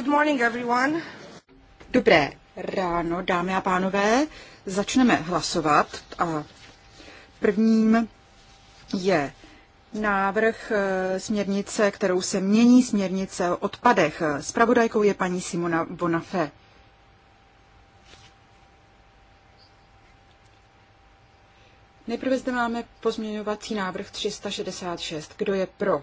Good morning, everyone. Dobré ráno, dámy a pánové. Začneme hlasovat a prvním je návrh eh, směrnice, kterou se mění směrnice o odpadech. Spravodajkou je paní Simona Bonafé. Nejprve zde máme pozměňovací návrh 366. Kdo je pro?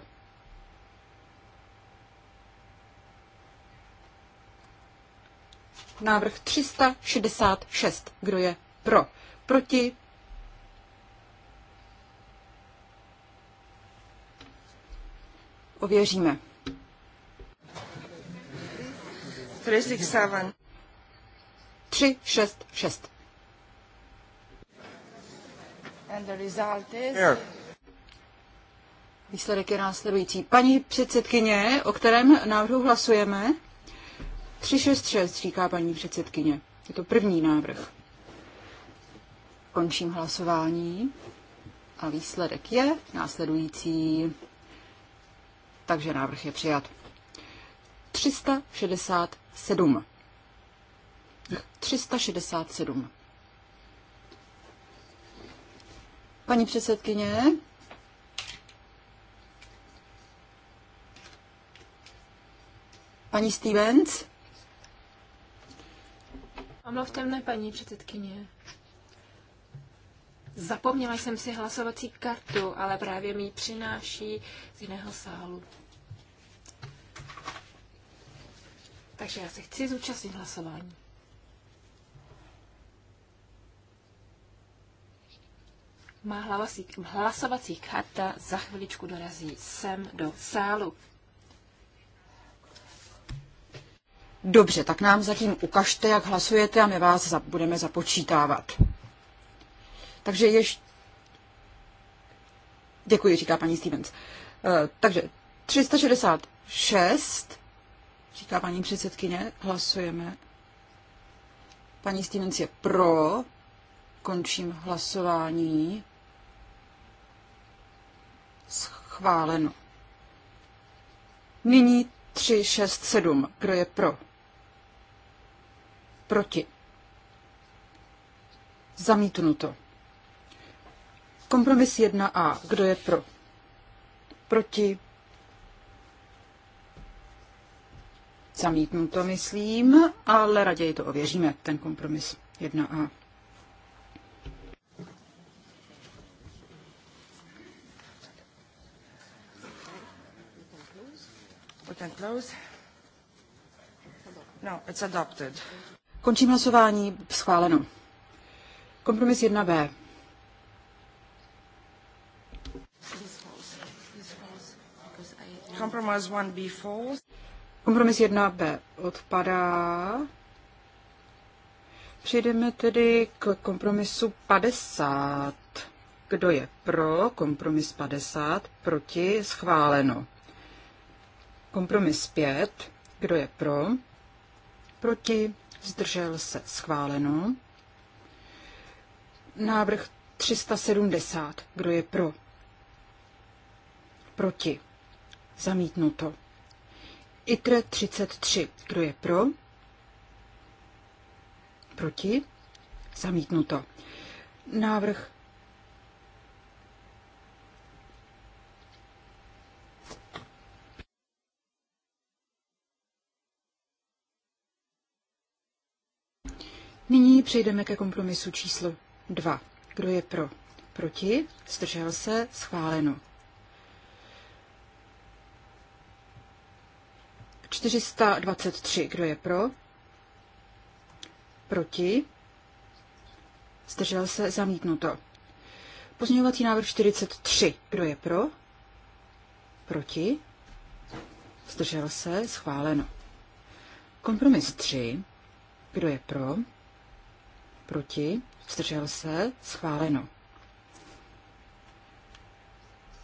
Návrh 366. Kdo je pro? Proti? Ověříme. 367. 366. And the result is... Here. Výsledek je následující. Paní předsedkyně, o kterém návrhu hlasujeme? 366, říká paní předsedkyně. Je to první návrh. Končím hlasování a výsledek je následující. Takže návrh je přijat. 367. 367. Paní předsedkyně, paní Stevens, Omluvte mne, paní předsedkyně. Zapomněla jsem si hlasovací kartu, ale právě mi ji přináší z jiného sálu. Takže já se chci zúčastnit hlasování. Má hlasovací, hlasovací karta za chviličku dorazí sem do sálu. Dobře, tak nám zatím ukažte, jak hlasujete a my vás za, budeme započítávat. Takže ještě... Děkuji, říká paní Stevens. Eh, takže 366, říká paní předsedkyně, hlasujeme. Paní Stevens je pro, končím hlasování. Schváleno. Nyní 367. Kdo je pro? proti. Zamítnuto. Kompromis 1a. Kdo je pro? Proti. Zamítnuto, myslím, ale raději to ověříme, ten kompromis 1a. We can close. No, it's adopted. Končím hlasování. Schváleno. Kompromis 1b. Kompromis 1b odpadá. Přejdeme tedy k kompromisu 50. Kdo je pro kompromis 50, proti schváleno. Kompromis 5. Kdo je pro, proti zdržel se schváleno. Návrh 370, kdo je pro? Proti, zamítnuto. ITRE 33, kdo je pro? Proti, zamítnuto. Návrh Nyní přejdeme ke kompromisu číslo 2. Kdo je pro? Proti? Zdržel se? Schváleno. 423. Kdo je pro? Proti? Zdržel se? Zamítnuto. Pozměňovací návrh 43. Kdo je pro? Proti? Zdržel se? Schváleno. Kompromis 3. Kdo je pro? proti, zdržel se, schváleno.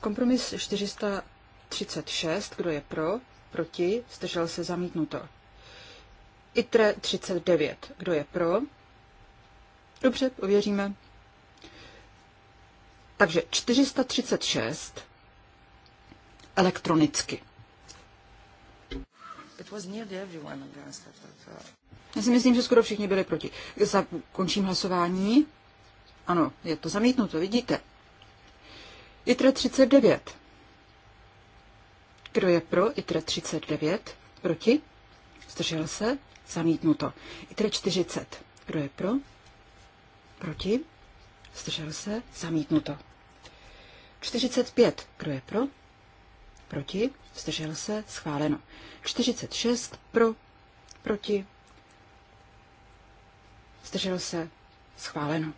Kompromis 436, kdo je pro, proti, zdržel se, zamítnuto. ITRE 39, kdo je pro? Dobře, ověříme. Takže 436 elektronicky. Uh, Já si myslím, že skoro všichni byli proti. Končím hlasování. Ano, je to zamítnuto, vidíte. ITRE 39. Kdo je pro ITRE 39? Proti? Zdržel se? Zamítnuto. ITRE 40. Kdo je pro? Proti? Zdržel se? Zamítnuto. 45. Kdo je pro? Proti? zdržel se, schváleno. 46 pro, proti, zdržel se, schváleno.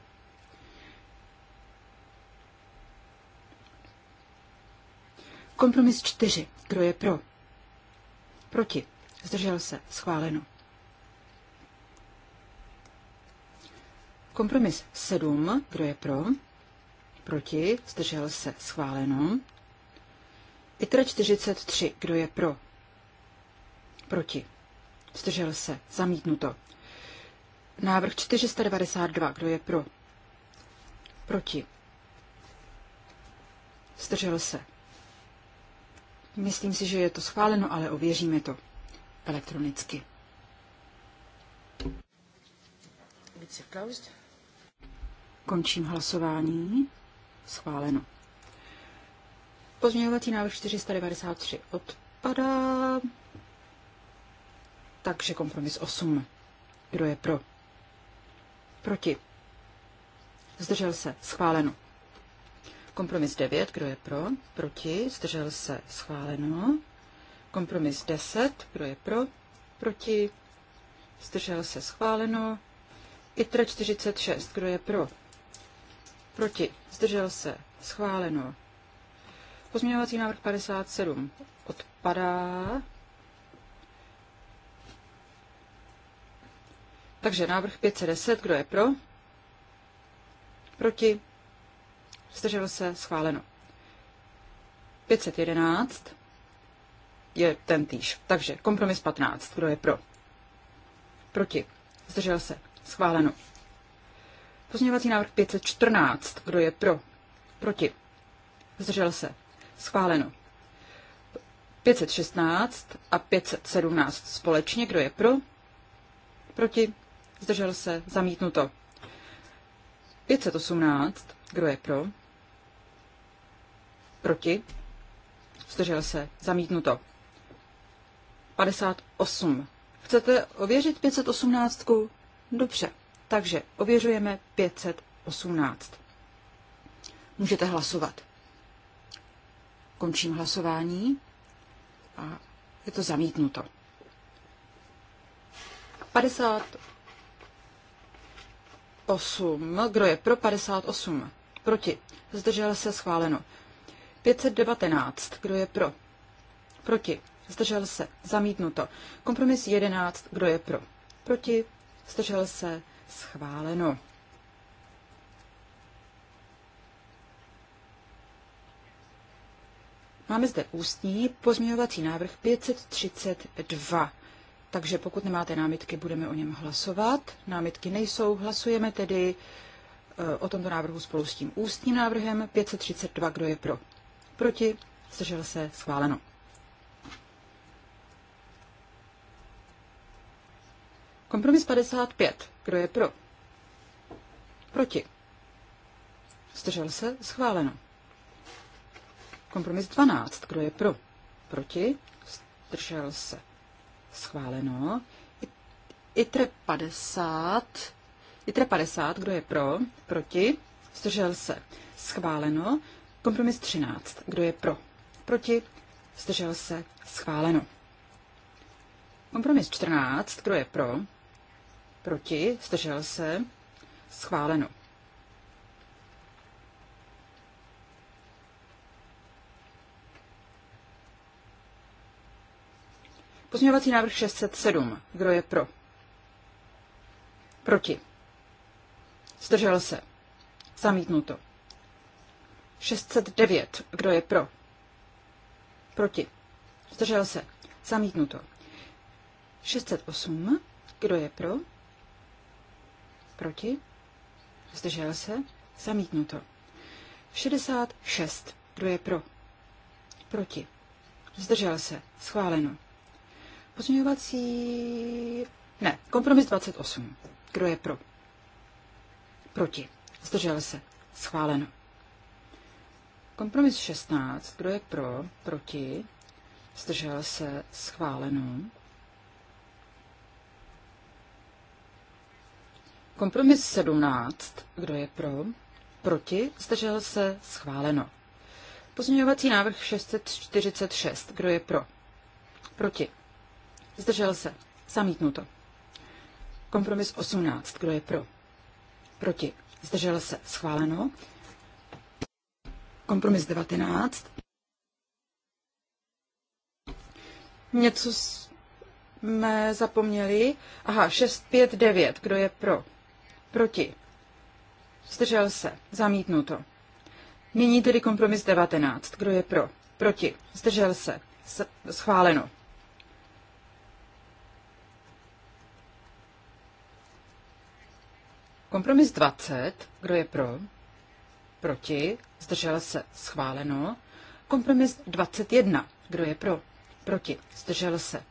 Kompromis 4. Kdo je pro? Proti. Zdržel se. Schváleno. Kompromis 7. Kdo je pro? Proti. Zdržel se. Schváleno. ITRE 43. Kdo je pro? Proti. Zdržel se. Zamítnuto. Návrh 492. Kdo je pro? Proti. Zdržel se. Myslím si, že je to schváleno, ale ověříme to elektronicky. Končím hlasování. Schváleno. Pozměňovací návrh 493 odpadá. Takže kompromis 8. Kdo je pro? Proti. Zdržel se. Schváleno. Kompromis 9. Kdo je pro? Proti. Zdržel se. Schváleno. Kompromis 10. Kdo je pro? Proti. Zdržel se. Schváleno. ITRA 46. Kdo je pro? Proti. Zdržel se. Schváleno. Pozměňovací návrh 57 odpadá. Takže návrh 510, kdo je pro? Proti? Zdrželo se, schváleno. 511 je ten týž. Takže kompromis 15, kdo je pro? Proti? Zdržel se, schváleno. Pozměňovací návrh 514, kdo je pro? Proti? Zdržel se, Schváleno. 516 a 517 společně. Kdo je pro? Proti? Zdržel se? Zamítnuto. 518. Kdo je pro? Proti? Zdržel se? Zamítnuto. 58. Chcete ověřit 518? Dobře. Takže ověřujeme 518. Můžete hlasovat. Končím hlasování a je to zamítnuto. 58. Kdo je pro 58? Proti. Zdržel se schváleno. 519. Kdo je pro? Proti. Zdržel se. Zamítnuto. Kompromis 11. Kdo je pro? Proti. Zdržel se. Schváleno. Máme zde ústní pozměňovací návrh 532. Takže pokud nemáte námitky, budeme o něm hlasovat. Námitky nejsou, hlasujeme tedy eh, o tomto návrhu spolu s tím ústním návrhem 532. Kdo je pro? Proti? Zdržel se? Schváleno. Kompromis 55. Kdo je pro? Proti? Zdržel se? Schváleno. Kompromis 12. Kdo je pro? Proti? Zdržel se. Schváleno. ITRE 50. ITRE 50. Kdo je pro? Proti? Zdržel se. Schváleno. Kompromis 13. Kdo je pro? Proti? Zdržel se. Schváleno. Kompromis 14. Kdo je pro? Proti? Zdržel se. Schváleno. Pozměňovací návrh 607. Kdo je pro? Proti. Zdržel se. Zamítnuto. 609. Kdo je pro? Proti. Zdržel se. Zamítnuto. 608. Kdo je pro? Proti. Zdržel se. Zamítnuto. 66. Kdo je pro? Proti. Zdržel se. Schváleno. Pozměňovací... Ne, kompromis 28. Kdo je pro? Proti. Zdržel se. Schváleno. Kompromis 16. Kdo je pro? Proti. Zdržel se. Schváleno. Kompromis 17. Kdo je pro? Proti. Zdržel se. Schváleno. Pozměňovací návrh 646. Kdo je pro? Proti. Zdržel se. Zamítnuto. Kompromis 18. Kdo je pro? Proti. Zdržel se. Schváleno. Kompromis 19. Něco jsme zapomněli. Aha, 6, 5, 9. Kdo je pro? Proti. Zdržel se. Zamítnuto. Nyní tedy kompromis 19. Kdo je pro? Proti. Zdržel se. Schváleno. Kompromis 20. Kdo je pro? Proti? Zdržel se? Schváleno. Kompromis 21. Kdo je pro? Proti? Zdržel se?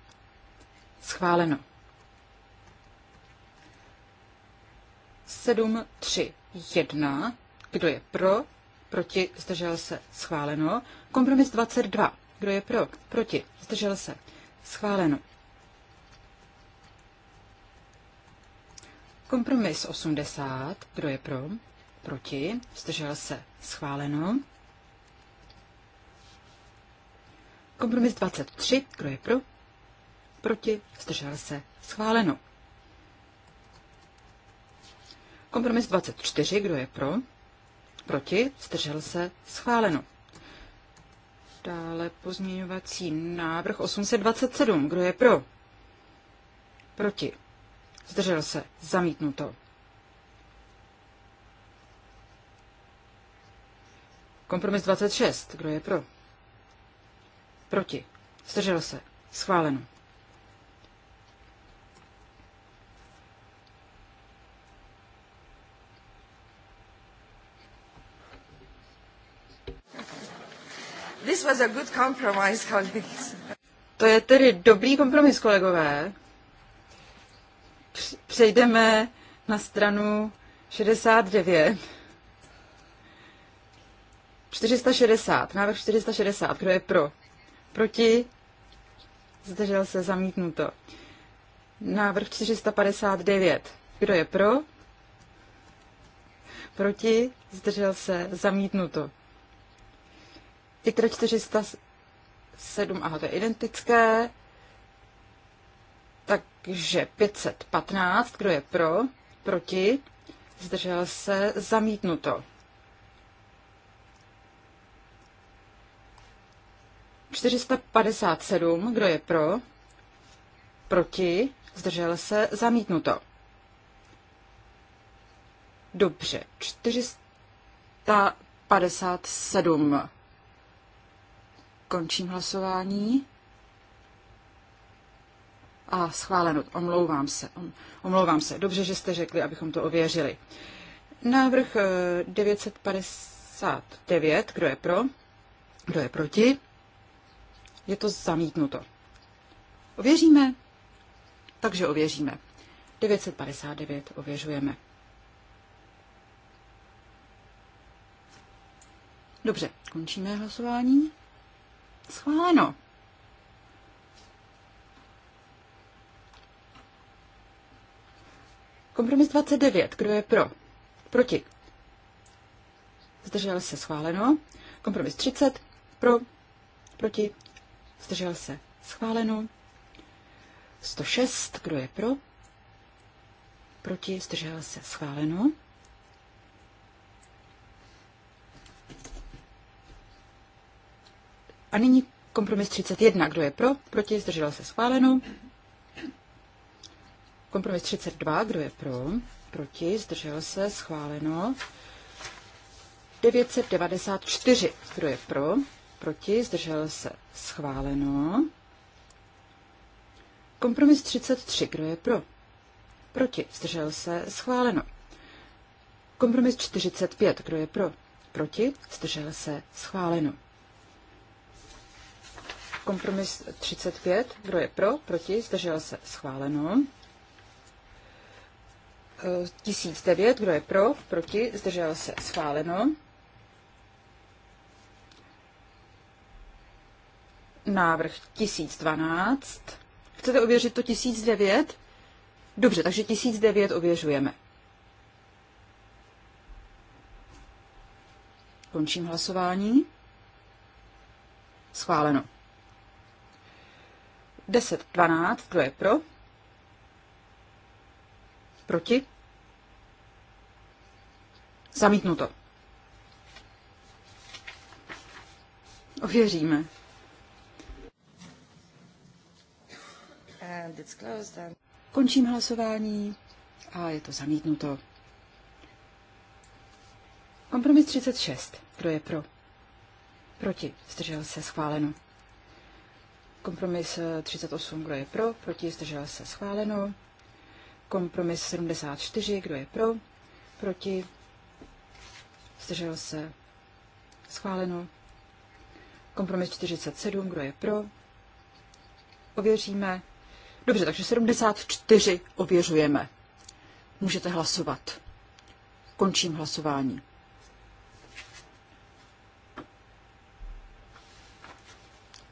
Schváleno. 7, 3, 1. Kdo je pro? Proti? Zdržel se? Schváleno. Kompromis 22. Kdo je pro? Proti? Zdržel se? Schváleno. Kompromis 80. Kdo je pro? Proti? Zdržel se? Schváleno. Kompromis 23. Kdo je pro? Proti? Zdržel se? Schváleno. Kompromis 24. Kdo je pro? Proti? Zdržel se? Schváleno. Dále pozměňovací návrh 827. Kdo je pro? Proti? zdržel se, zamítnuto. Kompromis 26, kdo je pro? Proti, zdržel se, schváleno. This was a good compromise, colleagues. To je tedy dobrý kompromis, kolegové přejdeme na stranu 69. 460, návrh 460, kdo je pro? Proti? Zdržel se zamítnuto. Návrh 459, kdo je pro? Proti? Zdržel se zamítnuto. ITRA 407, aha, to je identické. Takže 515, kdo je pro, proti, zdržel se, zamítnuto. 457, kdo je pro, proti, zdržel se, zamítnuto. Dobře, 457. Končím hlasování. A schváleno, omlouvám se. Omlouvám se. Dobře, že jste řekli, abychom to ověřili. Návrh 959, eh, kdo je pro, kdo je proti, je to zamítnuto. Ověříme? Takže ověříme. 959 ověřujeme. Dobře, končíme hlasování. Schváleno. Kompromis 29. Kdo je pro? Proti. Zdržel se schváleno. Kompromis 30. Pro. Proti. Zdržel se schváleno. 106. Kdo je pro? Proti. Zdržel se schváleno. A nyní kompromis 31. Kdo je pro? Proti. Zdržel se schváleno. Kompromis 32, kdo je pro? Proti, zdržel se, schváleno. 994, kdo je pro? Proti, zdržel se, schváleno. Kompromis 33, kdo je pro? Proti, zdržel se, schváleno. Kompromis 45, kdo je pro? Proti, zdržel se, schváleno. Kompromis 35, kdo je pro? Proti, zdržel se, schváleno. 1009, kdo je pro, proti, zdržel se, schváleno. Návrh 1012. Chcete ověřit to 1009? Dobře, takže 1009 ověřujeme. Končím hlasování. Schváleno. 1012 kdo je pro? Proti? Zamítnuto. Ověříme. Končím hlasování a je to zamítnuto. Kompromis 36. Kdo je pro? Proti. Zdržel se schváleno. Kompromis 38. Eh, Kdo je pro? Proti. Zdržel se schváleno. Kompromis 74. Kdo je pro? Proti. Zdržel se? Schváleno. Kompromis 47. Kdo je pro? Ověříme. Dobře, takže 74 ověřujeme. Můžete hlasovat. Končím hlasování.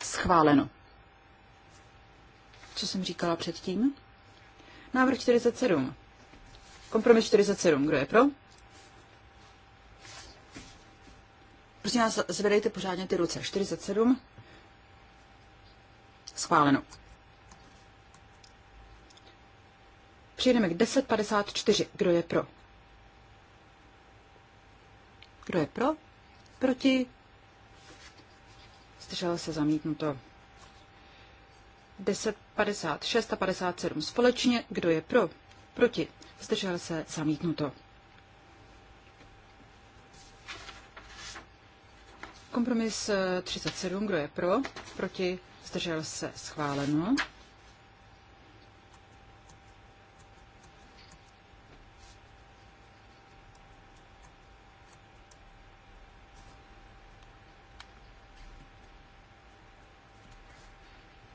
Schváleno. Co jsem říkala předtím? Návrh 47. Kompromis 47. Kdo je pro? Prosím vás, zvedejte pořádně ty ruce. 47. Schváleno. Přijedeme k 10.54. Kdo je pro? Kdo je pro? Proti? Zdrželo se zamítnuto. 10, 56 a 57 společně. Kdo je pro? Proti? Zdržel se zamítnuto. Kompromis 37, eh, kdo je pro, proti, zdržel se schváleno.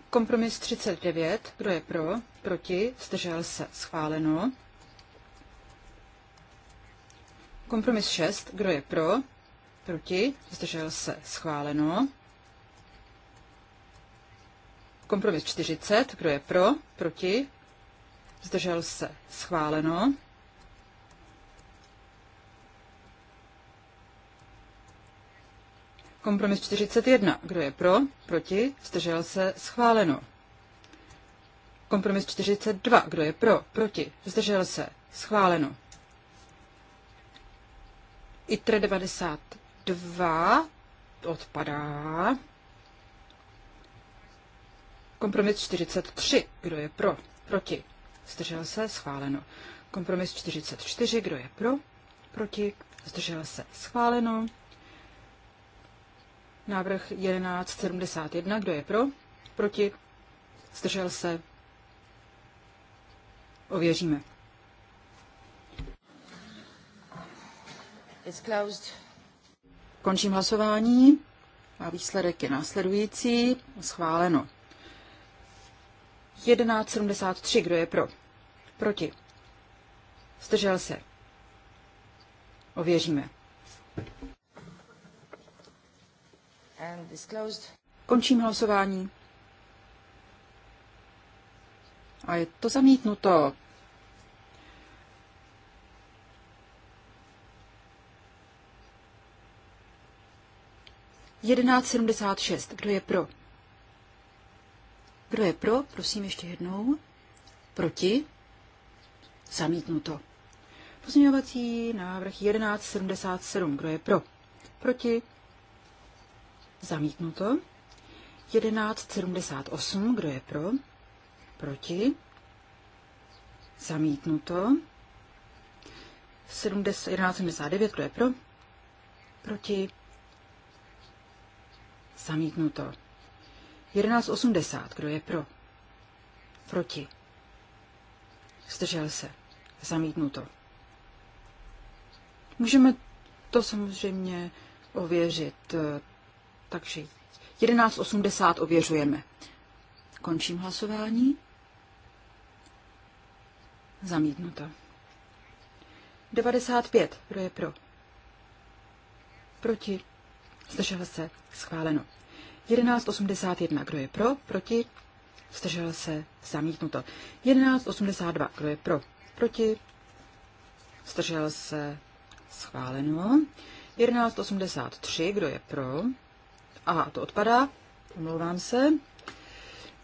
Kompromis 39, kdo je pro, proti, zdržel se schváleno. Kompromis 6, kdo je pro, proti, zdržel se schváleno. Kompromis 40, kdo je pro, proti, zdržel se schváleno. Kompromis 41, kdo je pro, proti, zdržel se schváleno. Kompromis 42, kdo je pro, proti, zdržel se schváleno. ITRE 90 Dva odpadá. Kompromis 43. Kdo je pro? Proti. Zdržel se? Schváleno. Kompromis 44. Kdo je pro? Proti. Zdržel se? Schváleno. Návrh 1171. Kdo je pro? Proti. Zdržel se? Ověříme. It's closed. Končím hlasování a výsledek je následující. Schváleno. 1173, kdo je pro? Proti. Zdržel se. Ověříme. Končím hlasování. A je to zamítnuto. 1176. Kdo je pro? Kdo je pro? Prosím ještě jednou. Proti? Zamítnuto. Pozměňovací návrh 1177. Kdo je pro? Proti? Zamítnuto. 1178. Kdo je pro? Proti? Zamítnuto. 1179. Kdo je pro? Proti? Zamítnuto. 1180. Kdo je pro? Proti. Zdržel se. Zamítnuto. Můžeme to samozřejmě ověřit. Eh, takže 1180 ověřujeme. Končím hlasování. Zamítnuto. 95. Kdo je pro? Proti. Zdržel se. Schváleno. 1181. Kdo je pro? Proti? Zdržel se. Zamítnuto. 1182. Kdo je pro? Proti? Zdržel se. Schváleno. 1183. Kdo je pro? A to odpadá. Omlouvám se.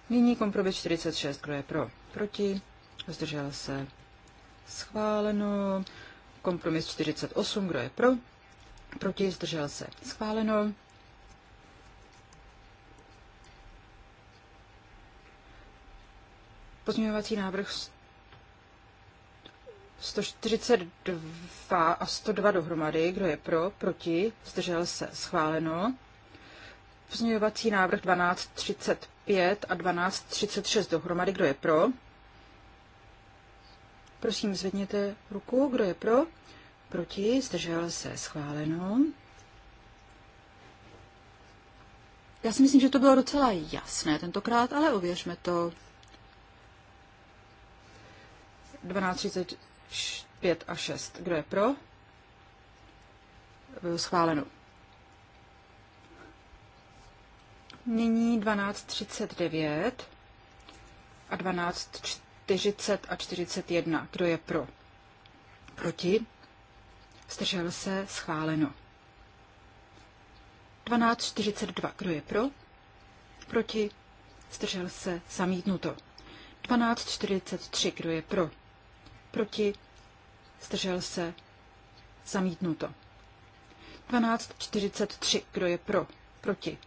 Nyní kompromis 46. Kdo je pro? Proti? Zdržel se. Schváleno. Kompromis 48. Kdo je pro? proti, zdržel se. Schváleno. Pozměňovací návrh 142 a 102 dohromady. Kdo je pro, proti, zdržel se. Schváleno. Pozměňovací návrh 1235 a 1236 dohromady. Kdo je pro? Prosím, zvedněte ruku. Kdo je pro? proti, zdržel se schváleno. Já si myslím, že to bylo docela jasné tentokrát, ale ověřme to. 12.35 a 6. Kdo je pro? Bylo schváleno. Nyní 12.39 a 12.40 a 41. Kdo je pro? Proti? Zdržel se? Schváleno. 12.42. Kdo je pro? Proti? Zdržel se? Zamítnuto. 12.43. Kdo je pro? Proti? Zdržel se? Zamítnuto. 12.43. Kdo je pro? Proti?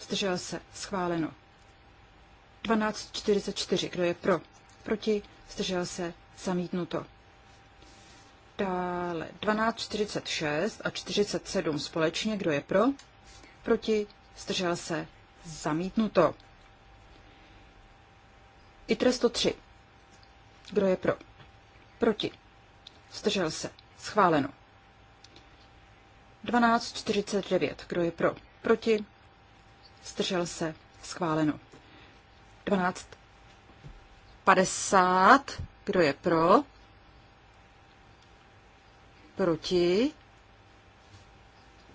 Zdržel se? Schváleno. 12.44. Kdo je pro? Proti? Zdržel se? Zamítnuto. Dále 1246 a 47 společně. Kdo je pro? Proti? Zdržel se? Zamítnuto. tresto 3. Kdo je pro? Proti? Zdržel se? Schváleno. 1249. Kdo je pro? Proti? Zdržel se? Schváleno. 1250. Kdo je pro? Proti?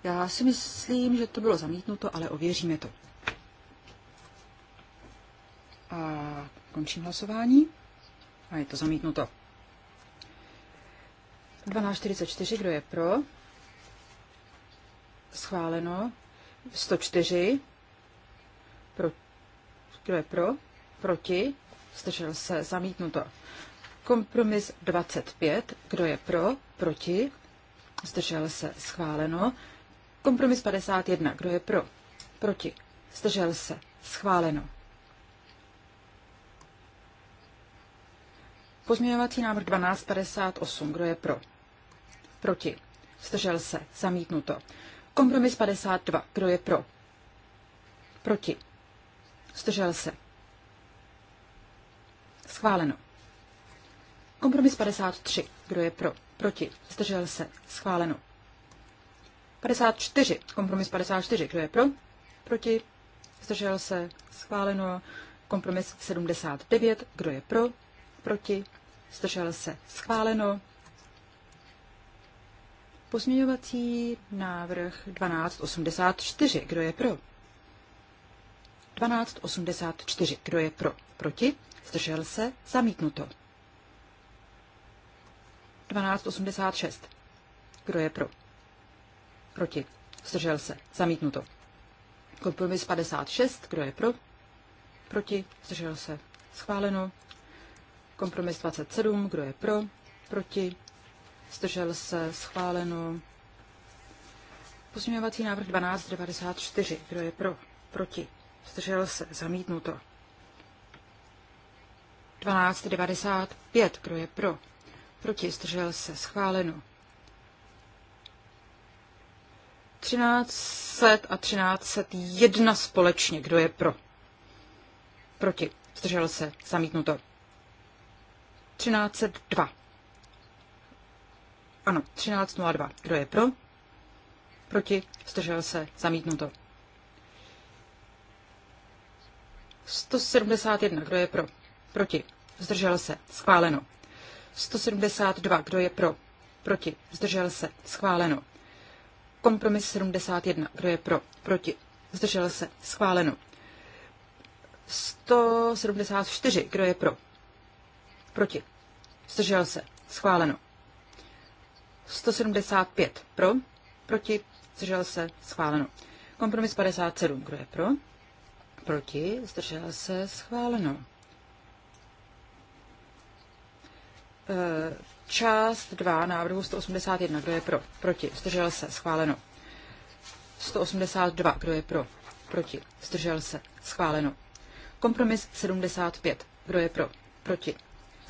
Já si myslím, že to bylo zamítnuto, ale ověříme to. A končím hlasování. A je to zamítnuto. 12.44, kdo je pro? Schváleno. 104. Pro, kdo je pro? Proti? Zdržel se. Zamítnuto. Kompromis 25. Kdo je pro? Proti? Zdržel se? Schváleno. Kompromis 51. Kdo je pro? Proti? Zdržel se? Schváleno. Pozměňovací návrh 1258. Kdo je pro? Proti? Zdržel se? Zamítnuto. Kompromis 52. Kdo je pro? Proti? Zdržel se? Schváleno. Kompromis 53. Kdo je pro? Proti. Zdržel se. Schváleno. 54. Kompromis 54. Kdo je pro? Proti. Zdržel se. Schváleno. Kompromis 79. Kdo je pro? Proti. Zdržel se. Schváleno. Pozměňovací návrh 1284. Kdo je pro? 1284. Kdo je pro? Proti? Zdržel se? Zamítnuto. 1286. Kdo je pro? Proti. Zdržel se. Zamítnuto. Kompromis 56. Kdo je pro? Proti. Zdržel se. Schváleno. Kompromis 27. Kdo je pro? Proti. Zdržel se. Schváleno. Pozměňovací návrh 1294. Kdo je pro? Proti. Zdržel se. Zamítnuto. 1295. Kdo je pro? proti, zdržel se, schváleno. 1300 a 1301 společně, kdo je pro? Proti, zdržel se, zamítnuto. 1302. Ano, 1302. Kdo je pro? Proti, zdržel se, zamítnuto. 171. Kdo je pro? Proti. Zdržel se. Schváleno. 172. Kdo je pro? Proti. Zdržel se. Schváleno. Kompromis 71. Kdo je pro? Proti. Zdržel se. Schváleno. 174. Kdo je pro? Proti. Zdržel se. Schváleno. 175. Pro? Proti. Zdržel se. Schváleno. Kompromis 57. Kdo je pro? Proti. Zdržel se. Schváleno. část 2 návrhu 181, kdo je pro, proti, zdržel se, schváleno. 182, kdo je pro, proti, zdržel se, schváleno. Kompromis 75, kdo je pro, proti,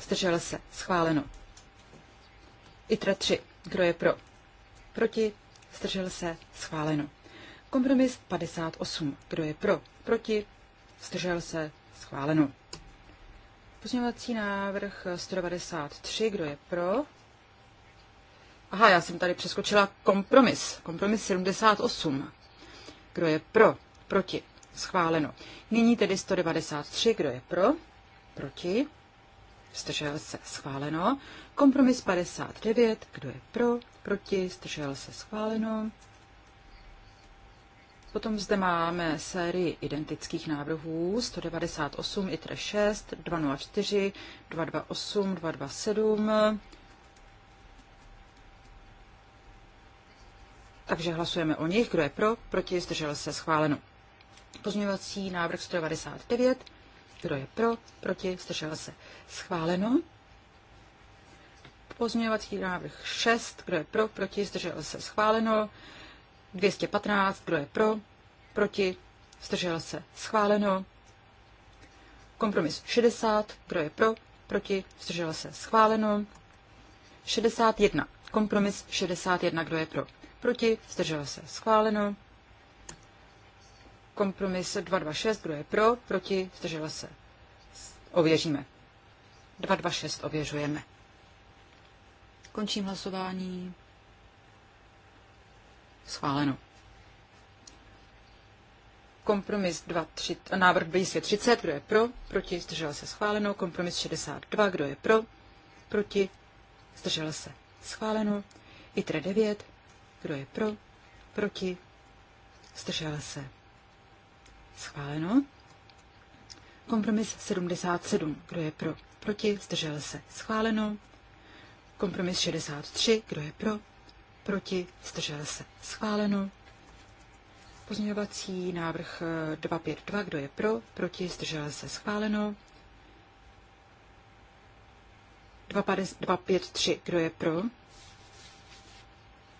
zdržel se, schváleno. ITRA 3, kdo je pro, proti, zdržel se, schváleno. Kompromis 58, kdo je pro, proti, zdržel se, schváleno. Pozměňovací návrh 193, kdo je pro? Aha, já jsem tady přeskočila kompromis. Kompromis 78. Kdo je pro? Proti. Schváleno. Nyní tedy 193. Kdo je pro? Proti. Zdržel se. Schváleno. Kompromis 59. Kdo je pro? Proti. Zdržel se. Schváleno. Potom zde máme sérii identických návrhů 198, ITRE 6, 204, 228, 227. Takže hlasujeme o nich. Kdo je pro? Proti? Zdržel se? Schváleno. Pozměňovací návrh 199. Kdo je pro? Proti? Zdržel se? Schváleno. Pozměňovací návrh 6. Kdo je pro? Proti? Zdržel se? Schváleno. 215, kdo je pro, proti, zdržel se, schváleno. Kompromis 60, kdo je pro, proti, zdržel se, schváleno. 61, kompromis 61, kdo je pro, proti, zdržel se, schváleno. Kompromis 226, kdo je pro, proti, zdržel se, ověříme. 226 ověřujeme. Končím hlasování. Schváleno. Kompromis 2, 3, návrh 230, kdo je pro, proti, zdržel se schváleno. Kompromis 62, kdo je pro, proti, zdržel se schváleno. ITRE 9, kdo je pro, proti, zdržel se schváleno. Kompromis 77, kdo je pro, proti, zdržel se schváleno. Kompromis 63, kdo je pro, proti, zdržel se, schváleno. Pozměňovací návrh 252, eh, kdo je pro, proti, zdržel se, schváleno. 253, kdo je pro?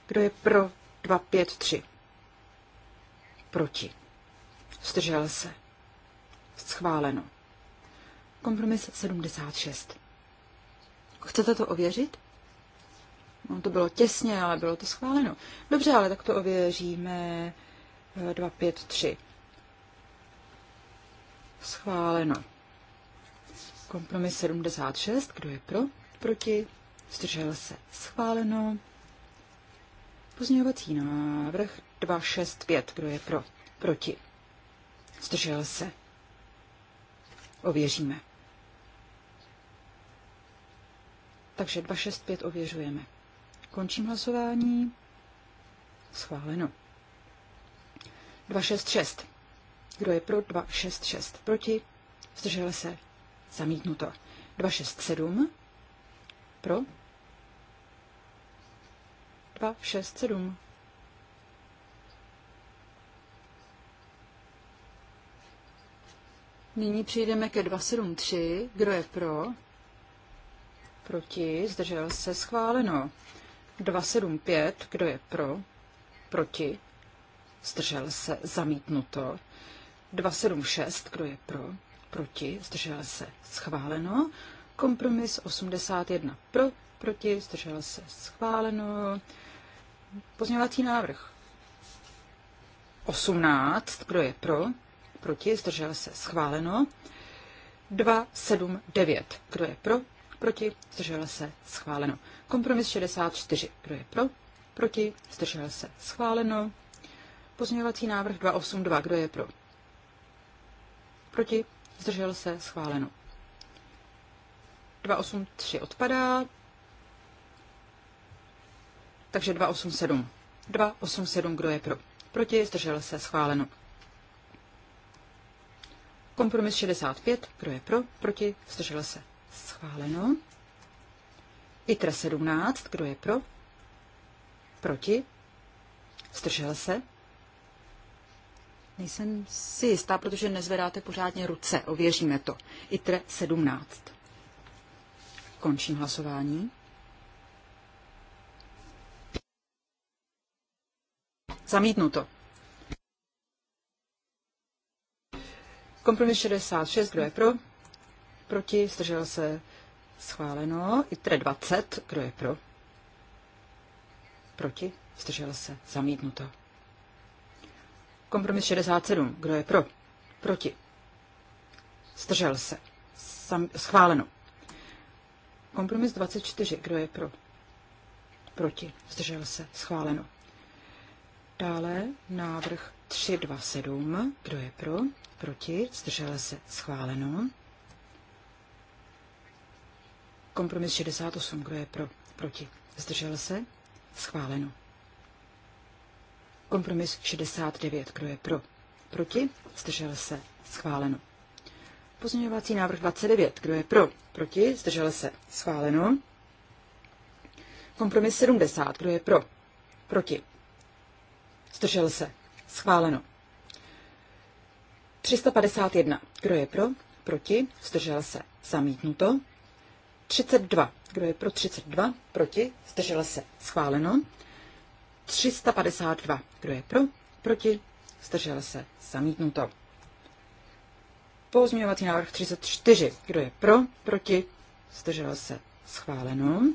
Kdo je pro 253? Proti. Zdržel se. Schváleno. Kompromis 76. Chcete to ověřit? No, to bylo těsně, ale bylo to schváleno. Dobře, ale tak to ověříme 3. Eh, schváleno. Kompromis 76, kdo je pro? Proti? Zdržel se. Schváleno. Pozměňovací návrh 5, kdo je pro? Proti? Zdržel se. Ověříme. Takže 5 ověřujeme. Končím hlasování. Schváleno. 266. Kdo je pro 266? Proti? Zdržel se? Zamítnuto. 267. Pro? 267. Nyní přijdeme ke 273. Kdo je pro? Proti? Zdržel se? Schváleno. 275, kdo je pro, proti, zdržel se, zamítnuto. 276, kdo je pro, proti, zdržel se, schváleno. Kompromis 81 pro, proti, zdržel se, schváleno. Pozměňovací návrh 18, kdo je pro, proti, zdržel se, schváleno. 279, kdo je pro, proti, zdržel se, schváleno. Kompromis 64. Kdo je pro? Proti? Zdržel se. Schváleno. Pozměňovací návrh 282. Kdo je pro? Proti? Zdržel se. Schváleno. 283 odpadá. Takže 287. 287. Kdo je pro? Proti? Zdržel se. Schváleno. Kompromis 65. Kdo je pro? Proti? Zdržel se. Schváleno. ITRE 17, kdo je pro? Proti? Zdržel se? Nejsem si jistá, protože nezvedáte pořádně ruce. Ověříme to. ITRE 17. Končím hlasování. Zamítnuto. Kompromis 66, kdo je pro? Proti, zdržel se, Schváleno. ITRE 20. Kdo je pro? Proti? Zdržel se. Zamítnuto. Kompromis 67. Kdo je pro? Proti. Zdržel se. Sam, schváleno. Kompromis 24. Kdo je pro? Proti. Zdržel se. Schváleno. Dále návrh 327. Kdo je pro? Proti. Zdržel se. Schváleno. Kompromis 68, kdo je pro, proti, zdržel se, schváleno. Kompromis 69, kdo je pro, proti, zdržel se, schváleno. Pozměňovací návrh 29, kdo je pro, proti, zdržel se, schváleno. Kompromis 70, kdo je pro, proti, zdržel se, schváleno. 351, kdo je pro, proti, zdržel se, zamítnuto. 32. Kdo je pro 32? Proti? Zdržel se. Schváleno. 352. Kdo je pro? Proti? Zdržel se. Zamítnuto. Pozměňovací návrh 34. Kdo je pro? Proti? Zdržel se. Schváleno.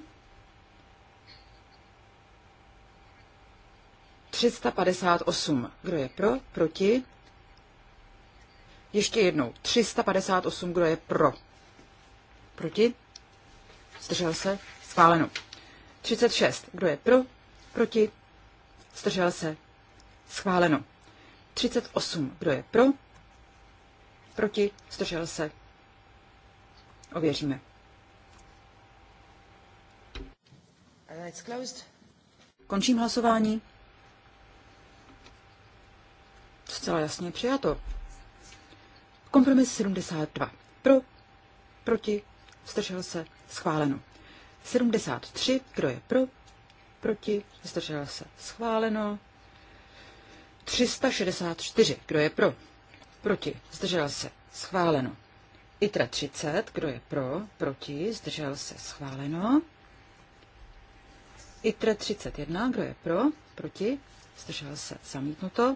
358. Kdo je pro? Proti? Ještě jednou. 358. Kdo je pro? Proti? Zdržel se? Schváleno. 36. Kdo je pro? Proti? Zdržel se? Schváleno. 38. Kdo je pro? Proti? Zdržel se? Ověříme. Končím hlasování. Zcela jasně přijato. Kompromis 72. Pro, proti, zdržel se, Schváleno. 73, kdo je pro? Proti? Zdržel se. Schváleno. 364, kdo je pro? Proti? Zdržel se. Schváleno. ITRA 30, kdo je pro? Proti? Zdržel se. Schváleno. ITRA 31, kdo je pro? Proti? Zdržel se. Zamítnuto.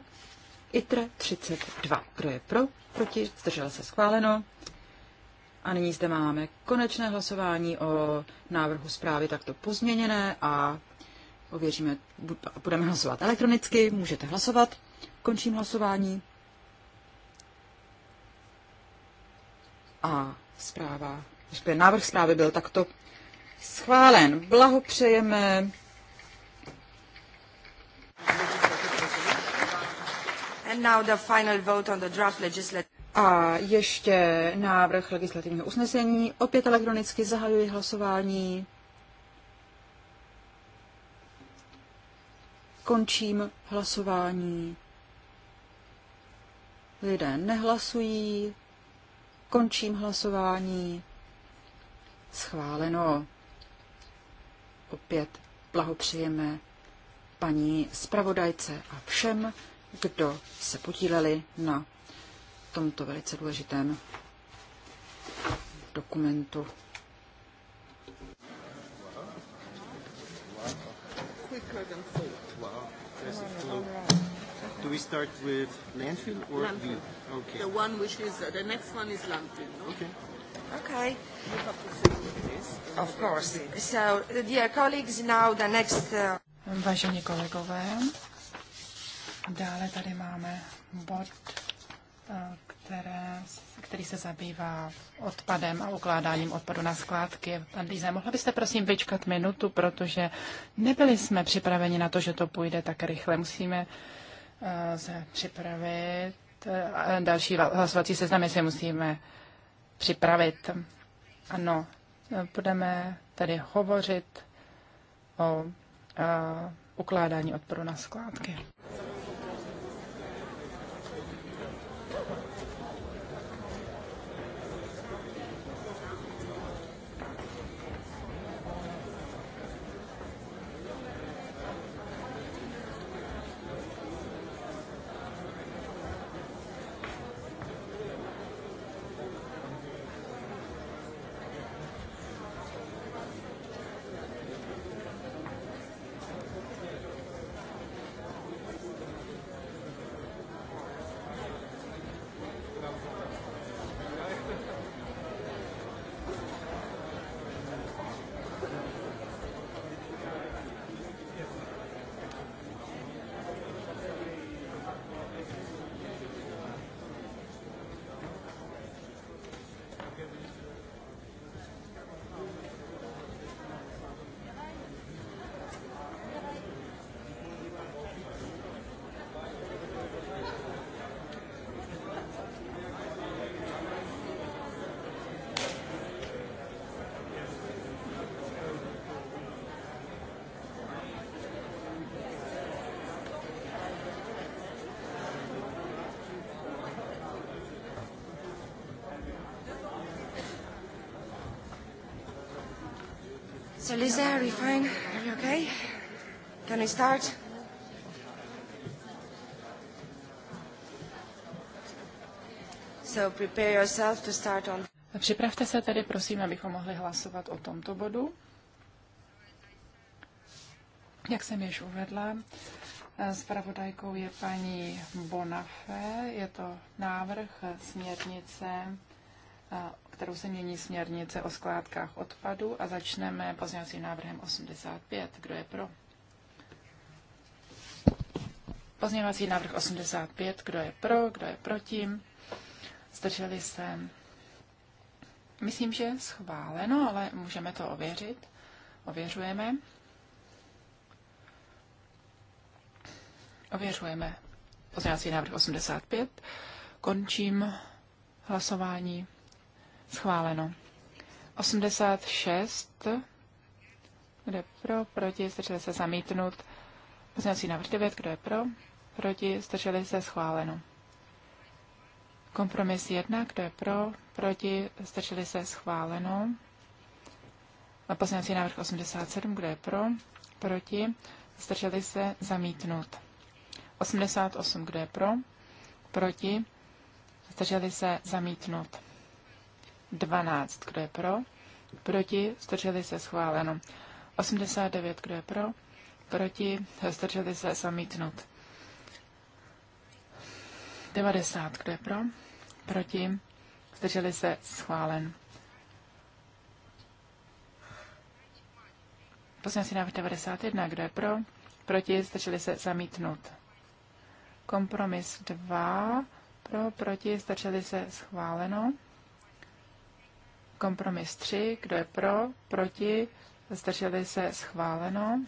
ITRA 32, kdo je pro? Proti? Zdržel se. Schváleno. A nyní zde máme konečné hlasování o návrhu zprávy takto pozměněné a ověříme, budeme hlasovat elektronicky, můžete hlasovat. Končím hlasování. A zpráva, návrh zprávy byl takto schválen. Blahopřejeme. And now the final vote on the draft legislative. A ještě návrh legislativního usnesení. Opět elektronicky zahajuji hlasování. Končím hlasování. Lidé nehlasují. Končím hlasování. Schváleno. Opět blahopřejeme paní zpravodajce a všem, kdo se podíleli na tomto velice důležitém dokumentu. Do we start with landfill or landfill? Okay. The one which is uh, the next one is landfill. No? Okay. Okay. Of course. So, dear colleagues, now the next. Uh... Vážení kolegové, dále tady máme bod Eh, které, který se zabývá odpadem a ukládáním odpadu na skládky. Pan Líze, mohla byste prosím vyčkat minutu, protože nebyli jsme připraveni na to, že to půjde tak rychle. Musíme eh, se připravit. Eh, další hlasovací seznamy si musíme připravit. Ano, budeme tady hovořit o ukládání odpadu na skládky. So Lisa, are you fine? Are you okay? Can we start? So prepare yourself to start on. Připravte se tedy, prosím, abychom mohli hlasovat o tomto bodu. Jak jsem již uvedla, zpravodajkou je paní Bonafé. Je to návrh směrnice eh, kterou se mění směrnice o skládkách odpadu a začneme pozměňovacím návrhem 85. Kdo je pro? Pozměňovací návrh 85. Kdo je pro? Kdo je proti? Zdrželi se. Myslím, že schváleno, ale můžeme to ověřit. Ověřujeme. Ověřujeme pozměňovací návrh 85. Končím hlasování. Schváleno. 86. Kdo je pro? Proti? Zdrželi se zamítnut. Pozměňovací návrh 9. Kdo je pro? Proti? Zdrželi se schváleno. Kompromis 1. Kdo je pro? Proti? Zdrželi se schváleno. Pozměňovací návrh 87. Kdo je pro? Proti? Zdrželi se zamítnut. 88. Kdo je pro? Proti? Zdrželi se zamítnut. 12, kdo je pro, proti, zdrželi se schváleno. 89, kdo je pro, proti, zdrželi se zamítnut. 90, kdo je pro, proti, zdrželi se schválen. Poslanecí návrh 91, kdo je pro, proti, zdrželi se zamítnut. Kompromis 2, pro, proti, zdrželi se schváleno. Kompromis 3, kdo je pro, proti, zdrželi se schváleno.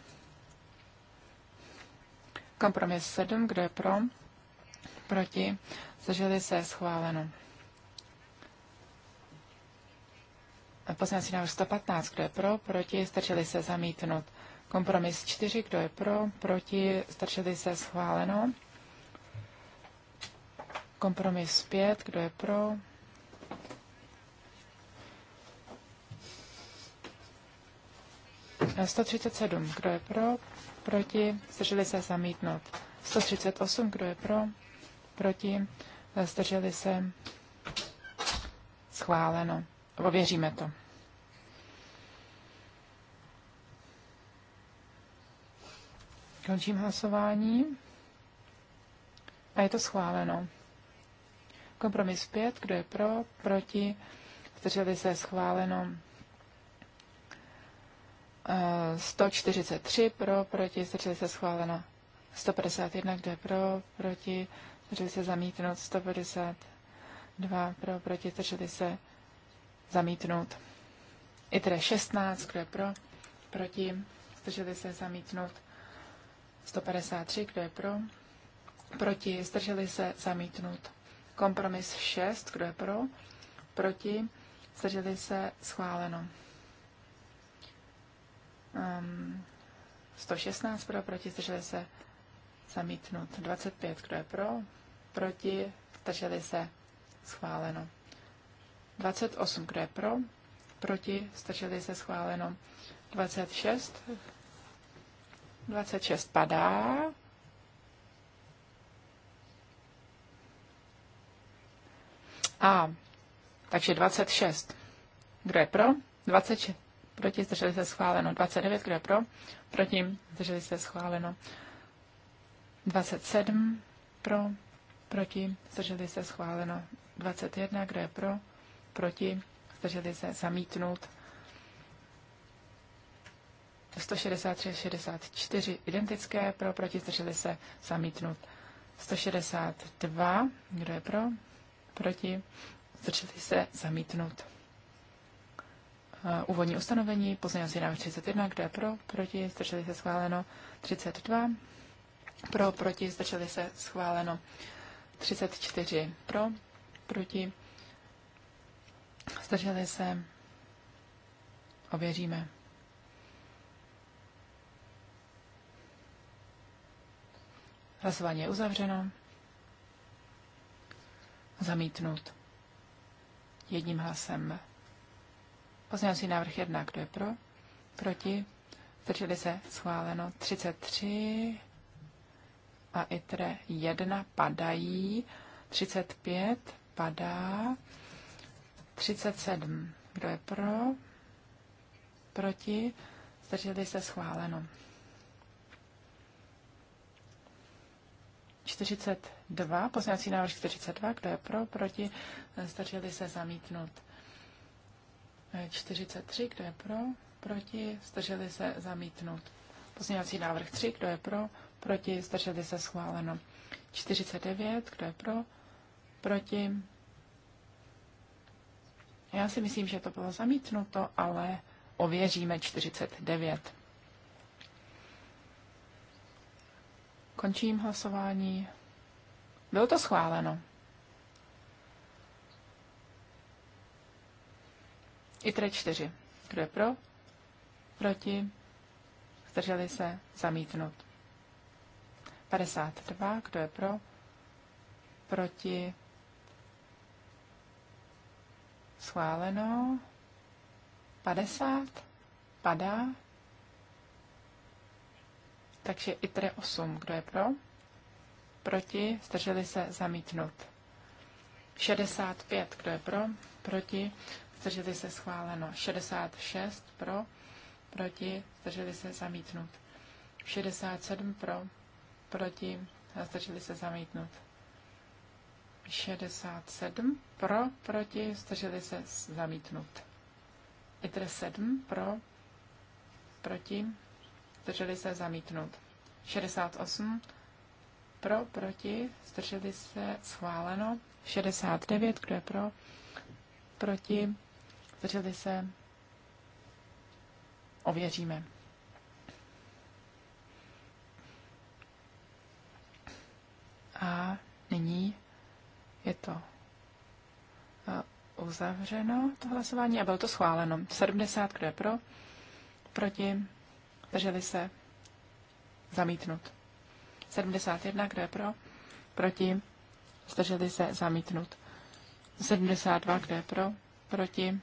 Kompromis 7, kdo je pro, proti, zdrželi se schváleno. Poslanecí návrh 115, kdo je pro, proti, zdrželi se zamítnut. Kompromis 4, kdo je pro, proti, zdrželi se schváleno. Kompromis 5, kdo je pro, 137, kdo je pro, proti, zdrželi se zamítnout. 138, kdo je pro, proti, zdrželi se schváleno. Ověříme to. Končím hlasování. A je to schváleno. Kompromis 5, kdo je pro, proti, zdrželi se schváleno. 143 pro, proti, zdrželi se schváleno. 151, kde pro, proti, zdrželi se zamítnout. 152 pro, proti, zdrželi se zamítnout. I tedy 16, kdo je pro, proti, zdrželi se zamítnout. 153, kdo je pro, proti, zdrželi se zamítnout. Kompromis 6, kdo je pro, proti, zdrželi se schváleno. Um, 116 pro, proti, zdrželi se zamítnut. 25, kdo je pro, proti, zdrželi se schváleno. 28, kdo je pro, proti, zdrželi se schváleno. 26, 26 padá. A, takže 26. Kdo je pro? 26 proti, zdrželi se schváleno. 29, kdo je pro, proti, zdrželi se schváleno. 27 pro, proti, zdrželi se schváleno. 21, kdo je pro, proti, zdrželi se zamítnout. 163 64 identické, pro, proti, zdrželi se zamítnout. 162, kdo je pro, proti, zdrželi se zamítnout. Eh, úvodní ustanovení, pozměňovací návrh 31, kdo je pro, proti, zdrželi se schváleno 32, pro, proti, zdrželi se schváleno 34, pro, proti, zdrželi se, ověříme. Hlasování je uzavřeno. Zamítnut. Jedním hlasem Pozměňovací návrh 1, kdo je pro? Proti? Zdrželi se schváleno 33 a ITRE 1 padají, 35 padá, 37. Kdo je pro? Proti? Zdrželi se schváleno. 42, poslanecí návrh 42, kdo je pro, proti, zdrželi se zamítnout. 43, e, kdo je pro, proti, zdrželi se zamítnout. Pozměňovací návrh 3, kdo je pro, proti, zdrželi se schváleno. 49, kdo je pro, proti. Já si myslím, že to bylo zamítnuto, ale ověříme 49. Končím hlasování. Bylo to schváleno. ITRE 4. Kdo je pro? Proti? Zdrželi se? Zamítnut. 52. Kdo je pro? Proti? Schváleno. 50. Padá. Takže ITRE 8. Kdo je pro? Proti? Zdrželi se? Zamítnut. 65. Kdo je pro? Proti? zdrželi se schváleno. 66 pro, proti, zdrželi se zamítnut. 67 pro, proti, zdrželi se zamítnut. 67 pro, proti, zdrželi se zamítnut. ITR 7 pro, proti, zdrželi se zamítnut. 68 pro, proti, zdrželi se schváleno. 69, kdo je pro, proti, zdrželi se, ověříme. A nyní je to uzavřeno, to hlasování, a bylo to schváleno. 70, kdo je pro, proti, zdrželi se, zamítnut. 71, kdo je pro, proti, zdrželi se, zamítnut. 72, kdo je pro, proti,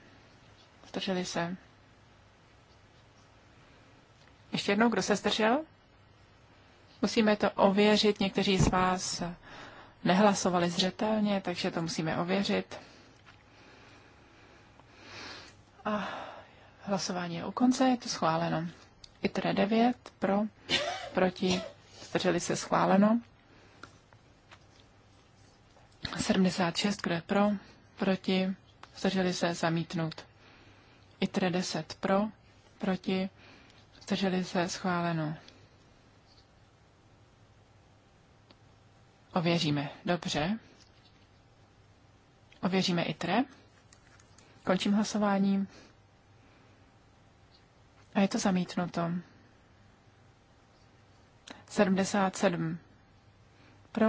Zdrželi se. Ještě jednou, kdo se zdržel? Musíme to ověřit. Někteří z vás nehlasovali zřetelně, takže to musíme ověřit. A hlasování je u konce, je to schváleno. ITRE 9 pro, proti, zdrželi se schváleno. 76, kdo je pro, proti, zdrželi se zamítnout. ITRE 10 pro, proti, zdrželi se schváleno. Ověříme, dobře. Ověříme ITRE. Končím hlasování. A je to zamítnuto. 77 pro,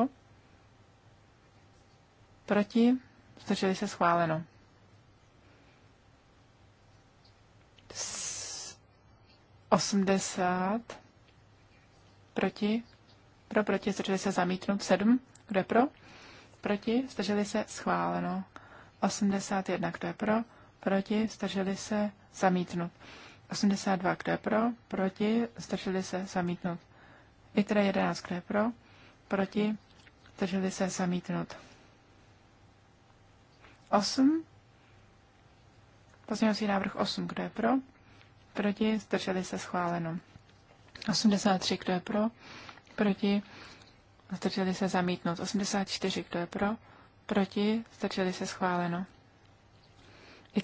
proti, zdrželi se schváleno. 80 proti, pro, proti, zdrželi se zamítnout 7, kdo je pro, proti, zdrželi se schváleno 81, kdo je pro, proti, zdrželi se zamítnout 82, kdo je pro, proti, zdrželi se zamítnout ITRA 11, kdo je pro, proti, zdrželi se zamítnout 8, pozměňovací návrh 8, kdo je pro, proti, zdrželi se schváleno. 83, kdo je pro, proti, zdrželi se zamítnout. 84, kdo je pro, proti, zdrželi se schváleno.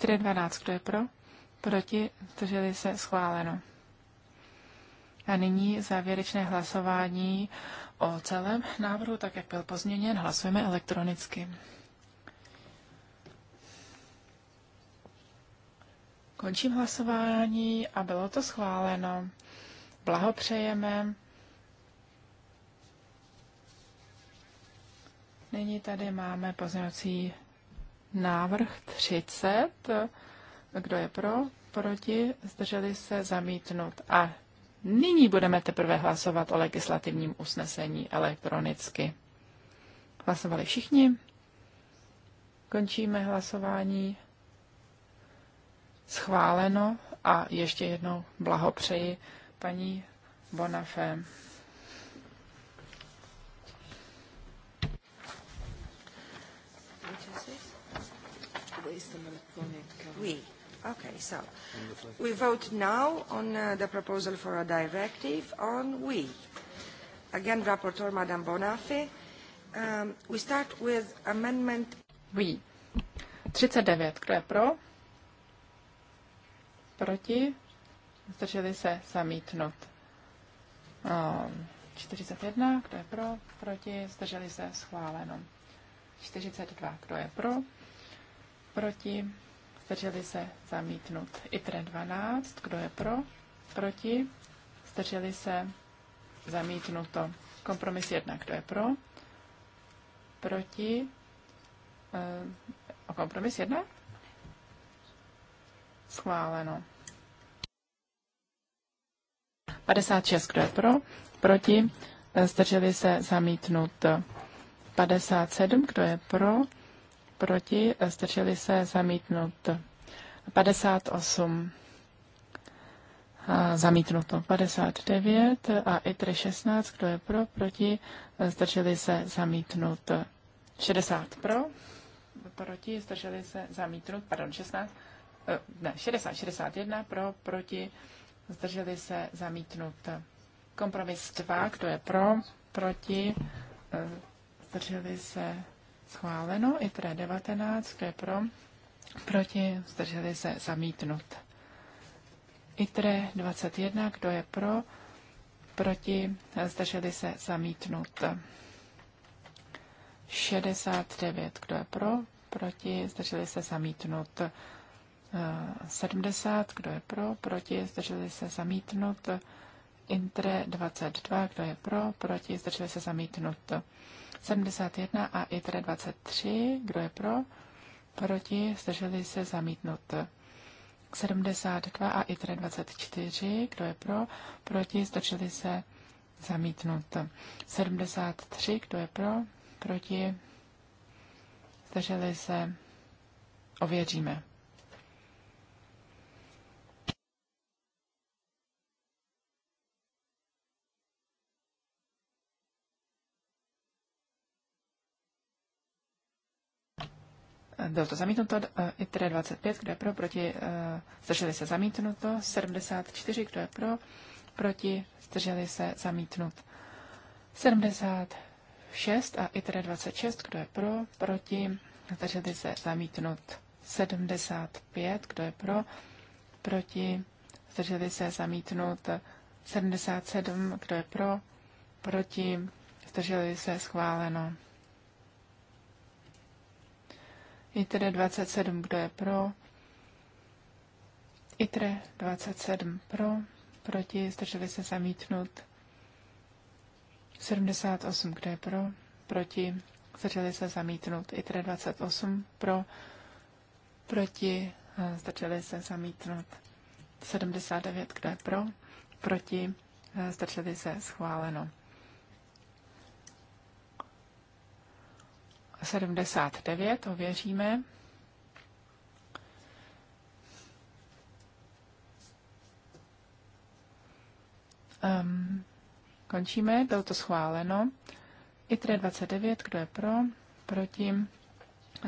tedy 12, kdo je pro, proti, zdrželi se schváleno. A nyní závěrečné hlasování o celém návrhu, tak jak byl pozměněn, hlasujeme elektronicky. Končím hlasování a bylo to schváleno. Blahopřejeme. Nyní tady máme pozměňovací návrh 30. Kdo je pro? Proti? Zdrželi se zamítnout. A nyní budeme teprve hlasovat o legislativním usnesení elektronicky. Hlasovali všichni? Končíme hlasování schváleno a ještě jednou blahopřeji paní Bonafé. Okay, so we vote now on uh, the proposal for a directive on we. Again, Rapporteur Madame Bonafé. Um, we start with amendment... We. 39. Kdo je pro? proti, zdrželi se zamítnut. 41, kdo je pro, proti, zdrželi se schváleno. 42, kdo je pro, proti, zdrželi se zamítnut. ITRE 12, kdo je pro, proti, zdrželi se zamítnuto. Kompromis 1, kdo je pro, proti, eh, o kompromis 1, Schváleno. 56, kdo je pro? Proti? Zdrželi se zamítnut. 57, kdo je pro? Proti? Zdrželi se zamítnut. 58 zamítnuto 59 a i 16, kdo je pro, proti, zdrželi se zamítnut 60 pro, proti, zdrželi se zamítnut, pardon, 16 Eh, ne, 60, 61 pro, proti, zdrželi se zamítnut. Kompromis 2, kdo je pro, proti, eh, zdrželi se schváleno, i teda 19, kdo je pro, proti, zdrželi se zamítnut. ITRE 21, kdo je pro, proti, zdrželi se zamítnut. 69, kdo je pro, proti, zdrželi se zamítnut. 70, kdo je pro, proti, zdrželi se zamítnut. Intre 22, kdo je pro, proti, zdrželi se zamítnut. 71 a ITRE 23, kdo je pro, proti, zdrželi se zamítnut. 72 a ITRE 24, kdo je pro, proti, zdrželi se zamítnut. 73, kdo je pro, proti, zdrželi se, ověříme. bylo to zamítnuto, i tedy 25, kdo je pro, proti, e, zdrželi se zamítnuto, 74, kdo je pro, proti, zdrželi se zamítnut. 76 a i tedy 26, kdo je pro, proti, zdrželi se zamítnut. 75, kdo je pro, proti, zdrželi se zamítnut. 77, kdo je pro, proti, zdrželi se schváleno. ITRE 27, kdo je pro? ITRE 27 pro, proti, zdrželi se zamítnut. 78, kdo je pro? Proti, zdrželi se zamítnut. ITRE 28 pro, proti, zdrželi se zamítnout. 79, kdo je pro? Proti, zdrželi se schváleno. 79, věříme. Um, končíme, bylo to schváleno. ITRE 29, kdo je pro, proti,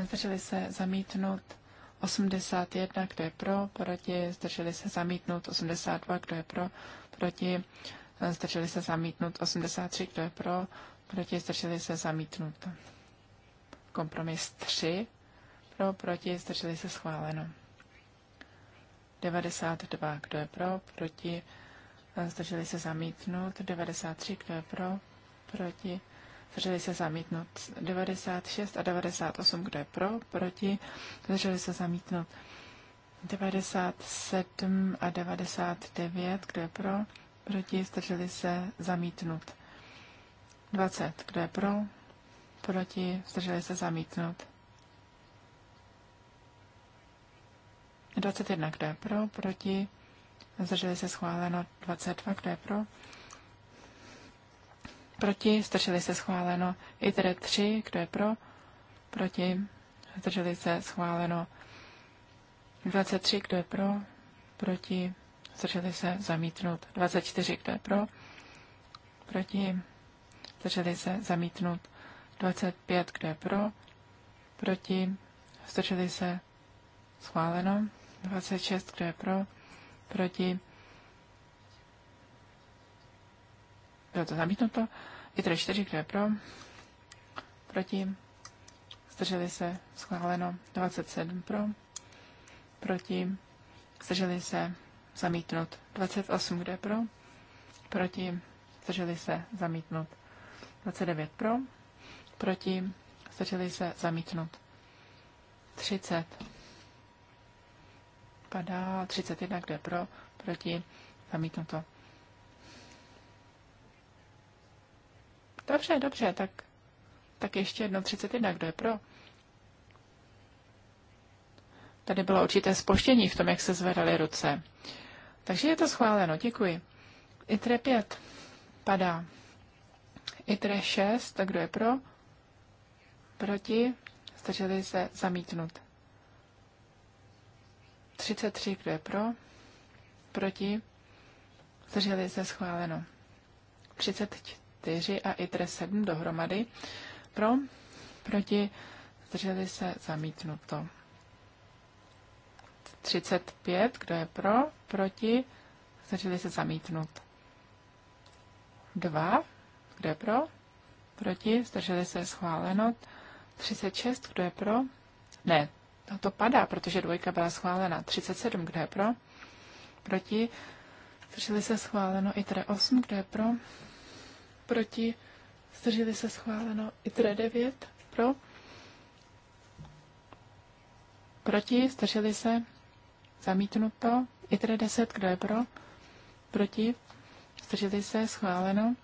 zdrželi se zamítnout 81, kdo je pro, proti, zdrželi se zamítnout 82, kdo je pro, proti, zdrželi se zamítnout 83, kdo je pro, proti, zdrželi se zamítnout. Kompromis 3 pro, proti, zdrželi se schváleno. 92, kdo je pro, proti, zdrželi se zamítnout. 93, kdo je pro, proti, zdrželi se zamítnout. 96 a 98, kdo je pro, proti, zdrželi se zamítnout. 97 a 99, kdo je pro, proti, zdrželi se zamítnout. 20, kdo je pro, proti, zdrželi se zamítnout. 21, kdo je pro, proti, zdrželi se schváleno 22, kdo je pro, proti, zdrželi se schváleno i tedy 3, kdo je pro, proti, zdrželi se schváleno 23, kdo je pro, proti, zdrželi se zamítnout 24, kdo je pro, proti, zdrželi se zamítnout 25, kdo je pro, proti, zdrželi se, schváleno. 26, kdo je pro, proti, bylo to zamítnuto. Vitre 4, kdo je pro, proti, zdrželi se, schváleno. 27 pro, proti, zdrželi se, zamítnut. 28, kdo je pro, proti, zdrželi se, zamítnut. 29 pro, proti, zdrželi se zamítnout. 30. Padá 31, kde pro, proti, zamítnuto. Dobře, dobře, tak, tak ještě jedno 31, kdo je pro? Tady bylo určité spoštění v tom, jak se zvedaly ruce. Takže je to schváleno, děkuji. ITRE 5 padá. ITRE 6, tak kdo je pro? Proti? Zdrželi se zamítnut. 33, kdo je pro? Proti? Zdrželi se schváleno. 34 a ITRE 7 dohromady. Pro? Proti? Zdrželi se zamítnuto. 35, kdo je pro? Proti? Zdrželi se zamítnut. 2, kdo je pro? Proti? Zdrželi se schváleno. 36, kdo je pro? Ne, no to padá, protože dvojka byla schválena. 37, kdo je pro? Proti? Zdrželi se schváleno i 8, kdo je pro? Proti? Zdrželi se schváleno i 9, pro? Proti? Zdrželi se? Zamítnuto. I 10, kdo je pro? Proti? Zdrželi se? Schváleno.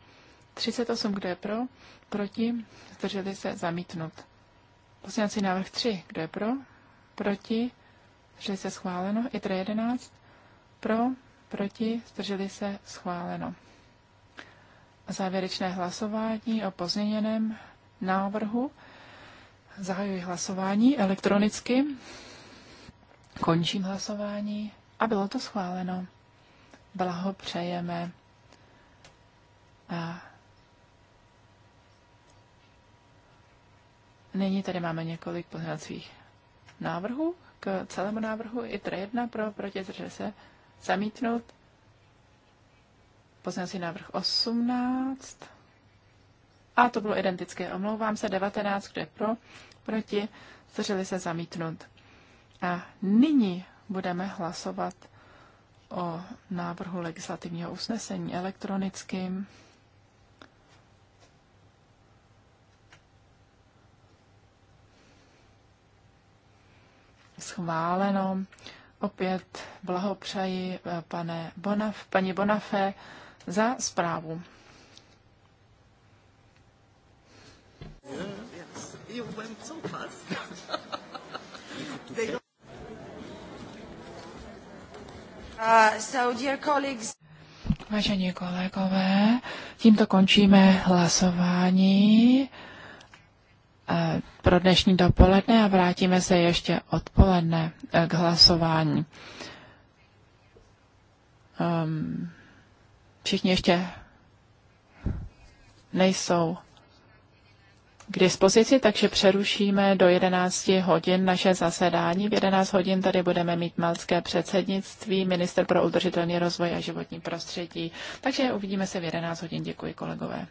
38, kdo je pro? Proti? Zdrželi se? Zamítnut. Poslanci návrh 3. Kdo je pro? Proti? Zdrželi se schváleno. ITR 11. Pro? Proti? Zdrželi se schváleno. Závěrečné hlasování o pozměněném návrhu. Zahajuji hlasování elektronicky. Končím hlasování a bylo to schváleno. Blahopřejeme. A Nyní tady máme několik pozměňovacích návrhů k celému návrhu. I jedna pro, proti, zdrželi se, zamítnout. Pozměňovací návrh 18. A to bylo identické. Omlouvám se, 19, kde pro, proti, zdrželi se, zamítnout. A nyní budeme hlasovat o návrhu legislativního usnesení elektronickým. schváleno. Opět blahopřeji eh, pane Bonaf, paní Bonafé za zprávu. Vážení kolegové, tímto končíme hlasování. Eh, pro dnešní dopoledne a vrátíme se ještě odpoledne eh, k hlasování. Um, všichni ještě nejsou k dispozici, takže přerušíme do 11 hodin naše zasedání. V 11 hodin tady budeme mít malské předsednictví, minister pro udržitelný rozvoj a životní prostředí. Takže uvidíme se v 11 hodin. Děkuji kolegové.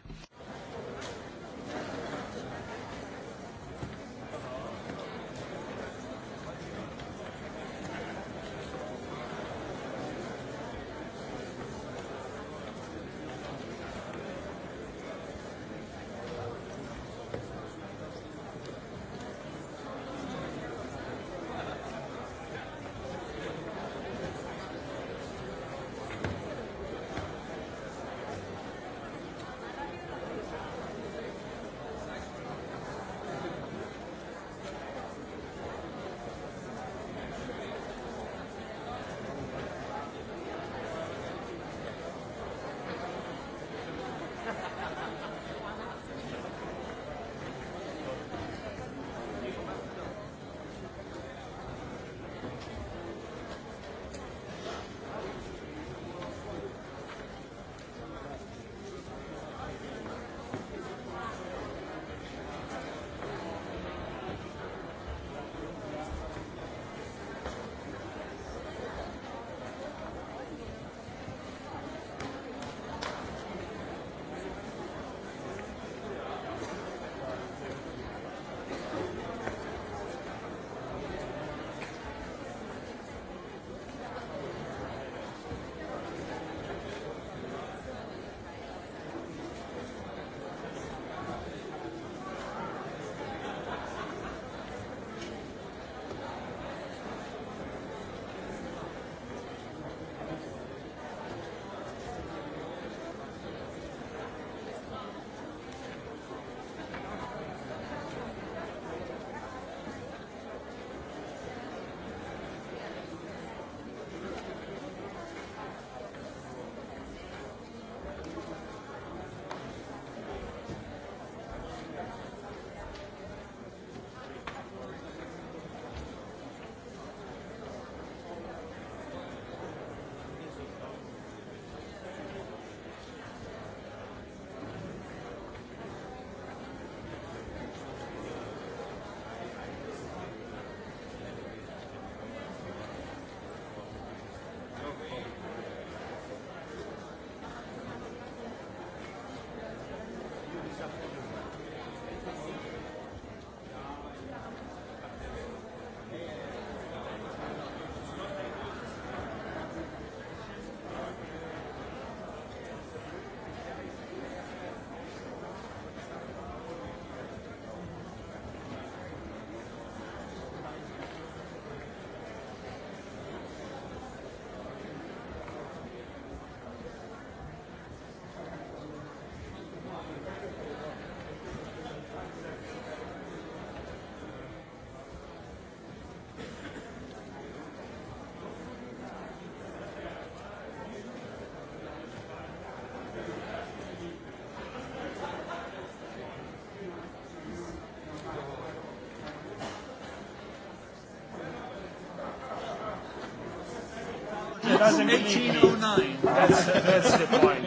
doesn't oh That's, that's the point.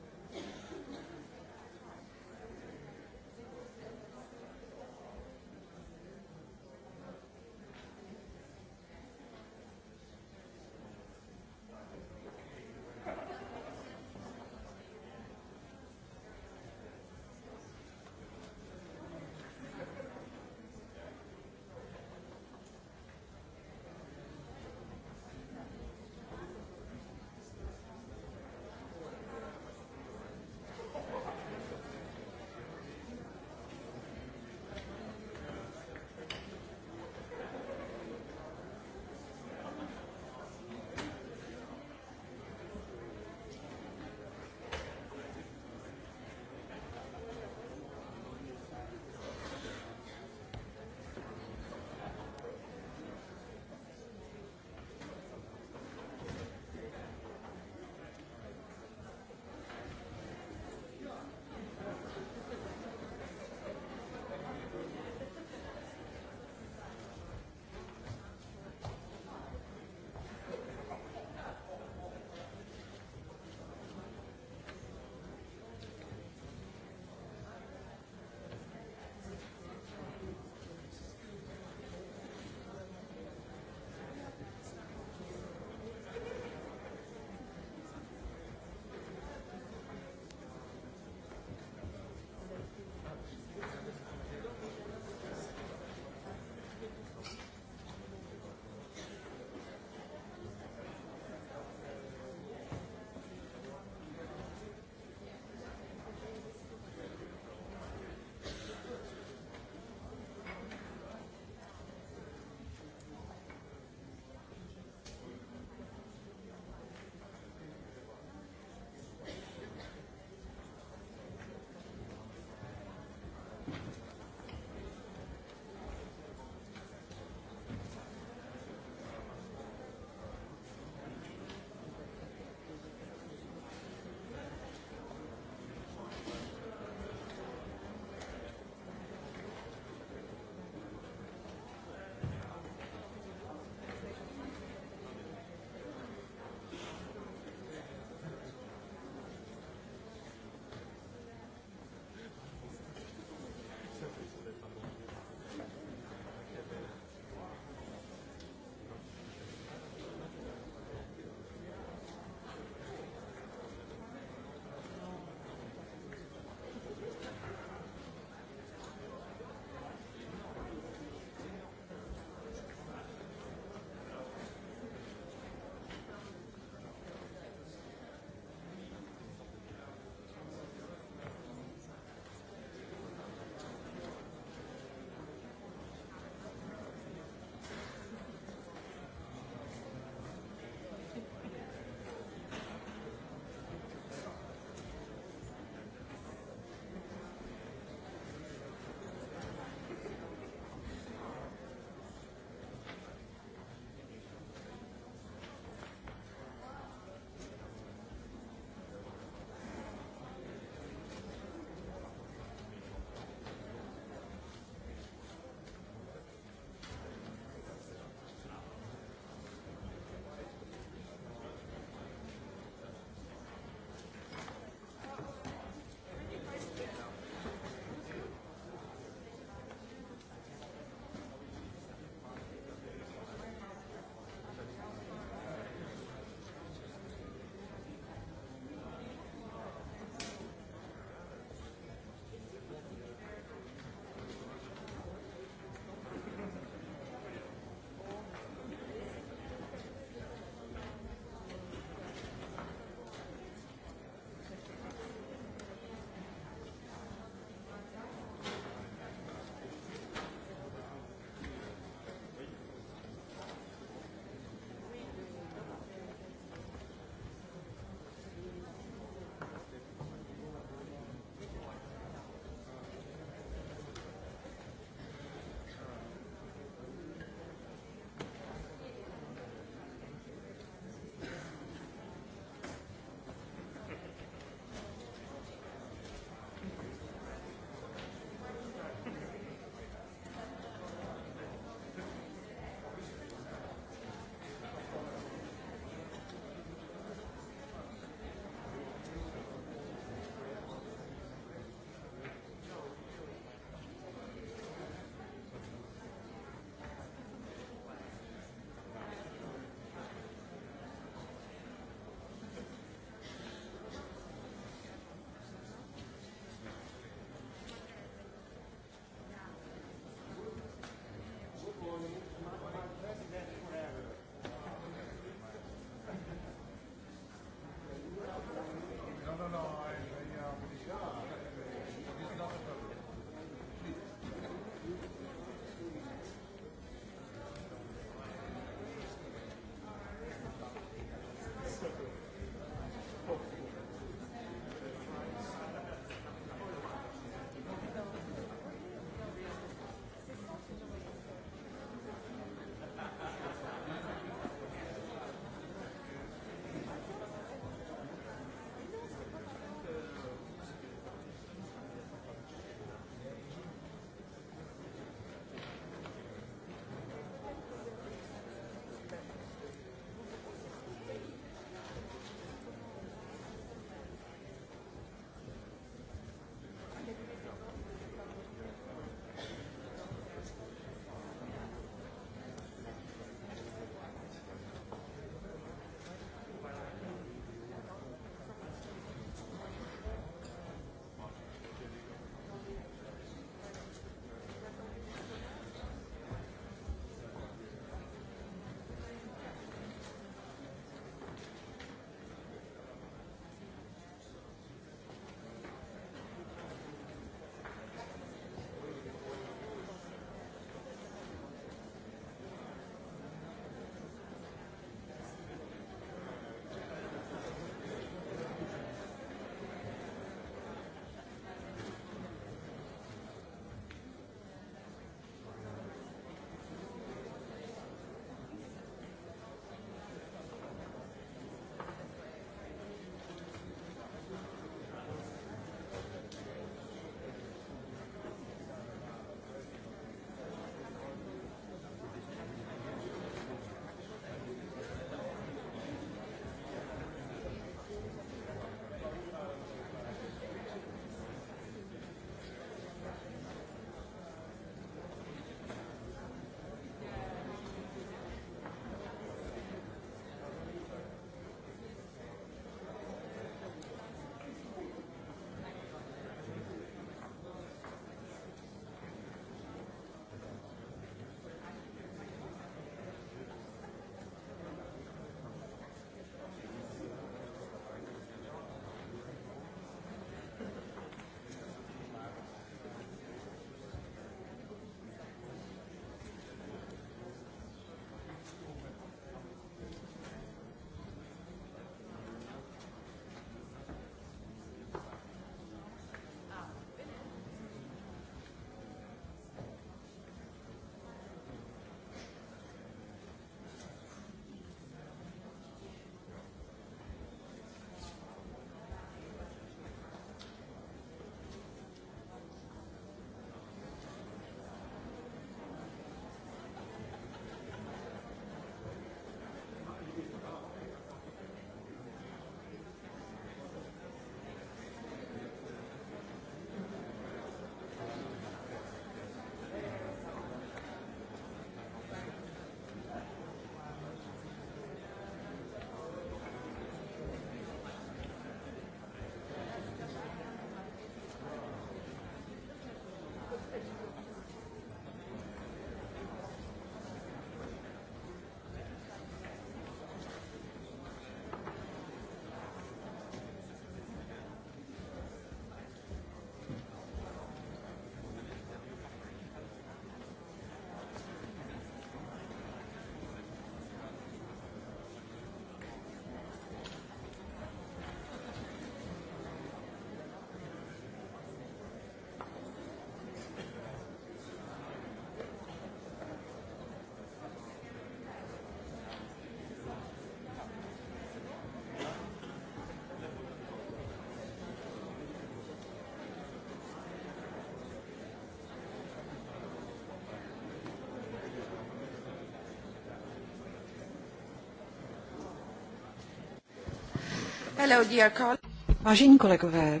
Vážení kolegové,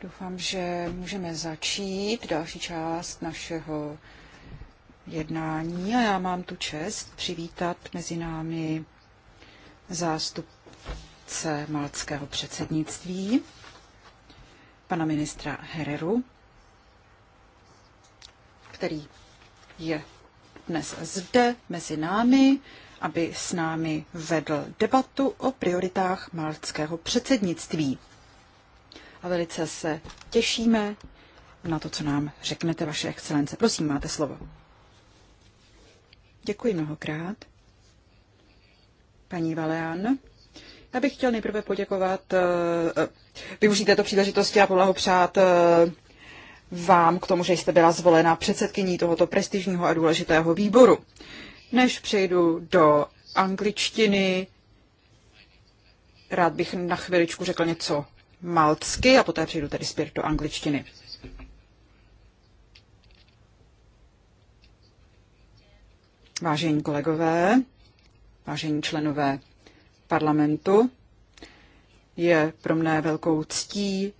doufám, že můžeme začít další část našeho jednání a já mám tu čest přivítat mezi námi zástupce malckého předsednictví, pana ministra Hereru, který je dnes zde mezi námi, aby s námi vedl debatu o prioritách maltského předsednictví. A velice se těšíme na to, co nám řeknete, vaše excelence. Prosím, máte slovo. Děkuji mnohokrát. Paní Valean, já bych chtěl nejprve poděkovat, eh, eh, využít této příležitosti a poblahopřát eh, vám k tomu, že jste byla zvolena předsedkyní tohoto prestižního a důležitého výboru. Než přejdu do angličtiny, rád bych na chviličku řekl něco maltsky a poté přejdu tedy zpět do angličtiny. Vážení kolegové, vážení členové parlamentu, je pro mne velkou ctí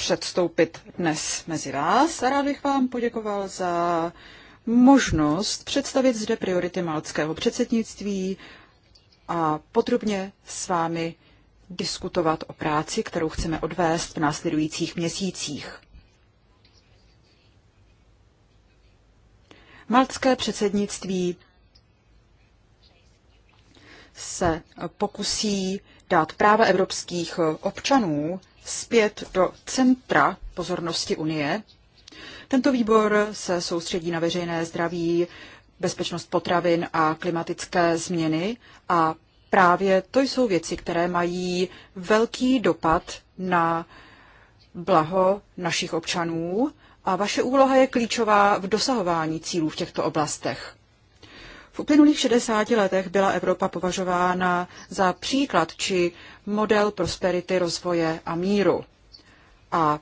předstoupit dnes mezi vás a rád bych vám poděkoval za možnost představit zde priority malckého předsednictví a podrobně s vámi diskutovat o práci, kterou chceme odvést v následujících měsících. Maltské předsednictví se pokusí dát práva evropských občanů zpět do centra pozornosti Unie. Tento výbor se soustředí na veřejné zdraví, bezpečnost potravin a klimatické změny a právě to jsou věci, které mají velký dopad na blaho našich občanů a vaše úloha je klíčová v dosahování cílů v těchto oblastech. V uplynulých 60 letech byla Evropa považována za příklad či model prosperity, rozvoje a míru. A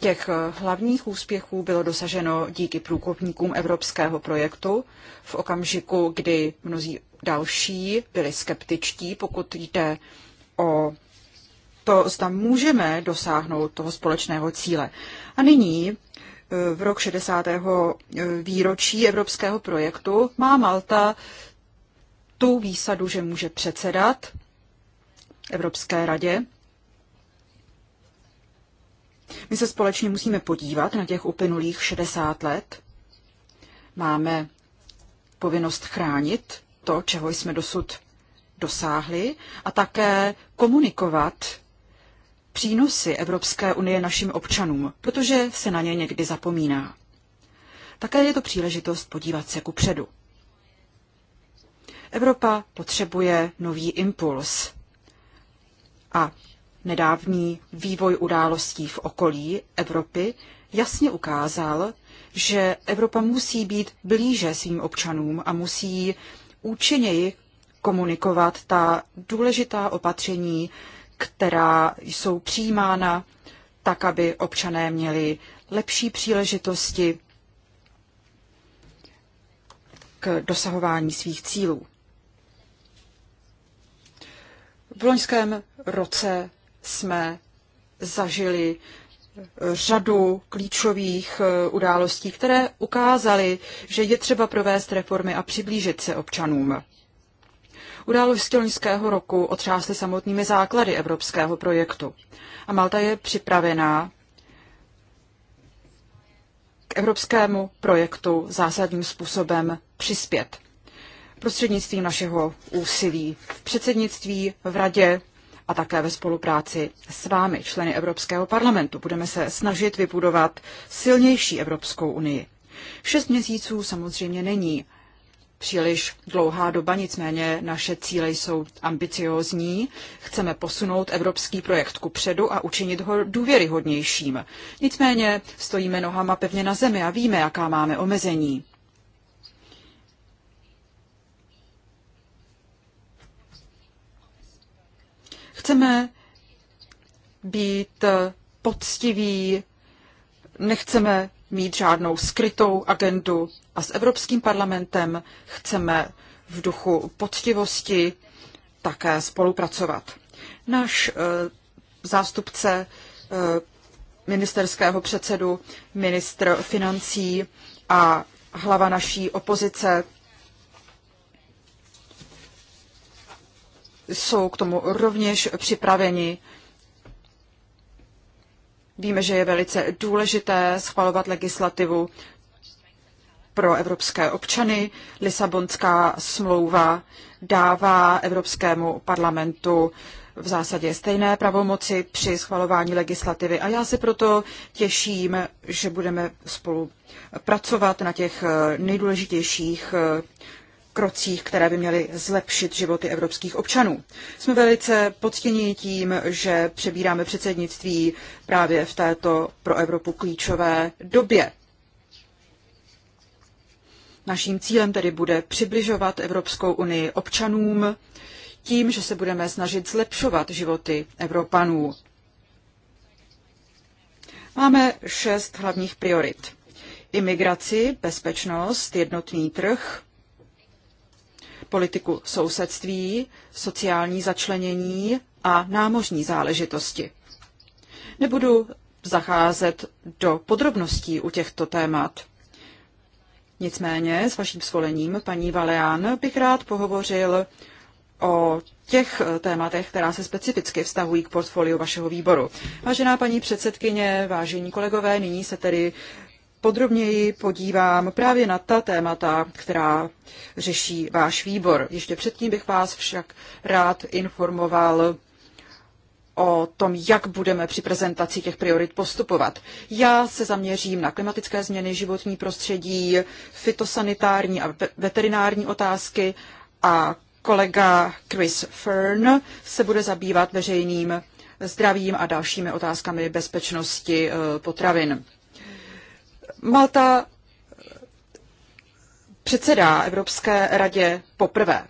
Těch hlavních úspěchů bylo dosaženo díky průkopníkům evropského projektu v okamžiku, kdy mnozí další byli skeptičtí, pokud jde o to, zda můžeme dosáhnout toho společného cíle. A nyní v rok 60. Eh, výročí evropského projektu, má Malta tu výsadu, že může předsedat Evropské radě. My se společně musíme podívat na těch uplynulých 60 let. Máme povinnost chránit to, čeho jsme dosud dosáhli a také komunikovat přínosy Evropské unie našim občanům, protože se na ně někdy zapomíná. Také je to příležitost podívat se ku předu. Evropa potřebuje nový impuls. A nedávný vývoj událostí v okolí Evropy jasně ukázal, že Evropa musí být blíže svým občanům a musí účinněji komunikovat ta důležitá opatření která jsou přijímána tak, aby občané měli lepší příležitosti k dosahování svých cílů. V loňském roce jsme zažili řadu klíčových eh, událostí, které ukázaly, že je třeba provést reformy a přiblížit se občanům. Události loňského roku otřásly samotnými základy evropského projektu. A Malta je připravená k evropskému projektu zásadním způsobem přispět prostřednictvím našeho úsilí v předsednictví, v radě a také ve spolupráci s vámi, členy Evropského parlamentu. Budeme se snažit vybudovat silnější Evropskou unii. Šest měsíců samozřejmě není příliš dlouhá doba, nicméně naše cíle jsou ambiciózní. Chceme posunout evropský projekt ku předu a učinit ho důvěryhodnějším. Nicméně stojíme nohama pevně na zemi a víme, jaká máme omezení. Chceme být poctiví, nechceme mít žádnou skrytou agendu, a s Evropským parlamentem chceme v duchu poctivosti také spolupracovat. Náš eh, zástupce eh, ministerského předsedu, ministr financí a hlava naší opozice jsou k tomu rovněž připraveni. Víme, že je velice důležité schvalovat legislativu pro evropské občany. Lisabonská smlouva dává Evropskému parlamentu v zásadě stejné pravomoci při schvalování legislativy a já se proto těším, že budeme spolu pracovat na těch eh, nejdůležitějších eh, krocích, které by měly zlepšit životy evropských občanů. Jsme velice poctěni tím, že přebíráme předsednictví právě v této pro Evropu klíčové době. Naším cílem tedy bude přibližovat Evropskou unii občanům tím, že se budeme snažit zlepšovat životy Evropanů. Máme šest hlavních priorit. Imigraci, bezpečnost, jednotný trh, politiku sousedství, sociální začlenění a námořní záležitosti. Nebudu zacházet do podrobností u těchto témat. Nicméně s vaším svolením, paní Valeán, bych rád pohovořil o těch eh, tématech, která se specificky vztahují k portfoliu vašeho výboru. Vážená paní předsedkyně, vážení kolegové, nyní se tedy podrobněji podívám právě na ta témata, která řeší váš výbor. Ještě předtím bych vás však rád informoval o tom, jak budeme při prezentaci těch priorit postupovat. Já se zaměřím na klimatické změny, životní prostředí, fitosanitární a veterinární otázky a kolega Chris Fern se bude zabývat veřejným zdravím a dalšími otázkami bezpečnosti eh, potravin. Malta předsedá Evropské radě poprvé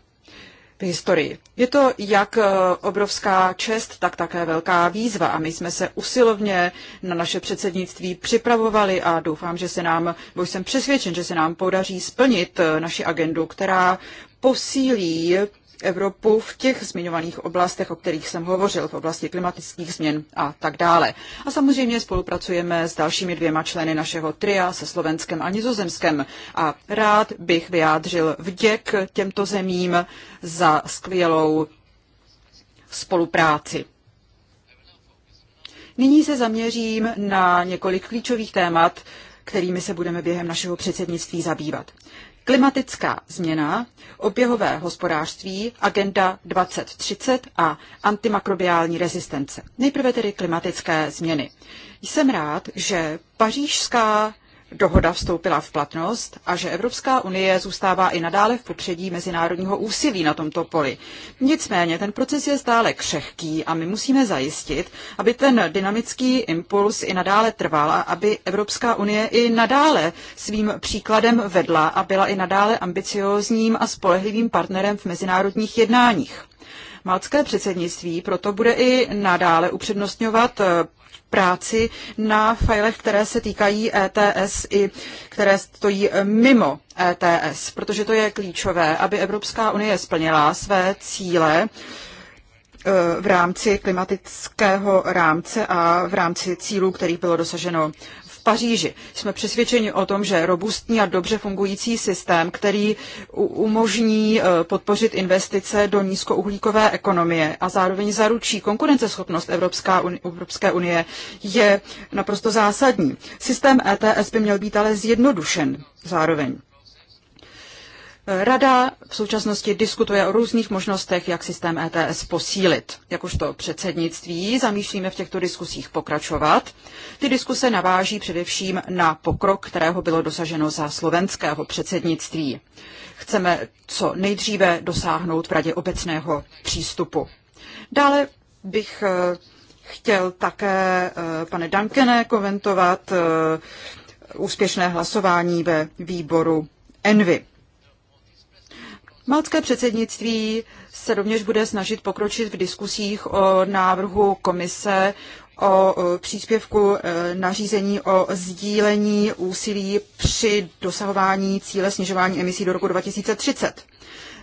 v historii. Je to jak eh, obrovská čest, tak také velká výzva a my jsme se usilovně na naše předsednictví připravovali a doufám, že se nám, bo jsem přesvědčen, že se nám podaří splnit eh, naši agendu, která posílí Evropu v těch zmiňovaných oblastech, o kterých jsem hovořil, v oblasti klimatických změn a tak dále. A samozřejmě spolupracujeme s dalšími dvěma členy našeho tria, se Slovenskem a Nizozemskem. A rád bych vyjádřil vděk těmto zemím za skvělou spolupráci. Nyní se zaměřím na několik klíčových témat, kterými se budeme během našeho předsednictví zabývat klimatická změna, oběhové hospodářství, agenda 2030 a antimakrobiální rezistence. Nejprve tedy klimatické změny. Jsem rád, že pařížská dohoda vstoupila v platnost a že Evropská unie zůstává i nadále v popředí mezinárodního úsilí na tomto poli. Nicméně ten proces je stále křehký a my musíme zajistit, aby ten dynamický impuls i nadále trval a aby Evropská unie i nadále svým příkladem vedla a byla i nadále ambiciózním a spolehlivým partnerem v mezinárodních jednáních. Malcké předsednictví proto bude i nadále upřednostňovat práci na filech, které se týkají ETS i které stojí mimo ETS, protože to je klíčové, aby Evropská unie splnila své cíle eh, v rámci klimatického rámce a v rámci cílů, kterých bylo dosaženo Paříži. Jsme přesvědčeni o tom, že robustní a dobře fungující systém, který umožní e, podpořit investice do nízkouhlíkové ekonomie a zároveň zaručí konkurenceschopnost Evropská Evropské unie, je naprosto zásadní. Systém ETS by měl být ale zjednodušen zároveň. Rada v současnosti diskutuje o různých možnostech, jak systém ETS posílit. Jakožto předsednictví zamýšlíme v těchto diskusích pokračovat. Ty diskuse naváží především na pokrok, kterého bylo dosaženo za slovenského předsednictví. Chceme co nejdříve dosáhnout v Radě obecného přístupu. Dále bych eh, chtěl také, eh, pane Dankene, komentovat eh, úspěšné hlasování ve výboru Envy. Maltské předsednictví se rovněž bude snažit pokročit v diskusích o návrhu komise o příspěvku e, nařízení o sdílení úsilí při dosahování cíle snižování emisí do roku 2030.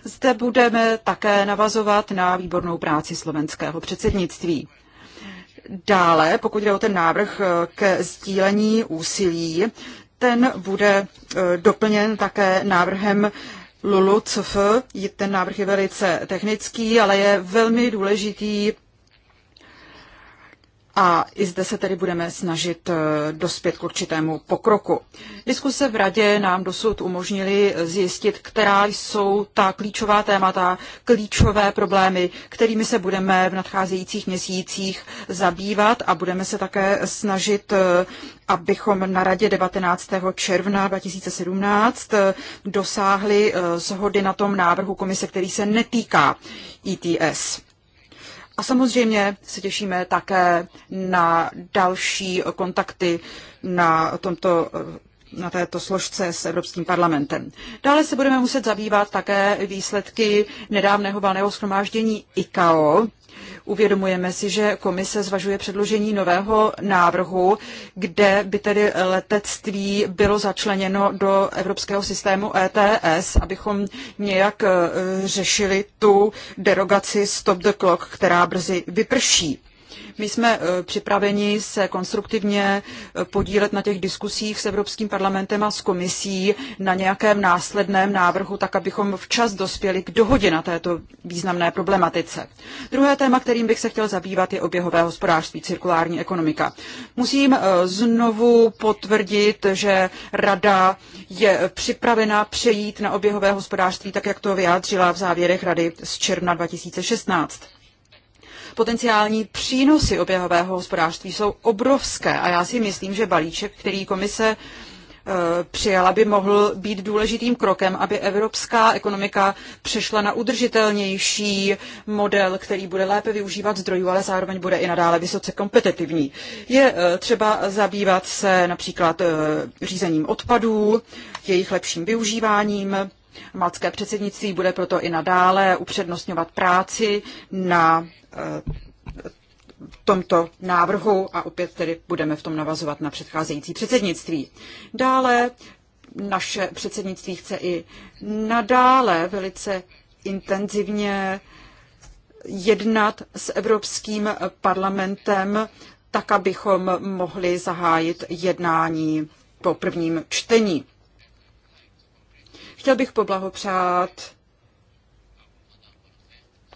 Zde budeme také navazovat na výbornou práci slovenského předsednictví. Dále, pokud jde o ten návrh e, ke sdílení úsilí, ten bude e, doplněn také návrhem LULUCF. Ten návrh je velice technický, ale je velmi důležitý a i zde se tedy budeme snažit eh, dospět k určitému pokroku. Diskuse v radě nám dosud umožnili zjistit, která jsou ta klíčová témata, klíčové problémy, kterými se budeme v nadcházejících měsících zabývat a budeme se také snažit eh, abychom na radě 19. června 2017 eh, dosáhli zhody na tom návrhu komise, který se netýká ETS. A samozřejmě se těšíme také na další kontakty na tomto na této složce s Evropským parlamentem. Dále se budeme muset zabývat také výsledky nedávného valného schromáždění ICAO, Uvědomujeme si, že komise zvažuje předložení nového návrhu, kde by tedy letectví bylo začleněno do evropského systému ETS, abychom nějak eh, řešili tu derogaci stop the clock, která brzy vyprší. My jsme eh, připraveni se konstruktivně eh, podílet na těch diskusích s Evropským parlamentem a s komisí na nějakém následném návrhu, tak abychom včas dospěli k dohodě na této významné problematice. Druhé téma, kterým bych se chtěl zabývat, je oběhové hospodářství, cirkulární ekonomika. Musím eh, znovu potvrdit, že Rada je připravena přejít na oběhové hospodářství, tak jak to vyjádřila v závěrech Rady z června 2016 potenciální přínosy oběhového hospodářství jsou obrovské a já si myslím, že balíček, který komise eh, přijala, by mohl být důležitým krokem, aby evropská ekonomika přešla na udržitelnější model, který bude lépe využívat zdrojů, ale zároveň bude i nadále vysoce kompetitivní. Je eh, třeba zabývat se například eh, řízením odpadů, jejich lepším využíváním, Malcké předsednictví bude proto i nadále upřednostňovat práci na eh, tomto návrhu a opět tedy budeme v tom navazovat na předcházející předsednictví. Dále naše předsednictví chce i nadále velice intenzivně jednat s Evropským parlamentem, tak abychom mohli zahájit jednání po prvním čtení. Chtěl bych poblahopřát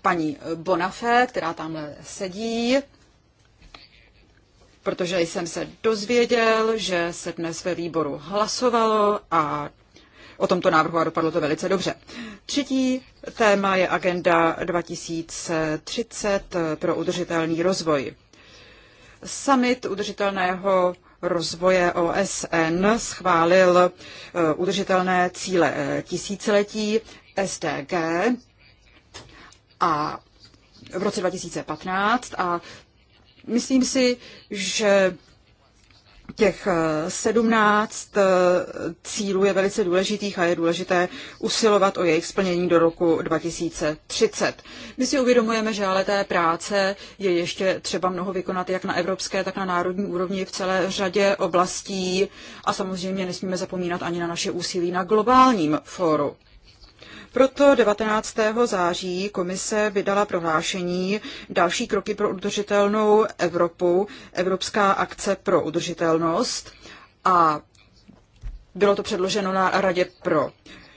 paní Bonafé, která tamhle sedí, protože jsem se dozvěděl, že se dnes ve výboru hlasovalo a o tomto návrhu a dopadlo to velice dobře. Třetí téma je agenda 2030 pro udržitelný rozvoj. Summit udržitelného rozvoje OSN schválil eh, udržitelné cíle eh, tisíciletí SDG a v roce 2015 a myslím si, že těch eh, sedmnáct eh, cílů je velice důležitých a je důležité usilovat o jejich splnění do roku 2030. My si uvědomujeme, že ale té práce je ještě třeba mnoho vykonat jak na evropské, tak na národní úrovni v celé řadě oblastí a samozřejmě nesmíme zapomínat ani na naše úsilí na globálním fóru. Proto 19. září komise vydala prohlášení Další kroky pro udržitelnou Evropu, Evropská akce pro udržitelnost a bylo to předloženo na Radě pro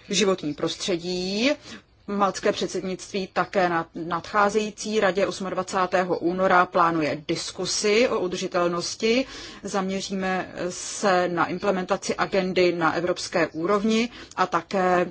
životní prostředí. Malcké předsednictví také na nadcházející radě 28. února plánuje diskusy o udržitelnosti. Zaměříme se na implementaci agendy na evropské úrovni a také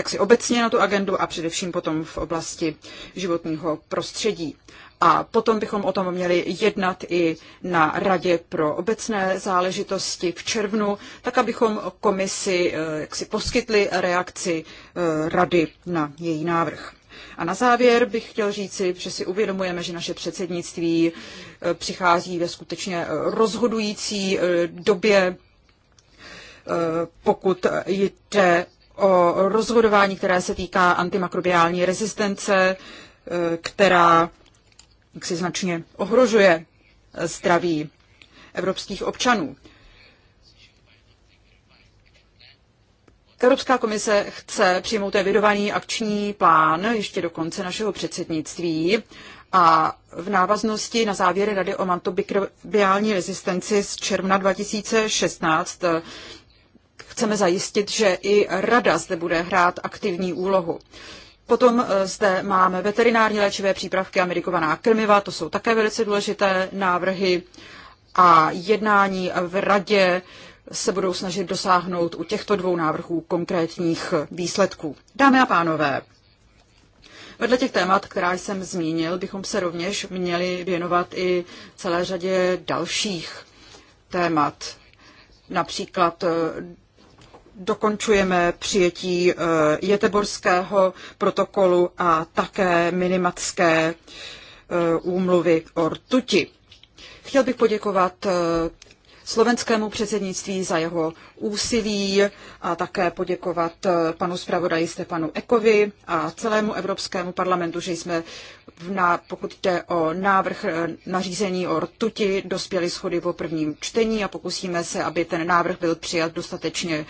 jaksi obecně na tu agendu a především potom v oblasti životního prostředí. A potom bychom o tom měli jednat i na Radě pro obecné záležitosti v červnu, tak abychom komisi eh, jaksi poskytli reakci eh, Rady na její návrh. A na závěr bych chtěl říci, že si uvědomujeme, že naše předsednictví eh, přichází ve skutečně rozhodující době, pokud jde o rozhodování, které se týká antimakrobiální rezistence, e, která jak si značně ohrožuje zdraví evropských občanů. Evropská komise chce přijmout evidovaný akční plán ještě do konce našeho předsednictví a v návaznosti na závěry Rady o mantobikrobiální rezistenci z června 2016 chceme zajistit, že i rada zde bude hrát aktivní úlohu. Potom eh, zde máme veterinární léčivé přípravky a medikovaná krmiva, to jsou také velice důležité návrhy a jednání v radě se budou snažit dosáhnout u těchto dvou návrhů konkrétních výsledků. Dámy a pánové, Vedle těch témat, která jsem zmínil, bychom se rovněž měli věnovat i celé řadě dalších témat, například eh, dokončujeme přijetí eh, Jeteborského protokolu a také minimatské eh, úmluvy o rtuti. Chtěl bych poděkovat eh, slovenskému předsednictví za jeho úsilí a také poděkovat panu zpravodaji Stepanu Ekovi a celému Evropskému parlamentu, že jsme, v na, pokud jde o návrh nařízení o rtuti, dospěli schody po prvním čtení a pokusíme se, aby ten návrh byl přijat dostatečně uh,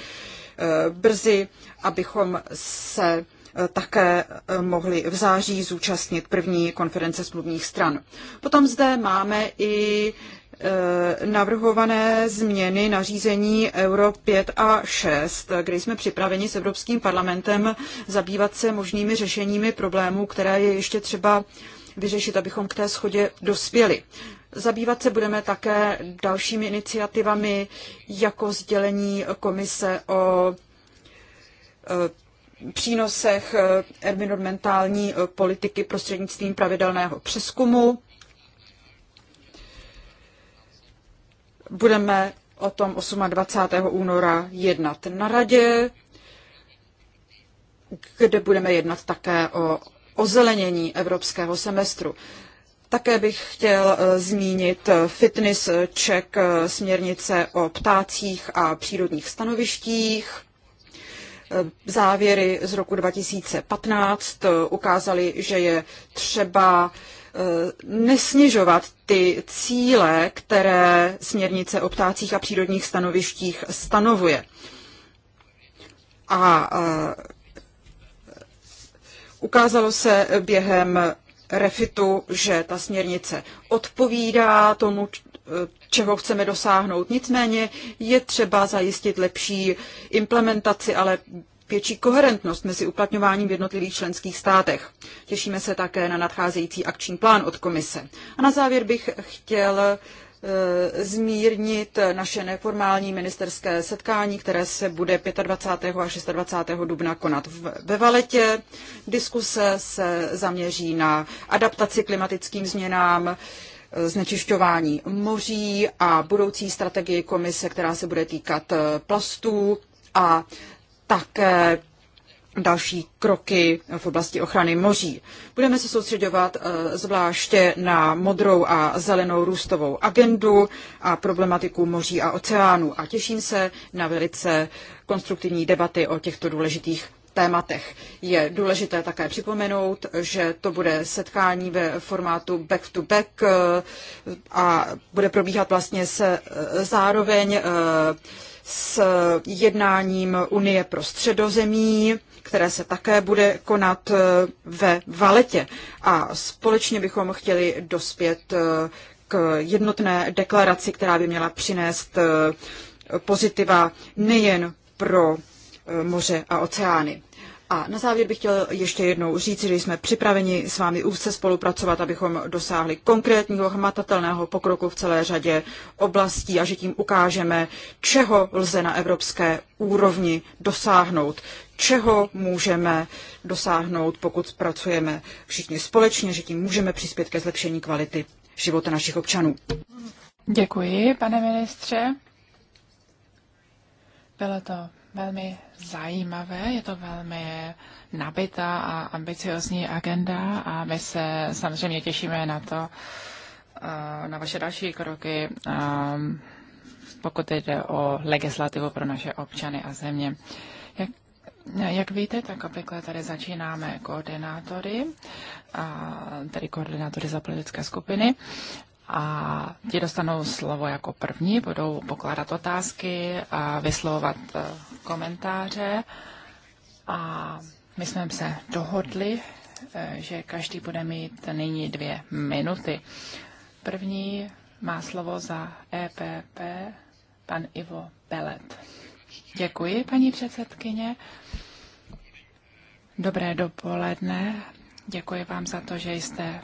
Eh, brzy, abychom se eh, také eh, mohli v září zúčastnit první konference smluvních stran. Potom zde máme i navrhované změny nařízení Euro 5 a 6, kde jsme připraveni s Evropským parlamentem zabývat se možnými řešeními problémů, které je ještě třeba vyřešit, abychom k té schodě dospěli. Zabývat se budeme také dalšími iniciativami, jako sdělení komise o e, přínosech e, environmentální e, politiky prostřednictvím pravidelného přeskumu. Budeme o tom 28. února jednat na radě, kde budeme jednat také o ozelenění evropského semestru. Také bych chtěl eh, zmínit eh, fitness check eh, směrnice o ptácích a přírodních stanovištích. Závěry z roku 2015 ukázaly, že je třeba nesnižovat ty cíle, které směrnice o ptácích a přírodních stanovištích stanovuje. A ukázalo se během refitu, že ta směrnice odpovídá tomu, čeho chceme dosáhnout. Nicméně je třeba zajistit lepší implementaci, ale větší koherentnost mezi uplatňováním v jednotlivých členských státech. Těšíme se také na nadcházející akční plán od komise. A na závěr bych chtěl Eh, zmírnit naše neformální ministerské setkání, které se bude 25. a 26. dubna konat ve Valetě. Diskuse se zaměří na adaptaci klimatickým změnám, eh, znečišťování moří a budoucí strategii komise, která se bude týkat eh, plastů a také další kroky v oblasti ochrany moří. Budeme se soustředovat eh, zvláště na modrou a zelenou růstovou agendu a problematiku moří a oceánu a těším se na velice konstruktivní debaty o těchto důležitých tématech. Je důležité také připomenout, že to bude setkání ve formátu back to back eh, a bude probíhat vlastně se eh, zároveň s jednáním Unie pro středozemí které se také bude konat eh, ve Valetě. A společně bychom chtěli dospět eh, k jednotné deklaraci, která by měla přinést eh, pozitiva nejen pro moře a oceány. A na závěr bych chtěl ještě jednou říci, že jsme připraveni s vámi úzce spolupracovat, abychom dosáhli konkrétního hmatatelného pokroku v celé řadě oblastí a že tím ukážeme, čeho lze na evropské úrovni dosáhnout, čeho můžeme dosáhnout, pokud pracujeme všichni společně, že tím můžeme přispět ke zlepšení kvality života našich občanů. Děkuji, pane ministře. Bylo to velmi zajímavé, je to velmi nabitá a ambiciozní agenda a my se samozřejmě těšíme na to, eh, na vaše další kroky, ehm, pokud jde o legislativu pro naše občany a země. Jak jak víte, tak obvykle tady začínáme koordinátory, tedy koordinátory za politické skupiny a ti dostanou slovo jako první, budou pokládat otázky a vyslovovat e, komentáře. A my jsme se dohodli, e, že každý bude mít nyní dvě minuty. První má slovo za EPP pan Ivo Belet. Děkuji, paní předsedkyně. Dobré dopoledne. Děkuji vám za to, že jste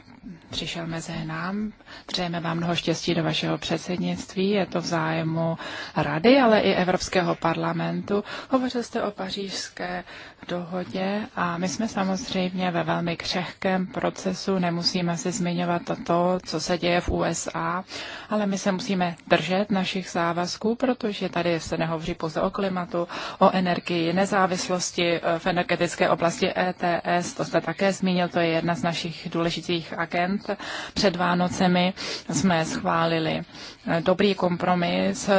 přišel mezi nám. Přejeme vám mnoho štěstí do vašeho předsednictví. Je to v zájmu Rady, ale i Evropského parlamentu. Hovořil jste o pařížské dohodě a my jsme samozřejmě ve velmi křehkém procesu, nemusíme se zmiňovat to, co se děje v USA, ale my se musíme držet našich závazků, protože tady se nehovří pouze o klimatu, o energii, nezávislosti eh, v energetické oblasti ETS, to jste také zmínil, to je jedna z našich důležitých agent. Před Vánocemi jsme schválili eh, dobrý kompromis,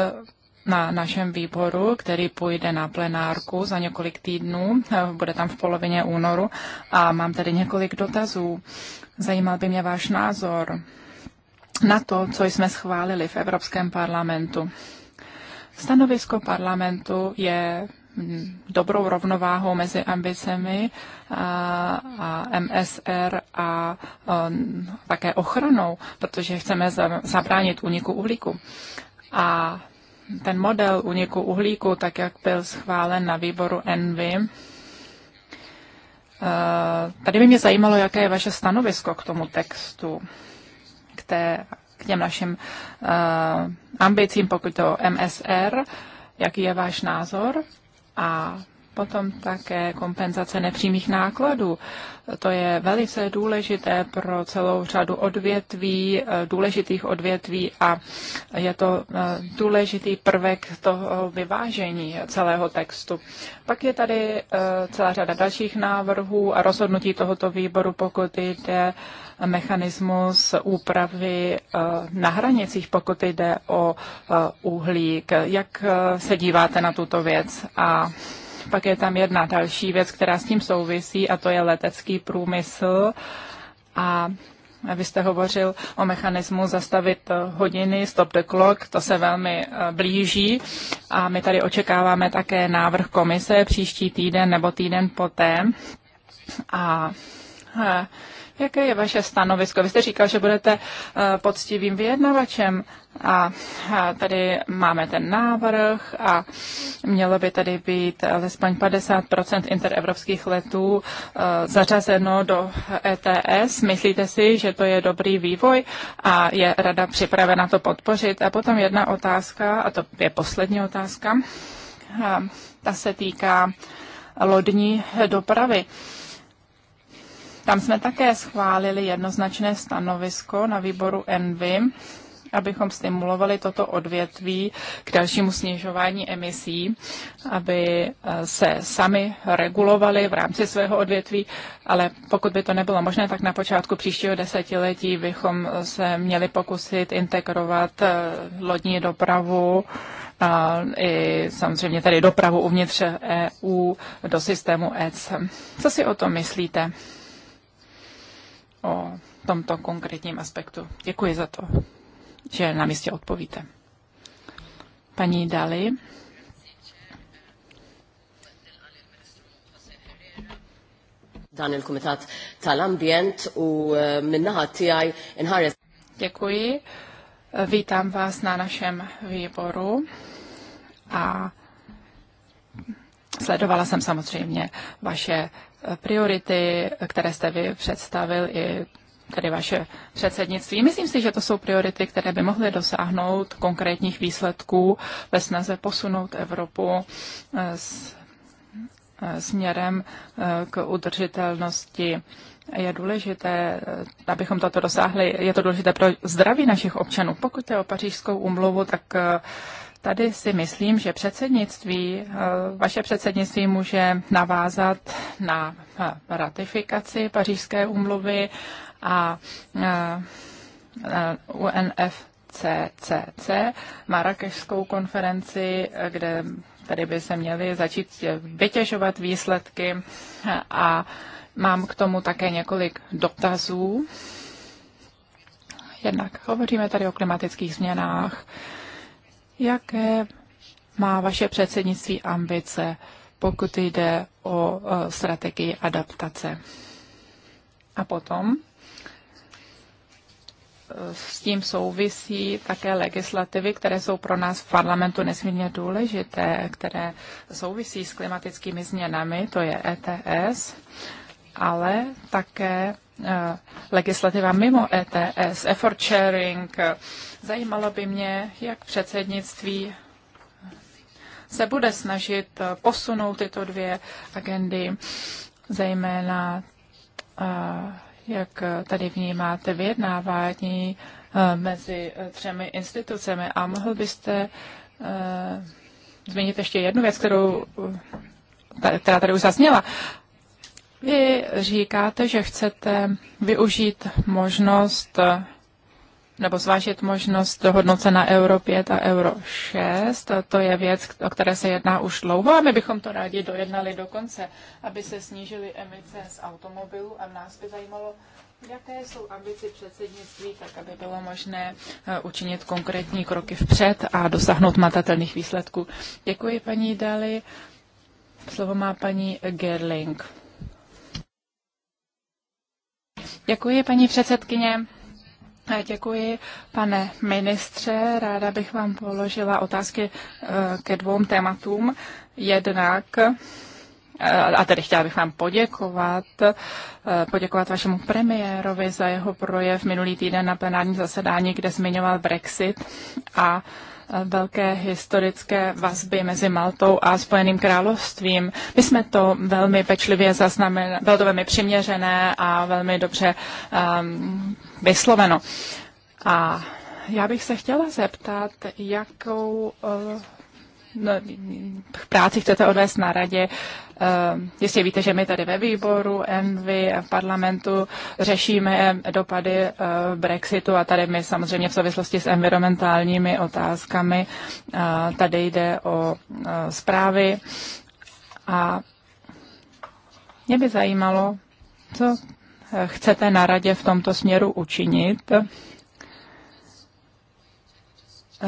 na našem výboru, který půjde na plenárku za několik týdnů, eh, bude tam v polovině únoru a mám tady několik dotazů. Zajímal by mě váš názor na to, co jsme schválili v Evropském parlamentu. Stanovisko parlamentu je hm, dobrou rovnováhou mezi ambicemi a, a MSR a, a také ochranou, protože chceme zabránit úniku uhlíku. A ten model uniku uhlíku, tak jak byl schválen na výboru Envy, eh, tady by mě zajímalo, jaké je vaše stanovisko k tomu textu, k, té, k těm našim eh, ambicím, pokud to MSR, jaký je váš názor a Potom také kompenzace nepřímých nákladů. To je velice důležité pro celou řadu odvětví, důležitých odvětví a je to eh, důležitý prvek toho vyvážení celého textu. Pak je tady eh, celá řada dalších návrhů a rozhodnutí tohoto výboru, pokud jde mechanismus úpravy eh, na hranicích, pokud jde o uhlík. Jak se díváte na tuto věc a pak je tam jedna další věc, která s tím souvisí, a to je letecký průmysl. A vy jste hovořil o mechanismu zastavit hodiny, stop the clock, to se velmi eh, blíží a my tady očekáváme také návrh komise příští týden nebo týden poté. A eh, Jaké je vaše stanovisko? Vy jste říkal, že budete eh, poctivým vyjednavačem a tady máme ten návrh a mělo by tady být alespoň 50 interevropských letů eh, zařazeno do ETS. Myslíte si, že to je dobrý vývoj a je rada připravena to podpořit? A potom jedna otázka, a to je poslední otázka, eh, ta se týká lodní dopravy. Tam jsme také schválili jednoznačné stanovisko na výboru Envy, abychom stimulovali toto odvětví k dalšímu snižování emisí, aby eh, se sami regulovali v rámci svého odvětví, ale pokud by to nebylo možné, tak na počátku příštího desetiletí bychom eh, se měli pokusit integrovat eh, lodní dopravu a i samozřejmě tady dopravu uvnitř EU do systému EC. Co si o tom myslíte? o tomto konkrétním aspektu. Děkuji za to, že na místě odpovíte. Paní Dali. dan il-Kumitat tal-Ambjent u eh, minnaħa inħares. Děkuji. Vítám vás na našem výboru a sledovala jsem samozřejmě vaše priority, které jste vy představil i tedy vaše předsednictví. Myslím si, že to jsou priority, které by mohly dosáhnout konkrétních výsledků ve snaze posunout Evropu eh, s, eh, směrem eh, k udržitelnosti. Je důležité, abychom toto dosáhli, je to důležité pro zdraví našich občanů. Pokud je o pařížskou umluvu, tak tady si myslím, že předsednictví, eh, vaše předsednictví může navázat na ratifikaci pařížské úmluvy a eh, eh, UNFCCC, Marrakešskou konferenci, kde tady by se měly začít vytěžovat výsledky a mám k tomu také několik dotazů. Jednak hovoříme tady o klimatických změnách, Jaké má vaše předsednictví ambice, pokud jde o strategii adaptace? A potom e, s tím souvisí také legislativy, které jsou pro nás v parlamentu nesmírně důležité, které souvisí s klimatickými změnami, to je ETS, ale také Eh, legislativa mimo ETS, effort sharing. Zajímalo by mě, jak předsednictví se bude snažit eh, posunout tyto dvě agendy, zejména eh, jak tady vnímáte vyjednávání mezi třemi institucemi. A mohl byste zmínit ještě jednu věc, kterou, která tady už zazněla, vy říkáte, že chcete využít možnost nebo zvážit možnost dohodnout na Euro 5 a Euro 6. To je věc, o které se jedná už dlouho a my bychom to rádi dojednali do konce, aby se snížily emice z automobilů a nás by zajímalo, jaké jsou ambice předsednictví, tak aby bylo možné eh, učinit konkrétní kroky vpřed a dosáhnout matatelných výsledků. Děkuji paní Dali. Slovo má paní Gerling. Děkuji, paní předsedkyně. Děkuji, pane ministře. Ráda bych vám položila otázky eh, ke dvou tématům. Jednak eh, a tedy chtěla bych vám poděkovat, eh, poděkovat vašemu premiérovi za jeho projev minulý týden na plenárním zasedání, kde zmiňoval Brexit a velké historické vazby mezi Maltou a Spojeným královstvím. My jsme to velmi pečlivě zaznamenali, bylo to velmi přiměřené a velmi dobře um, vysloveno. A já bych se chtěla zeptat, jakou uh, No, práci chcete odvést na radě. Ehm, jistě víte, že my tady ve výboru, Envy, v parlamentu řešíme eh, dopady eh, Brexitu a tady my samozřejmě v souvislosti s environmentálními otázkami, eh, tady jde o zprávy a mě by zajímalo, co chcete na radě v tomto směru učinit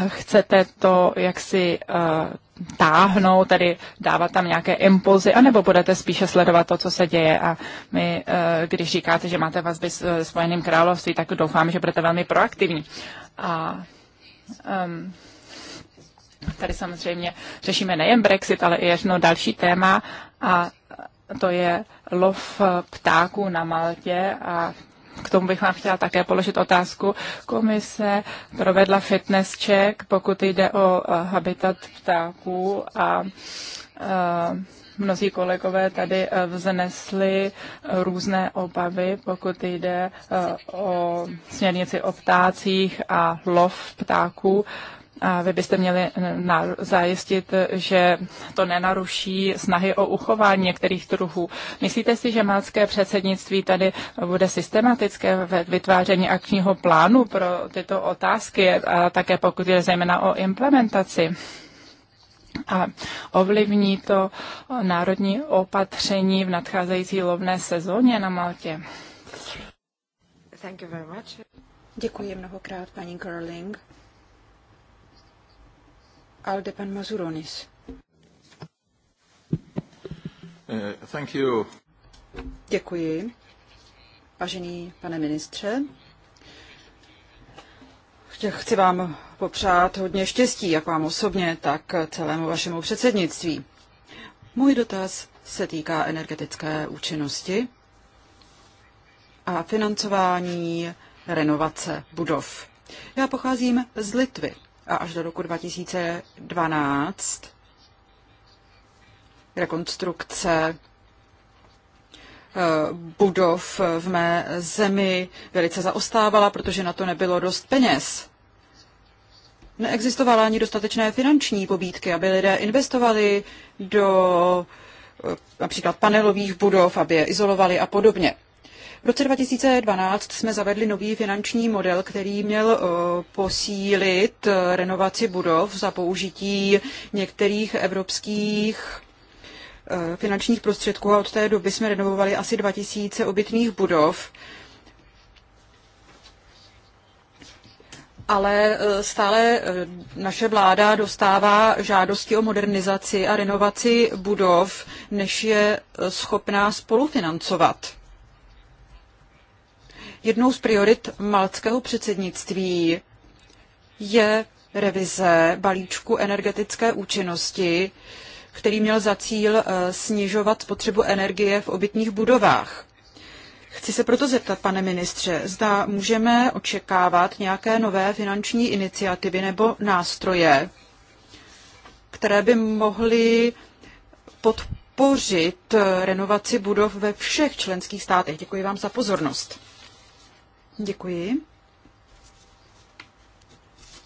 chcete to jaksi uh, táhnout, tedy dávat tam nějaké impulzy, anebo budete spíše sledovat to, co se děje. A my, uh, když říkáte, že máte vazby s uh, Spojeným království, tak doufám, že budete velmi proaktivní. A um, tady samozřejmě řešíme nejen Brexit, ale i jedno další téma a to je lov ptáků na Maltě a k tomu bych vám chtěla také položit otázku. Komise provedla fitness check, pokud jde o eh, habitat ptáků a eh, mnozí kolegové tady eh, vznesli různé obavy, pokud jde o směrnici o ptácích a lov ptáků. A vy byste měli eh, zajistit, že to nenaruší snahy o uchování některých druhů. Myslíte si, že mácké předsednictví tady bude systematické ve vytváření akčního plánu pro tyto otázky eh, a také pokud je zejména o implementaci? a ovlivní to národní opatření v nadcházející lovné sezóně na Maltě. Děkuji mnohokrát, paní Curling pan Mazuronis. Eh, thank you. Děkuji. Vážený pane ministře, chci vám popřát hodně štěstí, jak vám osobně, tak celému vašemu předsednictví. Můj dotaz se týká energetické účinnosti a financování renovace budov. Já pocházím z Litvy a až do roku 2012 rekonstrukce eh, budov v mé zemi velice zaostávala, protože na to nebylo dost peněz. Neexistovala ani dostatečné finanční pobídky, aby lidé investovali do eh, například panelových budov, aby je izolovali a podobně. V roce 2012 jsme zavedli nový finanční model, který měl eh, posílit eh, renovaci budov za použití některých evropských eh, finančních prostředků a od té doby jsme renovovali asi 2000 obytných budov. ale stále naše vláda dostává žádosti o modernizaci a renovaci budov, než je schopná spolufinancovat. Jednou z priorit maltského předsednictví je revize balíčku energetické účinnosti, který měl za cíl eh, snižovat spotřebu energie v obytných budovách. Chci se proto zeptat, pane ministře, zda můžeme očekávat nějaké nové finanční iniciativy nebo nástroje, které by mohly podpořit eh, renovaci budov ve všech členských státech. Děkuji vám za pozornost. Děkuji.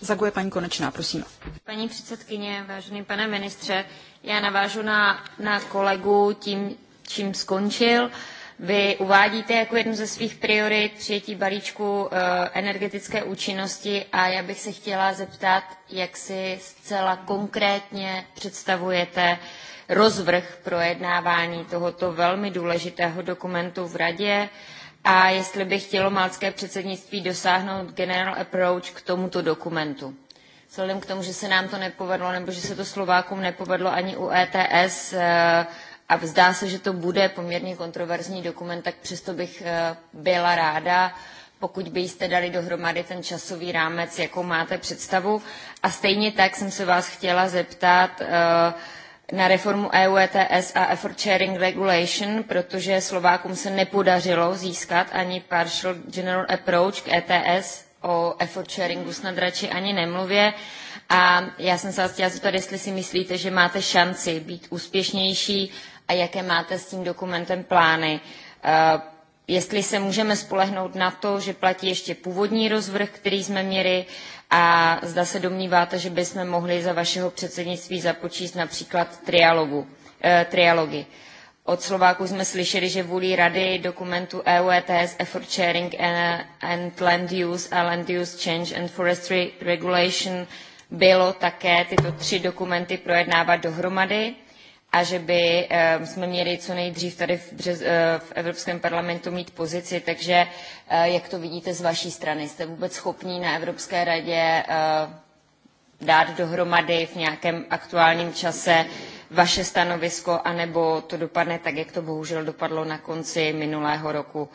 Zaguje paní Konečná, prosím. Paní předsedkyně, vážený pane ministře, já navážu na, na kolegu tím, čím skončil. Vy uvádíte jako jednu ze svých priorit přijetí balíčku eh, energetické účinnosti a já bych se chtěla zeptat, jak si zcela konkrétně představujete rozvrh projednávání tohoto velmi důležitého dokumentu v Radě a jestli by chtělo malské předsednictví dosáhnout general approach k tomuto dokumentu. Vzhledem k tomu, že se nám to nepovedlo, nebo že se to Slovákům nepovedlo ani u ETS, eh, a zdá se, že to bude poměrně kontroverzní dokument, tak přesto bych eh, byla ráda, pokud byste dali dohromady ten časový rámec, jakou máte představu. A stejně tak jsem se vás chtěla zeptat, eh, na reformu EU ETS a Effort Sharing Regulation, protože Slovákům se nepodařilo získat ani Partial General Approach k ETS, o effort sharingu snad radši ani nemluvě. A já jsem se vás chtěla zeptat, jestli si myslíte, že máte šanci být úspěšnější a jaké máte s tím dokumentem plány eh, jestli se můžeme spolehnout na to, že platí ještě původní rozvrh, který jsme měli a zda se domníváte, že bychom mohli za vašeho předsednictví započíst například trialogu, eh, trialogy. Od Slováků jsme slyšeli, že vůli Rady dokumentu EU ETS Effort Sharing and, and Land Use a Land Use Change and Forestry Regulation bylo také tyto tři dokumenty projednávat dohromady a že by eh, jsme měli co nejdřív tady v, eh, Evropském parlamentu mít pozici, takže eh, jak to vidíte z vaší strany? Jste vůbec schopní na Evropské radě dát dohromady v nějakém aktuálním čase vaše stanovisko, anebo to dopadne tak, jak to bohužel dopadlo na konci minulého roku?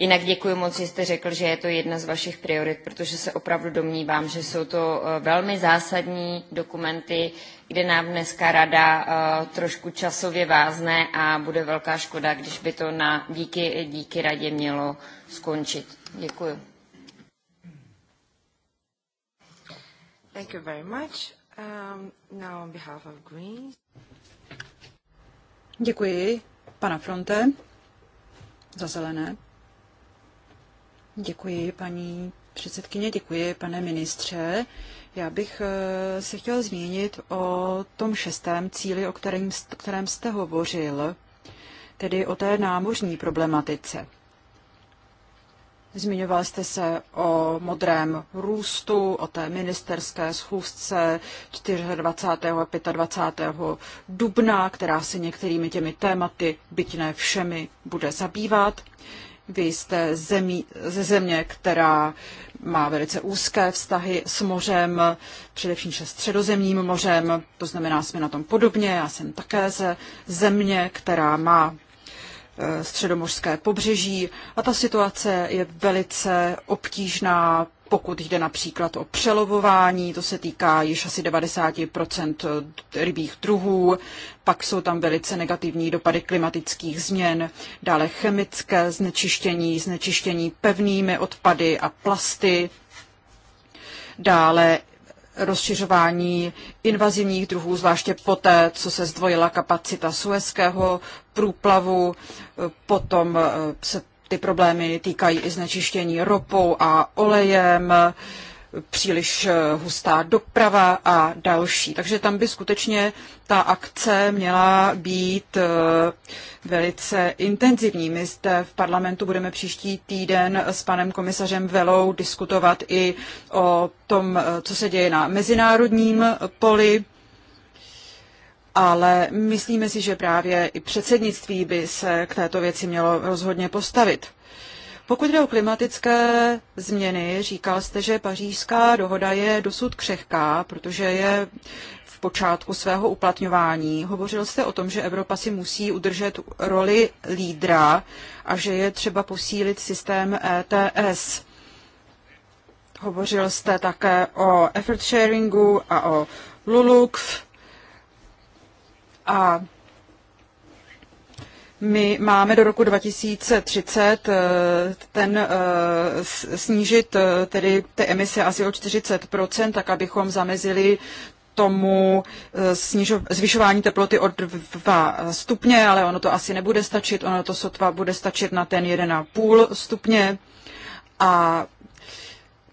Jinak děkuji moc, že jste řekl, že je to jedna z vašich priorit, protože se opravdu domnívám, že jsou to eh, velmi zásadní dokumenty, kde nám dneska rada eh, trošku časově vázne a bude velká škoda, když by to na, díky, díky radě mělo skončit. Děkuji. Thank you very much. Um, now on behalf of Děkuji, pana Fronte, za zelené. Děkuji, paní předsedkyně, děkuji, pane ministře. Já bych eh, se chtěl zmínit o tom šestém cíli, o kterém, o kterém jste hovořil, tedy o té námořní problematice. Zmiňoval jste se o modrém růstu, o té ministerské schůzce 24. a 25. dubna, která se některými těmi tématy, byť ne všemi, bude zabývat. Vy jste zemí, ze země, která má velice úzké vztahy s mořem, především se středozemním mořem, to znamená, jsme na tom podobně. Já jsem také ze země, která má Eh, středomořské pobřeží a ta situace je velice obtížná, pokud jde například o přelovování, to se týká již asi 90% rybích druhů, pak jsou tam velice negativní dopady klimatických změn, dále chemické znečištění, znečištění pevnými odpady a plasty, dále rozšiřování invazivních druhů, zvláště poté, co se zdvojila kapacita suezkého průplavu, potom eh, se ty problémy týkají i znečištění ropou a olejem, příliš eh, hustá doprava a další. Takže tam by skutečně ta akce měla být eh, velice intenzivní. My zde v parlamentu budeme příští týden s panem komisařem Velou diskutovat i o tom, eh, co se děje na mezinárodním poli ale myslíme si, že právě i předsednictví by se k této věci mělo rozhodně postavit. Pokud jde o klimatické změny, říkal jste, že pařížská dohoda je dosud křehká, protože je v počátku svého uplatňování. Hovořil jste o tom, že Evropa si musí udržet roli lídra a že je třeba posílit systém ETS. Hovořil jste také o effort sharingu a o LULUKV a my máme do roku 2030 eh, ten eh, snížit eh, tedy ty emise asi o 40%, tak abychom zamezili tomu snižo, zvyšování teploty o 2 stupně, ale ono to asi nebude stačit, ono to sotva bude stačit na ten 1,5 stupně. A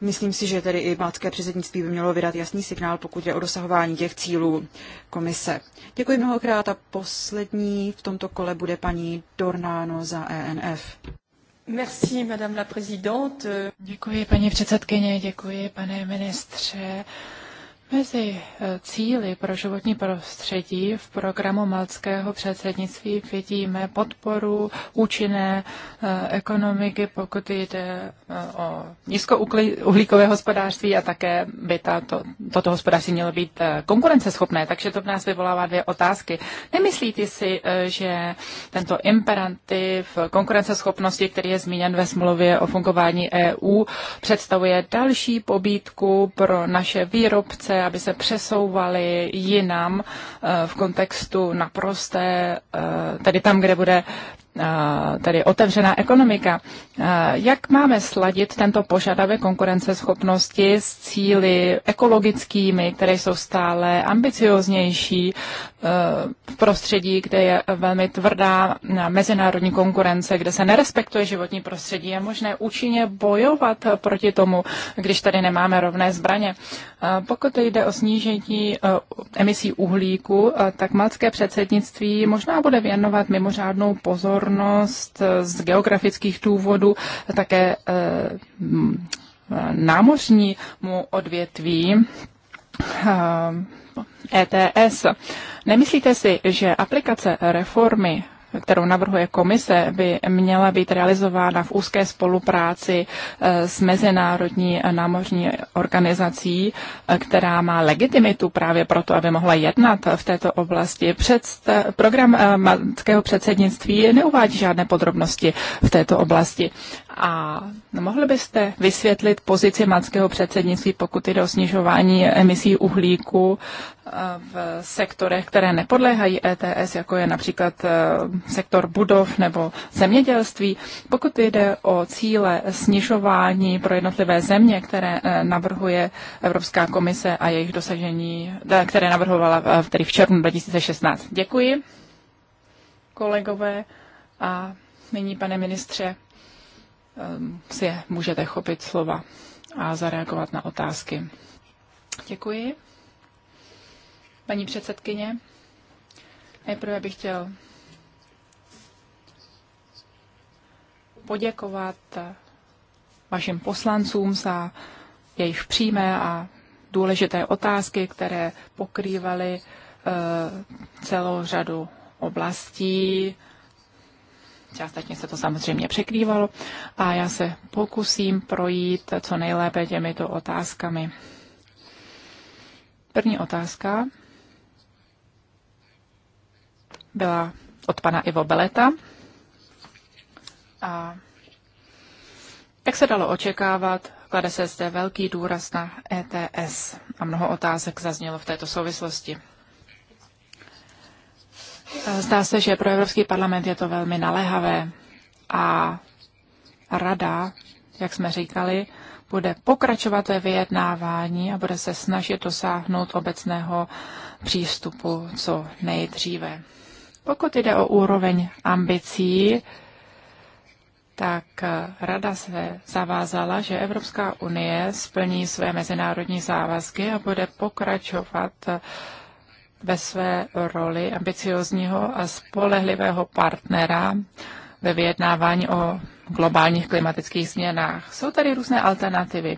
Myslím si, že tedy i mátské předsednictví by mělo vydat jasný signál, pokud je o dosahování těch cílů komise. Děkuji mnohokrát a poslední v tomto kole bude paní Dornáno za ENF. Merci, madame la présidente. Děkuji, paní předsedkyně, děkuji, pane ministře. Mezi eh, cíly pro životní prostředí v programu maltského předsednictví vidíme podporu účinné eh, ekonomiky, pokud jde eh, o nízkouhlíkové hospodářství a také by tato, toto hospodářství mělo být konkurenceschopné. Takže to v nás vyvolává dvě otázky. Nemyslíte si, že tento imperativ konkurenceschopnosti, který je zmíněn ve smlouvě o fungování EU, představuje další pobídku pro naše výrobce které by se přesouvaly jinam eh, v kontextu naprosté, eh, tedy tam, kde bude tady otevřená ekonomika. Jak máme sladit tento požadavek konkurenceschopnosti s cíly ekologickými, které jsou stále ambicioznější e, v prostředí, kde je velmi tvrdá mezinárodní konkurence, kde se nerespektuje životní prostředí? Je možné účinně bojovat proti tomu, když tady nemáme rovné zbraně? Pokud jde o snížení e, emisí uhlíku, e, tak malcké předsednictví možná bude věnovat mimořádnou pozornost pozornost z geografických důvodů také eh, námořnímu odvětví ETS. Eh, e Nemyslíte si, že aplikace reformy kterou navrhuje komise, by měla být realizována v úzké spolupráci eh, s Mezinárodní námořní organizací, eh, která má legitimitu právě proto, aby mohla jednat v této oblasti. Předst, program eh, matského předsednictví neuvádí žádné podrobnosti v této oblasti. A mohli byste vysvětlit pozici malckého předsednictví, pokud jde o snižování emisí uhlíku eh, v sektorech, které nepodléhají ETS, jako je například eh, sektor budov nebo zemědělství. Pokud jde o cíle snižování pro jednotlivé země, které eh, navrhuje Evropská komise a jejich dosažení, které navrhovala v, tedy v červnu 2016. Děkuji, kolegové, a nyní, pane ministře, Ehm, si je můžete chopit slova a zareagovat na otázky. Děkuji. Paní předsedkyně, nejprve bych chtěl poděkovat vašim poslancům za jejich přímé a důležité otázky, které pokrývaly eh, celou řadu oblastí, Částečně se to samozřejmě překrývalo a já se pokusím projít co nejlépe těmito otázkami. První otázka byla od pana Ivo Beleta. A jak se dalo očekávat, klade se zde velký důraz na ETS a mnoho otázek zaznělo v této souvislosti. Eh, zdá se, že pro Evropský parlament je to velmi naléhavé a rada, jak jsme říkali, bude pokračovat ve vyjednávání a bude se snažit dosáhnout obecného přístupu co nejdříve. Pokud jde o úroveň ambicí, tak eh, Rada se zavázala, že Evropská unie splní své mezinárodní závazky a bude pokračovat eh, ve své roli ambiciozního a spolehlivého partnera ve vyjednávání o globálních klimatických změnách. Jsou tady různé alternativy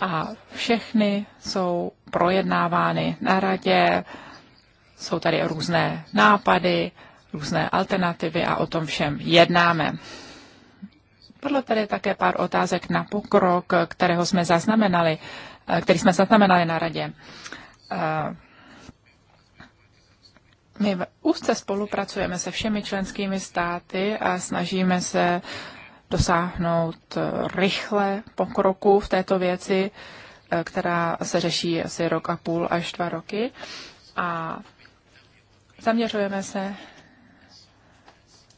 a všechny jsou projednávány na radě, jsou tady různé nápady, různé alternativy a o tom všem jednáme. Padlo tady také pár otázek na pokrok, kterého jsme zaznamenali, eh, který jsme zaznamenali na radě. Eh, my úzce spolupracujeme se všemi členskými státy a snažíme se dosáhnout eh, rychle pokroku v této věci, eh, která se řeší asi rok a půl až dva roky. A zaměřujeme se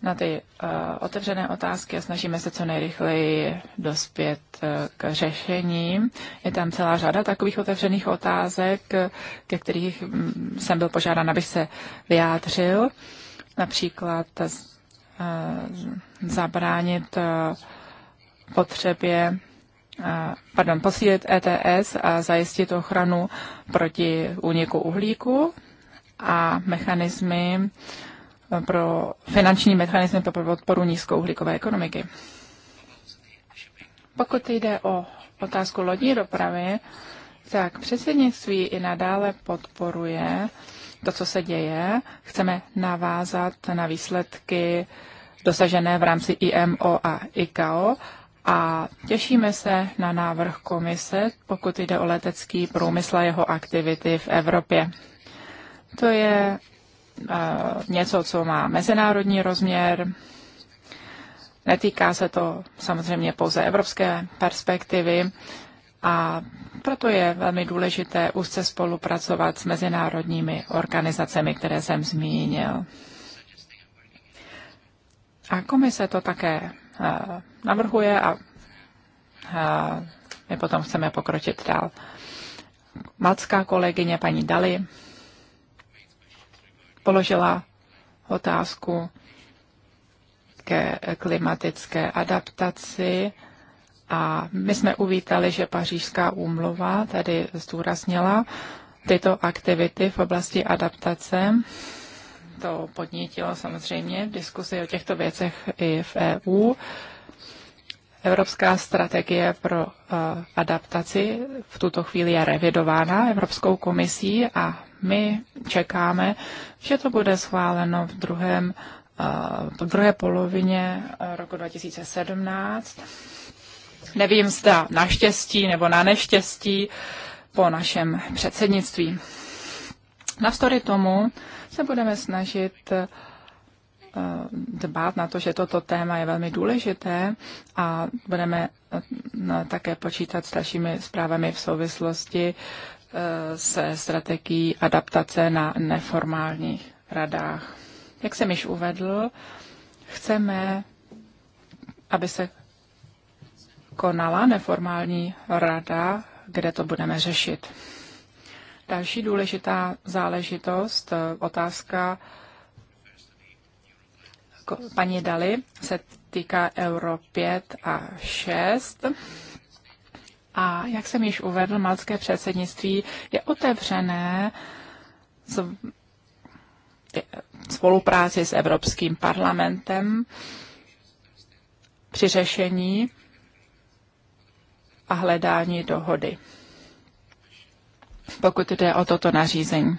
na ty uh, otevřené otázky a snažíme se co nejrychleji dospět uh, k řešení. Je tam celá řada takových otevřených otázek, ke kterých mm, jsem byl požádán, abych se vyjádřil. Například uh, zabránit uh, potřebě pardon, posílit ETS a zajistit ochranu proti úniku uhlíku a mechanismy pro finanční mechanismy pro podporu nízkouhlíkové ekonomiky. Pokud jde o otázku lodní dopravy, tak předsednictví i nadále podporuje to, co se děje. Chceme navázat na výsledky dosažené v rámci IMO a ICAO a těšíme se na návrh komise, pokud jde o letecký průmysl a jeho aktivity v Evropě. To je Eh, něco, co má mezinárodní rozměr. Netýká se to samozřejmě pouze evropské perspektivy a proto je velmi důležité úzce spolupracovat s mezinárodními organizacemi, které jsem zmínil. A komise to také eh, navrhuje a eh, my potom chceme pokročit dál. Malcká kolegyně paní Dali položila otázku ke klimatické adaptaci a my jsme uvítali, že pařížská úmluva tady zdůraznila tyto aktivity v oblasti adaptace. To podnítilo samozřejmě v diskusi o těchto věcech i v EU. Evropská strategie pro eh, adaptaci v tuto chvíli je revidována Evropskou komisí a my čekáme, že to bude schváleno v druhém eh, v druhé polovině eh, roku 2017. Nevím, zda naštěstí nebo na neštěstí po našem předsednictví. Navzdory tomu se budeme snažit eh, dbát na to, že toto téma je velmi důležité a budeme také počítat s dalšími zprávami v souvislosti Eh, se strategií adaptace na neformálních radách. Jak jsem již uvedl, chceme, aby se konala neformální rada, kde to budeme řešit. Další důležitá záležitost, eh, otázka paní Dali, se týká Euro 5 a 6. A jak jsem již uvedl, malské předsednictví je otevřené z spolupráci s Evropským parlamentem při řešení a hledání dohody, pokud jde o toto nařízení.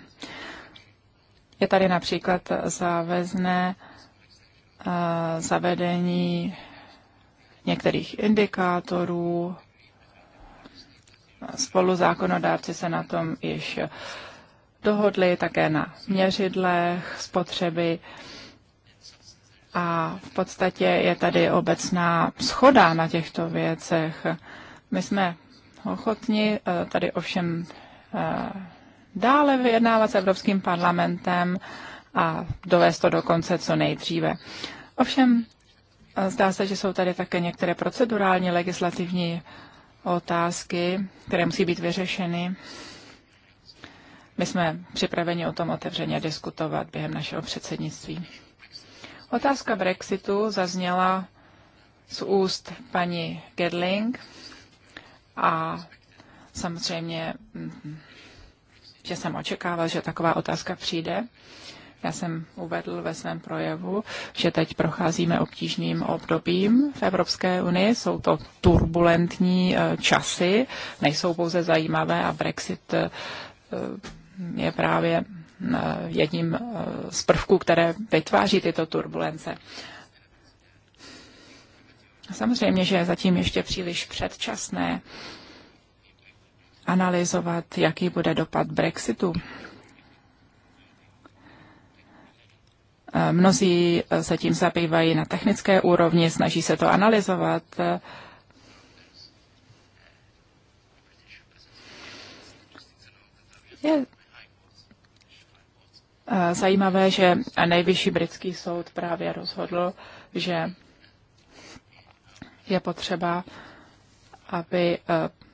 Je tady například závezné eh, zavedení některých indikátorů, spolu zákonodárci se na tom již dohodli také na měřidlech spotřeby a v podstatě je tady obecná schoda na těchto věcech. My jsme ochotni eh, tady ovšem eh, dále vyjednávat s Evropským parlamentem a dovést to do konce co nejdříve. Ovšem, eh, zdá se, že jsou tady také některé procedurální legislativní otázky, které musí být vyřešeny. My jsme připraveni o tom otevřeně diskutovat během našeho předsednictví. Otázka Brexitu zazněla z úst paní Gedling a samozřejmě, mm, že jsem očekával, že taková otázka přijde. Já jsem uvedl ve svém projevu, že teď procházíme obtížným obdobím v Evropské unii. Jsou to turbulentní e, časy, nejsou pouze zajímavé a Brexit e, e, je právě jedním z prvků, které vytváří tyto turbulence. Samozřejmě, že je zatím ještě příliš předčasné analyzovat, jaký bude dopad Brexitu Eh, mnozí eh, se tím zabývají na technické úrovni, snaží se to analyzovat. Je eh, zajímavé, že nejvyšší britský soud právě rozhodl, že je potřeba, aby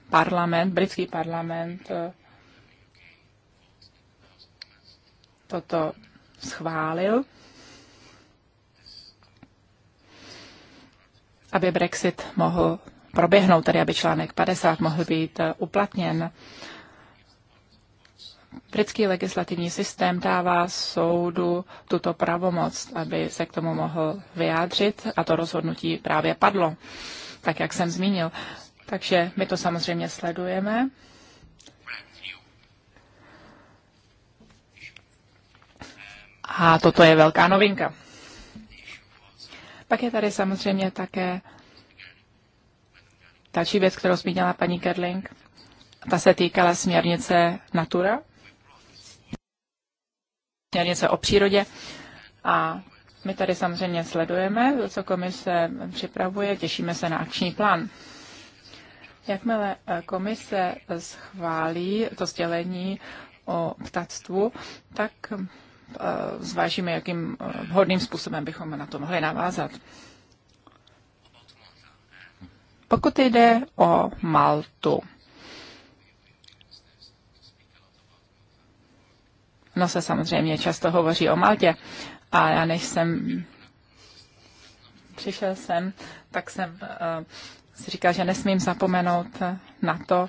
parlament, britský parlament toto schválil. aby Brexit mohl proběhnout, tedy aby článek 50 mohl být eh, uplatněn. Britský legislativní systém dává soudu tuto pravomoc, aby se k tomu mohl vyjádřit a to rozhodnutí právě padlo, tak jak jsem zmínil. Takže my to samozřejmě sledujeme. A toto je velká novinka. Pak je tady samozřejmě také další věc, kterou zmínila paní Kerling. Ta se týkala směrnice Natura, směrnice o přírodě. A my tady samozřejmě sledujeme, co komise připravuje, těšíme se na akční plán. Jakmile eh, komise schválí to sdělení o ptactvu, tak Eh, zvážíme, jakým eh, vhodným způsobem bychom na to mohli navázat. Pokud jde o Maltu, no se samozřejmě často hovoří o Maltě, a já než jsem přišel sem, tak jsem uh, si říkal, že nesmím zapomenout na to,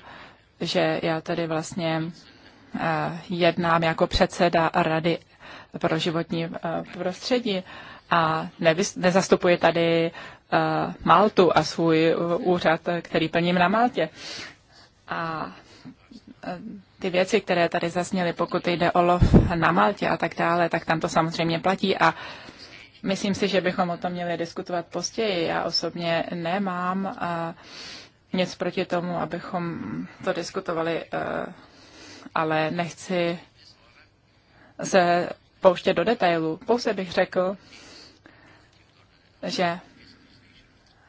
že já tady vlastně jednám jako předseda Rady pro životní eh, prostředí a nevys- nezastupuji tady eh, Maltu a svůj úřad, který plním na Maltě. A eh, ty věci, které tady zazněly, pokud jde o lov na Maltě a tak dále, tak tam to samozřejmě platí a myslím si, že bychom o tom měli diskutovat později. Já osobně nemám a nic proti tomu, abychom to diskutovali, ale nechci se pouštět do detailu. Pouze bych řekl, že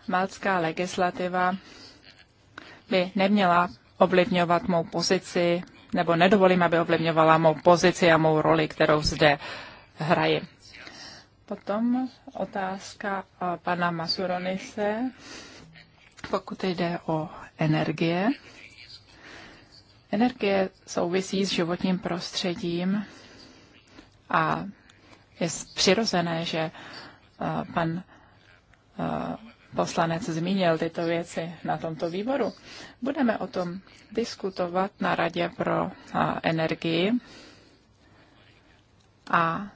malcká legislativa by neměla ovlivňovat mou pozici, nebo nedovolím, aby ovlivňovala mou pozici a mou roli, kterou zde hraji. Potom otázka eh, pana Masuronise, pokud jde o energie. Energie souvisí s životním prostředím a je přirozené, že eh, pan eh, poslanec zmínil tyto věci na tomto výboru. Budeme o tom diskutovat na Radě pro eh, energii a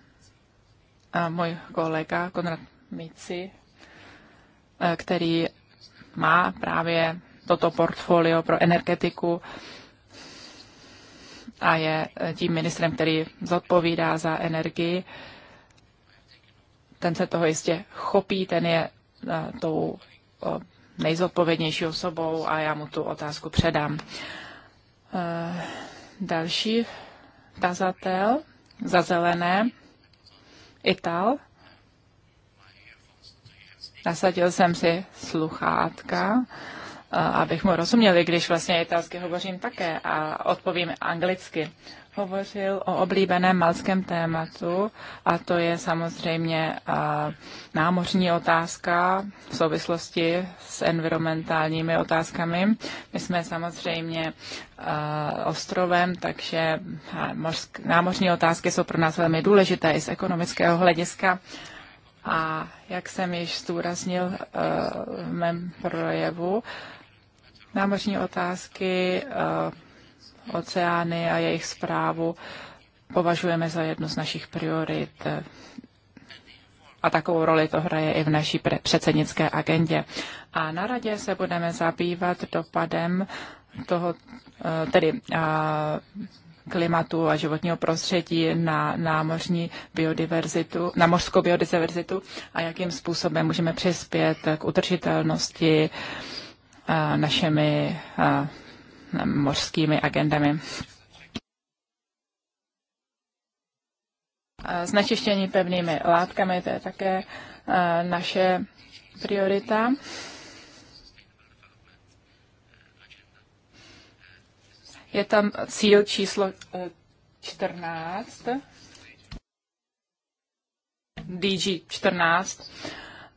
můj kolega Konrad Mici, který má právě toto portfolio pro energetiku, a je eh, tím ministrem, který zodpovídá za energii. Ten se toho jistě chopí, ten je eh, tou eh, nejzodpovědnější osobou a já mu tu otázku předám. Další tazatel za zelené, Ital. Nasadil jsem si sluchátka abych mu rozuměli, když vlastně italsky hovořím také a odpovím anglicky. Hovořil o oblíbeném malském tématu a to je samozřejmě námořní otázka v souvislosti s environmentálními otázkami. My jsme samozřejmě ostrovem, takže námořní otázky jsou pro nás velmi důležité i z ekonomického hlediska. A jak jsem již zdůraznil e, v mém projevu, námořní otázky, eh, oceány a jejich zprávu považujeme za jednu z našich priorit. A takovou roli to hraje i v naší předsednické agendě. A na radě se budeme zabývat dopadem toho, eh, tedy eh, klimatu a životního prostředí na námořní biodiverzitu, na mořskou biodiverzitu a jakým způsobem můžeme přispět k utržitelnosti našimi mořskými agendami. Znečištění pevnými látkami, to je také naše priorita. Je tam cíl číslo 14, DG 14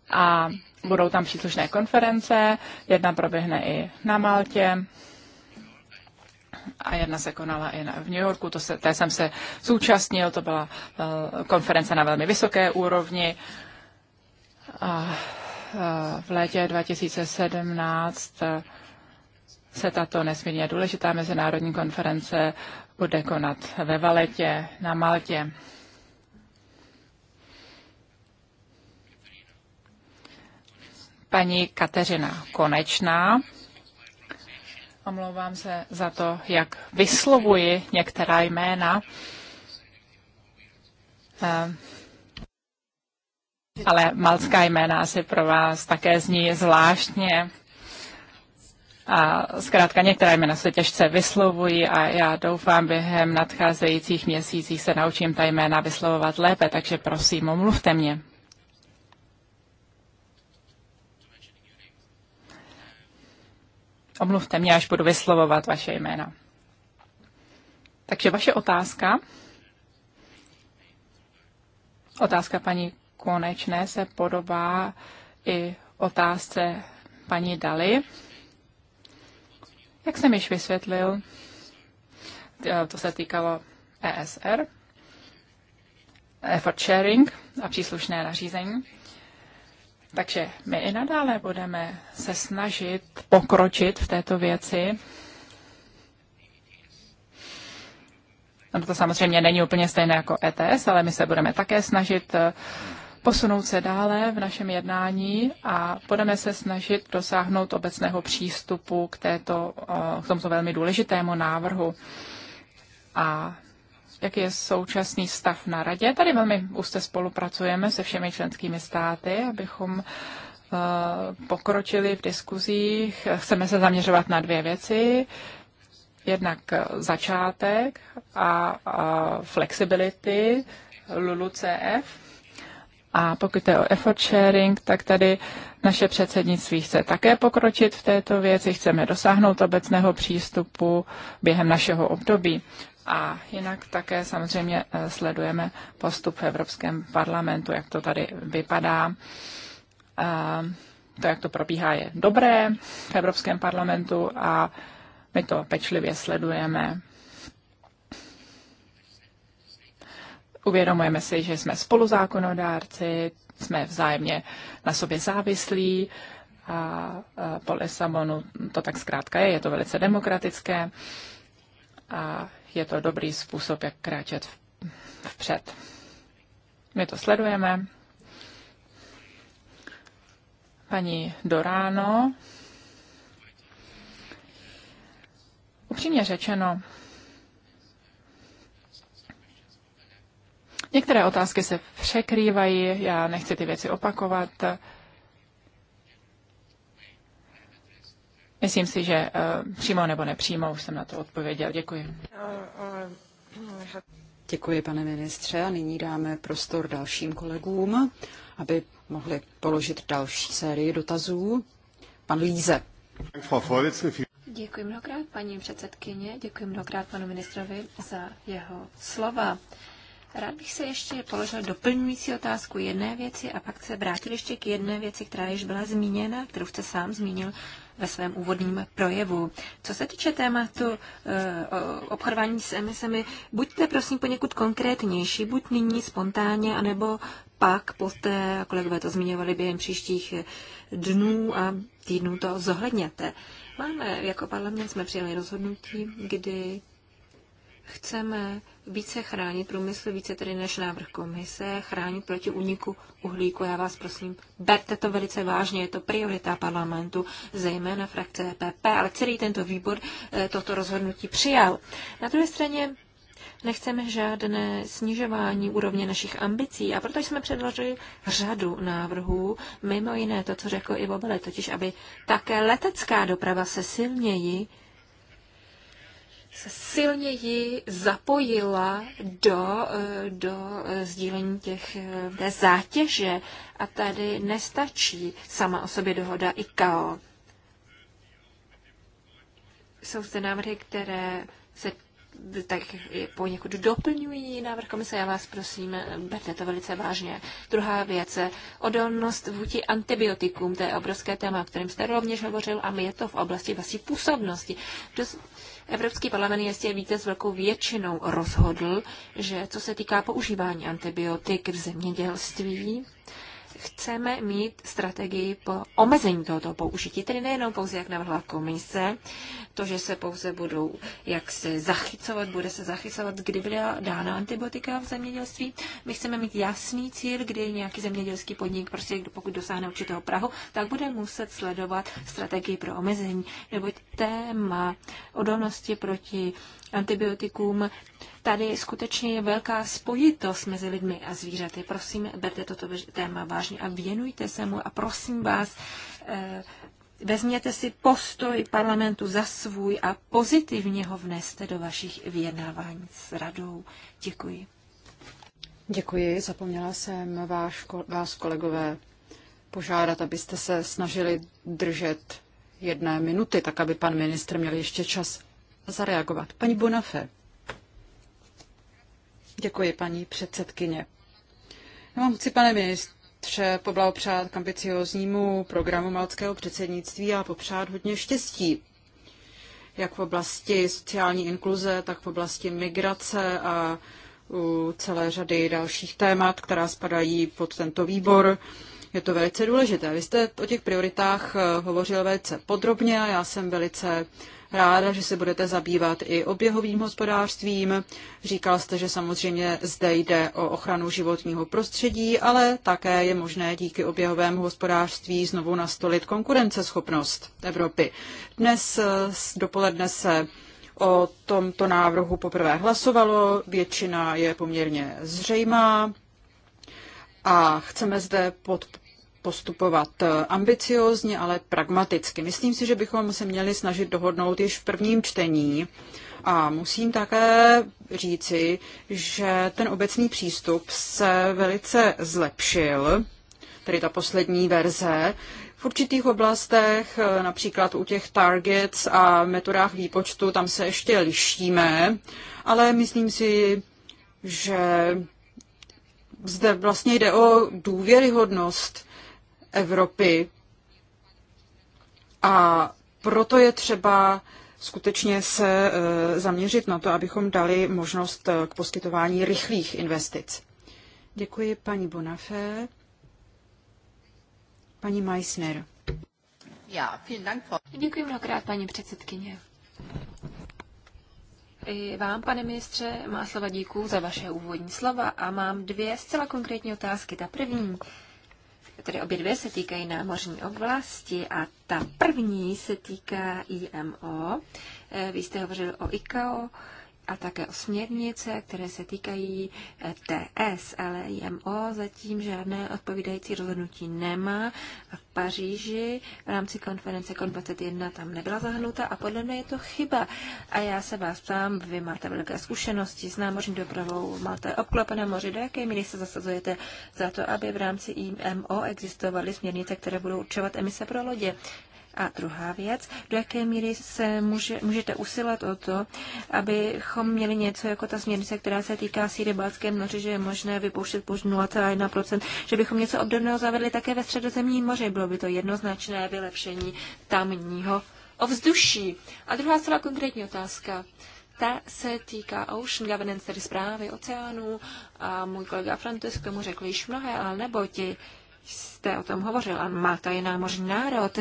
a budou tam příslušné konference, jedna proběhne i na Maltě a jedna se konala i v New Yorku, to se, té jsem se zúčastnil, to byla eh, konference na velmi vysoké úrovni. A, eh, v létě 2017 eh, se tato nesmírně důležitá mezinárodní konference bude konat ve Valetě na Maltě. paní Kateřina Konečná. Omlouvám se za to, jak vyslovuji některá jména. Eh, ale malská jména asi pro vás také zní zvláštně. A zkrátka některá jména se těžce vyslovují a já doufám, během nadcházejících měsících se naučím ta jména vyslovovat lépe, takže prosím, omluvte mě. Omluvte mě, až budu vyslovovat vaše jména. Takže vaše otázka. Otázka paní Konečné se podobá i otázce paní Dali. Jak jsem již vysvětlil, to se týkalo ESR, effort sharing a příslušné nařízení. Takže my i nadále budeme se snažit pokročit v této věci. No to samozřejmě není úplně stejné jako ETS, ale my se budeme také snažit eh, posunout se dále v našem jednání a budeme se snažit dosáhnout obecného přístupu k, této, eh, k tomuto velmi důležitému návrhu. A jaký je současný stav na radě. Tady velmi úzce spolupracujeme se všemi členskými státy, abychom eh, pokročili v diskuzích. Chceme se zaměřovat na dvě věci. Jednak začátek a, flexibility LULUCF. A pokud je o effort sharing, tak tady naše předsednictví chce také pokročit v této věci. Chceme dosáhnout obecného přístupu během našeho období. A jinak také samozřejmě eh, sledujeme postup v Evropském parlamentu, jak to tady vypadá. Eh, to, jak to probíhá, je dobré v Evropském parlamentu a my to pečlivě sledujeme. Uvědomujeme si, že jsme spoluzákonodárci, jsme vzájemně na sobě závislí a eh, po Lisabonu to tak zkrátka je, je to velice demokratické. A je to dobrý způsob, jak kráčet vpřed. My to sledujeme. Paní Doráno. Upřímně řečeno, některé otázky se překrývají, já nechci ty věci opakovat. Myslím si, že eh, přímo nebo nepřímo už jsem na to odpověděl. Děkuji. Děkuji, pane ministře. A nyní dáme prostor dalším kolegům, aby mohli položit další sérii dotazů. Pan Líze. Děkuji mnohokrát, paní předsedkyně, děkuji mnohokrát panu ministrovi za jeho slova. Rád bych se ještě položil doplňující otázku jedné věci a pak se vrátil ještě k jedné věci, která již byla zmíněna, kterou jste sám zmínil ve svém úvodním projevu. Co se týče tématu eh, obchodování s emisemi, buďte prosím poněkud konkrétnější, buď nyní spontánně, anebo pak poté, a kolegové to zmiňovali, během příštích eh, dnů a týdnů to zohledněte. Máme, jako parlament jsme přijali rozhodnutí, kdy chceme více chránit průmysl, více tedy než návrh komise, chránit proti úniku uhlíku. Já vás prosím, berte to velice vážně, je to priorita parlamentu, zejména frakce EPP, ale celý tento výbor eh, toto rozhodnutí přijal. Na druhé straně nechceme žádné snižování úrovně našich ambicí a proto jsme předložili řadu návrhů, mimo jiné to, co řekl Ivo Bele, totiž aby také letecká doprava se silněji se silněji zapojila do, eh, do eh, sdílení těch, eh, té zátěže a tady nestačí sama o sobě dohoda ICAO. Jsou zde návrhy, které se tak poněkud doplňují návrh komise. Já vás prosím, berte to velice vážně. Druhá věc, odolnost vůči antibiotikům, to je obrovské téma, o kterém jste rovněž hovořil a je to v oblasti vaší působnosti. Dost Evropský parlament, jistě je víte, s velkou většinou rozhodl, že co se týká používání antibiotik v zemědělství, chceme mít strategii po omezení tohoto použití, tedy nejenom pouze, jak navrhla komise, to, že se pouze budou, jak se zachycovat, bude se zachycovat, kdy byla dána antibiotika v zemědělství. My chceme mít jasný cíl, kdy nějaký zemědělský podnik, prostě pokud dosáhne určitého prahu, tak bude muset sledovat strategii pro omezení, neboť téma odolnosti proti antibiotikům Tady skutečně je velká spojitost mezi lidmi a zvířaty. Prosím, berte toto téma vážně a věnujte se mu a prosím vás, eh, vezměte si postoj parlamentu za svůj a pozitivně ho vneste do vašich vyjednávání s radou. Děkuji. Děkuji, zapomněla jsem váš, vás, kolegové, požádat, abyste se snažili držet jedné minuty, tak aby pan ministr měl ještě čas zareagovat. Paní Bonafé. Děkuji, paní předsedkyně. Já vám chci, pane ministře, poblahopřát k ambicioznímu programu malckého předsednictví a popřát hodně štěstí jak v oblasti sociální inkluze, tak v oblasti migrace a u celé řady dalších témat, která spadají pod tento výbor. Je to velice důležité. Vy jste o těch prioritách eh, hovořil velice podrobně a já jsem velice ráda, že se budete zabývat i oběhovým hospodářstvím. Říkal jste, že samozřejmě zde jde o ochranu životního prostředí, ale také je možné díky oběhovému hospodářství znovu nastolit konkurenceschopnost Evropy. Dnes eh, dopoledne se o tomto návrhu poprvé hlasovalo, většina je poměrně zřejmá a chceme zde pod, postupovat eh, ambiciozně, ale pragmaticky. Myslím si, že bychom se měli snažit dohodnout již v prvním čtení. A musím také říci, že ten obecný přístup se velice zlepšil, tedy ta poslední verze. V určitých oblastech, eh, například u těch targets a metodách výpočtu, tam se ještě lišíme, ale myslím si, že zde vlastně jde o důvěryhodnost Evropy a proto je třeba skutečně se eh, zaměřit na to, abychom dali možnost eh, k poskytování rychlých investic. Děkuji paní Bonafé. Paní Meissner. Děkuji mnohokrát, paní předsedkyně. I vám, pane ministře, má slova díků za vaše úvodní slova a mám dvě zcela konkrétní otázky. Ta první tedy obě dvě se týkají námořní oblasti a ta první se týká IMO. Eh, vy jste hovořil o ICAO a také o směrnice, které se týkají eh, TS, ale IMO zatím žádné odpovídající rozhodnutí nemá. A v Paříži v rámci konference COP21 tam nebyla zahrnuta a podle mě je to chyba. A já se vás ptám, vy máte velké zkušenosti s námořní dopravou, máte obklopené moře, do jaké míry se zasazujete za to, aby v rámci IMO existovaly směrnice, které budou určovat emise pro lodě. A druhá věc, do jaké míry se může, můžete usilovat o to, abychom měli něco jako ta směrnice, která se týká síry Balcké moře, že je možné vypouštět po 0,1%, že bychom něco obdobného zavedli také ve středozemní moři. Bylo by to jednoznačné vylepšení tamního ovzduší. A druhá zcela konkrétní otázka. Ta se týká Ocean Governance, tedy zprávy oceánů. A můj kolega k mu řekl již mnohé, ale nebo ti jste o tom hovořil. A Malta je námořní národ.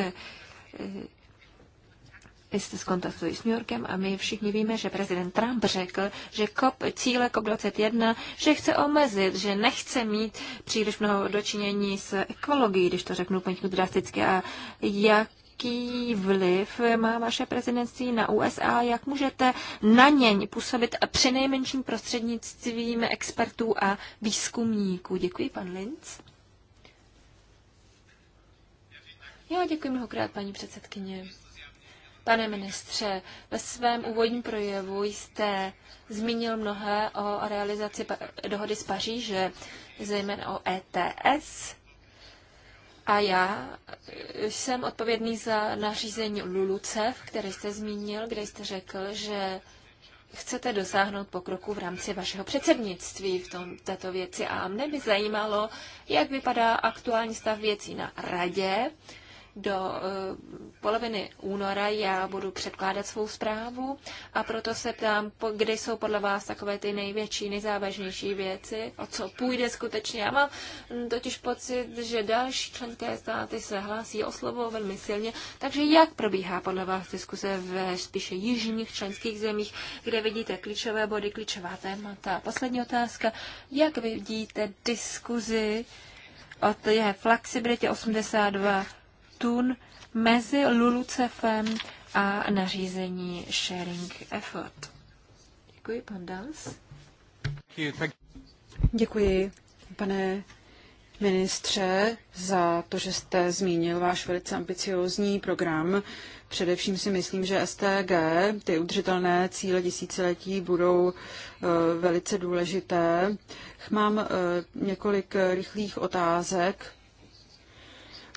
Eh, jste kontaktu s New Yorkem a my všichni víme, že prezident Trump řekl, že COP, cíle COP21, že chce omezit, že nechce mít příliš mnoho dočinění s ekologií, když to řeknu poněkud drasticky. A jaký vliv má vaše prezidentství na USA, jak můžete na něj působit a přinejmenším prostřednictvím expertů a výzkumníků. Děkuji, pan Linz. Já děkuji mnohokrát, paní předsedkyně. Pane ministře, ve svém úvodním projevu jste zmínil mnohé o realizaci dohody z Paříže, zejména o ETS. A já jsem odpovědný za nařízení LULUCEF, které jste zmínil, kde jste řekl, že chcete dosáhnout pokroku v rámci vašeho předsednictví v tom, této věci. A mne by zajímalo, jak vypadá aktuální stav věcí na radě, do eh, poloviny února já budu předkládat svou zprávu a proto se ptám, kde jsou podle vás takové ty největší, nejzávažnější věci, o co půjde skutečně. Já mám hm, totiž pocit, že další členské státy se hlásí o slovo velmi silně, takže jak probíhá podle vás diskuse ve spíše jižních členských zemích, kde vidíte klíčové body, klíčová témata. Poslední otázka, jak vidíte diskuzi o té flexibilitě 82 tun mezi LULUCEFem a nařízení Sharing Effort. Děkuji, pan Dals. Děkuji, pane ministře, za to, že jste zmínil váš velice ambiciózní program. Především si myslím, že STG, ty udržitelné cíle tisíciletí, budou eh, velice důležité. Mám eh, několik rychlých otázek.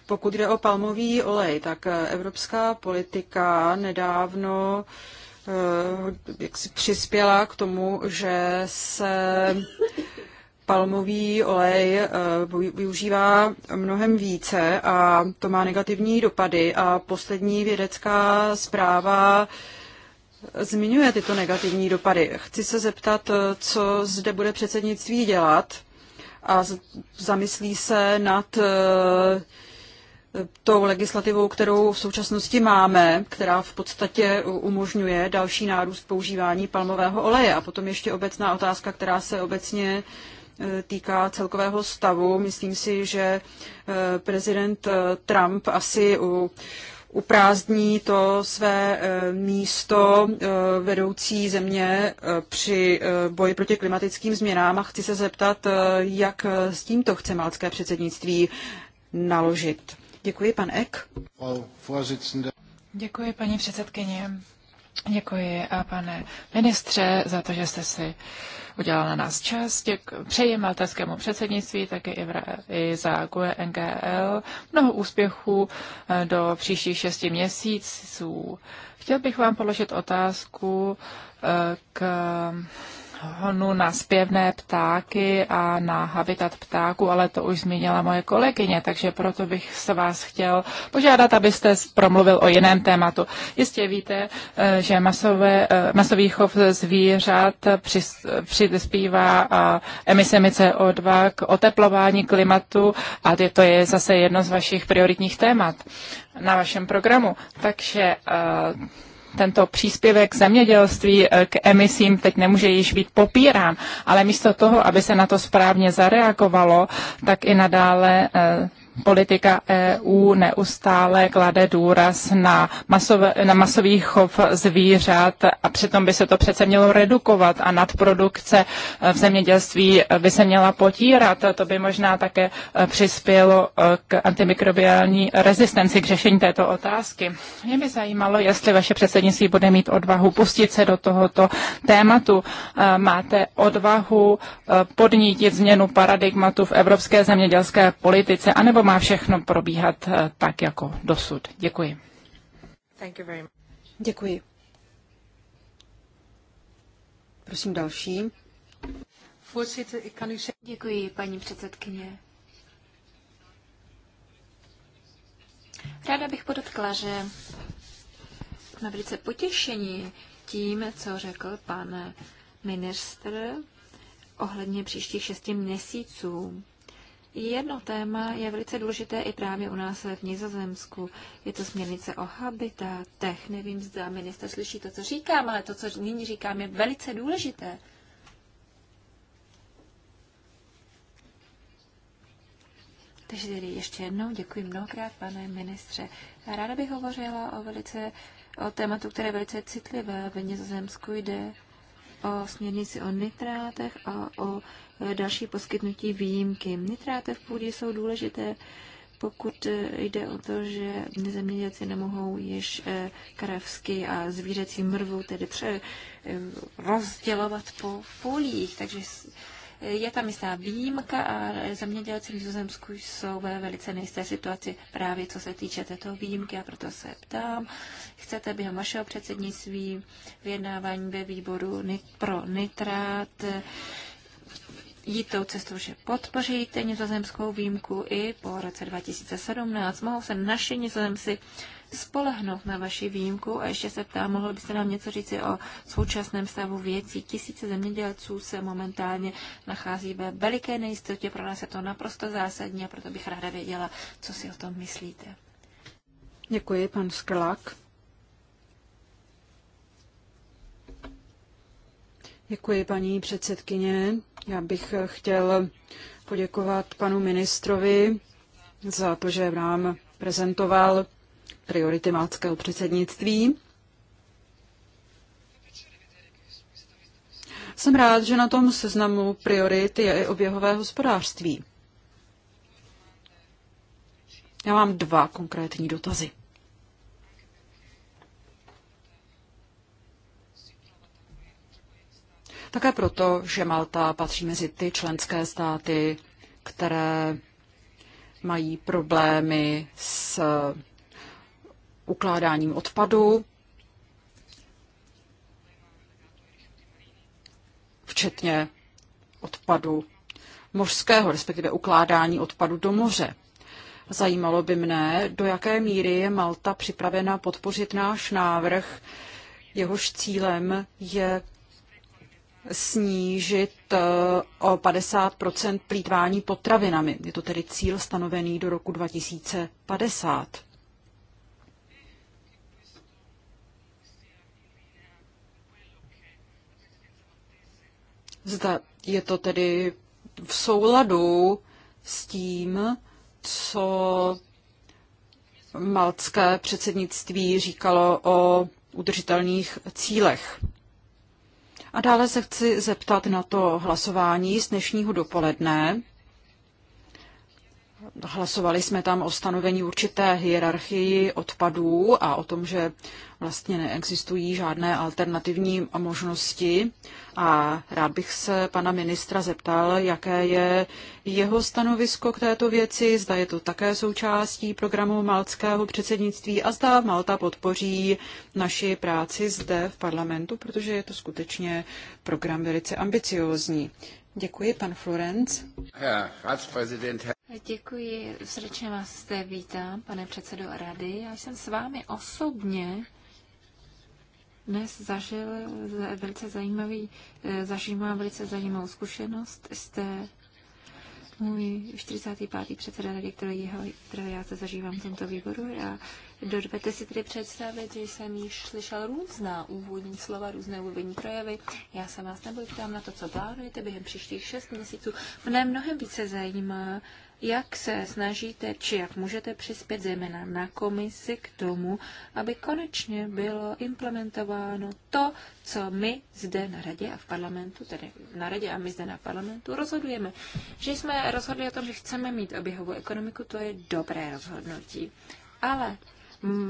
Pokud jde o palmový olej, tak eh, evropská politika nedávno eh, jak si přispěla k tomu, že se palmový olej eh, využívá mnohem více a to má negativní dopady a poslední vědecká zpráva zmiňuje tyto negativní dopady. Chci se zeptat, co zde bude předsednictví dělat a zamyslí se nad tou legislativou, kterou v současnosti máme, která v podstatě umožňuje další nárůst používání palmového oleje. A potom ještě obecná otázka, která se obecně e, týká celkového stavu. Myslím si, že e, prezident e, Trump asi u uprázdní to své místo vedoucí země při boji proti klimatickým změnám a chci se zeptat, jak s tímto chce malcké předsednictví naložit. Děkuji, pan Ek. Děkuji, paní předsedkyně. Děkuji, a eh, pane ministře, za to, že jste si udělal na nás čas. Děk- přeji maltaskému předsednictví, také i, vra- i za GUE NGL. Mnoho úspěchů eh, do příštích šesti měsíců. Chtěl bych vám položit otázku eh, k honu na zpěvné ptáky a na habitat ptáku, ale to už zmínila moje kolegyně, takže proto bych se vás chtěl požádat, abyste promluvil o jiném tématu. Jistě víte, eh, že masové, eh, masový chov zvířat přispívá emisemi CO2 k oteplování klimatu a to je zase jedno z vašich prioritních témat na vašem programu. Takže eh, tento příspěvek zemědělství eh, k emisím teď nemůže již být popírán, ale místo toho, aby se na to správně zareagovalo, tak i nadále eh, politika EU neustále klade důraz na, masov, na masový chov zvířat a přitom by se to přece mělo redukovat a nadprodukce eh, v zemědělství by se měla potírat. To by možná také eh, přispělo eh, k antimikrobiální rezistenci, k řešení této otázky. Mě by zajímalo, jestli vaše předsednictví bude mít odvahu pustit se do tohoto tématu. Máte odvahu podnítit změnu paradigmatu v evropské zemědělské politice, anebo má všechno probíhat eh, tak jako dosud. Děkuji. Děkuji. Prosím další. Děkuji, paní předsedkyně. Ráda bych podotkla, že jsme velice potěšení tím, co řekl pan ministr ohledně příštích šesti měsíců. Jedno téma je velice důležité i právě u nás v Nizozemsku. Je to směrnice o habitatech. Nevím, zda minister slyší to, co říkám, ale to, co nyní říkám, je velice důležité. Takže tedy ještě jednou děkuji mnohokrát, pane ministře. Ráda bych hovořila o, velice, o tématu, které je velice citlivé. V Nizozemsku jde o směrnici o nitrátech a o další poskytnutí výjimky. Nitráty v půdě jsou důležité, pokud eh, jde o to, že zemědělci nemohou již eh, kravsky a zvířecí mrvu tedy pře- eh, rozdělovat po polích, takže je tam jistá výjimka a zemědělci v Zuzemsku jsou ve velice nejisté situaci právě co se týče této výjimky a proto se ptám, chcete během vašeho předsednictví vyjednávání ve výboru pro nitrát jít tou cestou, že podpoříte nizozemskou výjimku i po roce 2017. Mohou se naši nizozemci spolehnout na vaši výjimku a ještě se ptám, mohl byste nám něco říci o současném stavu věcí. Tisíce zemědělců se momentálně nachází ve veliké nejistotě, pro nás je to naprosto zásadní a proto bych ráda věděla, co si o tom myslíte. Děkuji, pan Skelák. Děkuji, paní předsedkyně. Já bych chtěl poděkovat panu ministrovi za to, že nám prezentoval priority maltského předsednictví. Jsem rád, že na tom seznamu priority je i oběhové hospodářství. Já mám dva konkrétní dotazy. Také proto, že Malta patří mezi ty členské státy, které mají problémy s ukládáním odpadu, včetně odpadu mořského, respektive ukládání odpadu do moře. Zajímalo by mne, do jaké míry je Malta připravena podpořit náš návrh, jehož cílem je snížit eh, o 50 plítvání potravinami. Je to tedy cíl stanovený do roku 2050. Zda je to tedy v souladu s tím, co maltské předsednictví říkalo o udržitelných cílech. A dále se chci zeptat na to hlasování z dnešního dopoledne. Hlasovali jsme tam o stanovení určité hierarchii odpadů a o tom, že vlastně neexistují žádné alternativní možnosti. A rád bych se pana ministra zeptal, jaké je jeho stanovisko k této věci, zda je to také součástí programu maltského předsednictví a zda Malta podpoří naši práci zde v parlamentu, protože je to skutečně program velice ambiciózní. Děkuji, pan Florenc. Děkuji, srdečně vás zde vítám, pane předsedo rady. Já jsem s vámi osobně dnes zažil velice zajímavý, e, zažívám velice zajímavou zkušenost. Jste můj 45. předseda rady, jeho, kterého já se zažívám v tomto výboru. A dovedete si tedy představit, že jsem již slyšel různá úvodní slova, různé úvodní projevy. Já se vás nebudu ptám na to, co plánujete během příštích šest měsíců. Mne mnohem více zajímá, jak se snažíte, či jak můžete přispět zejména na komisi k tomu, aby konečně bylo implementováno to, co my zde na radě a v parlamentu, tedy na radě a my zde na parlamentu rozhodujeme. Že jsme rozhodli o tom, že chceme mít oběhovou ekonomiku, to je dobré rozhodnutí. Ale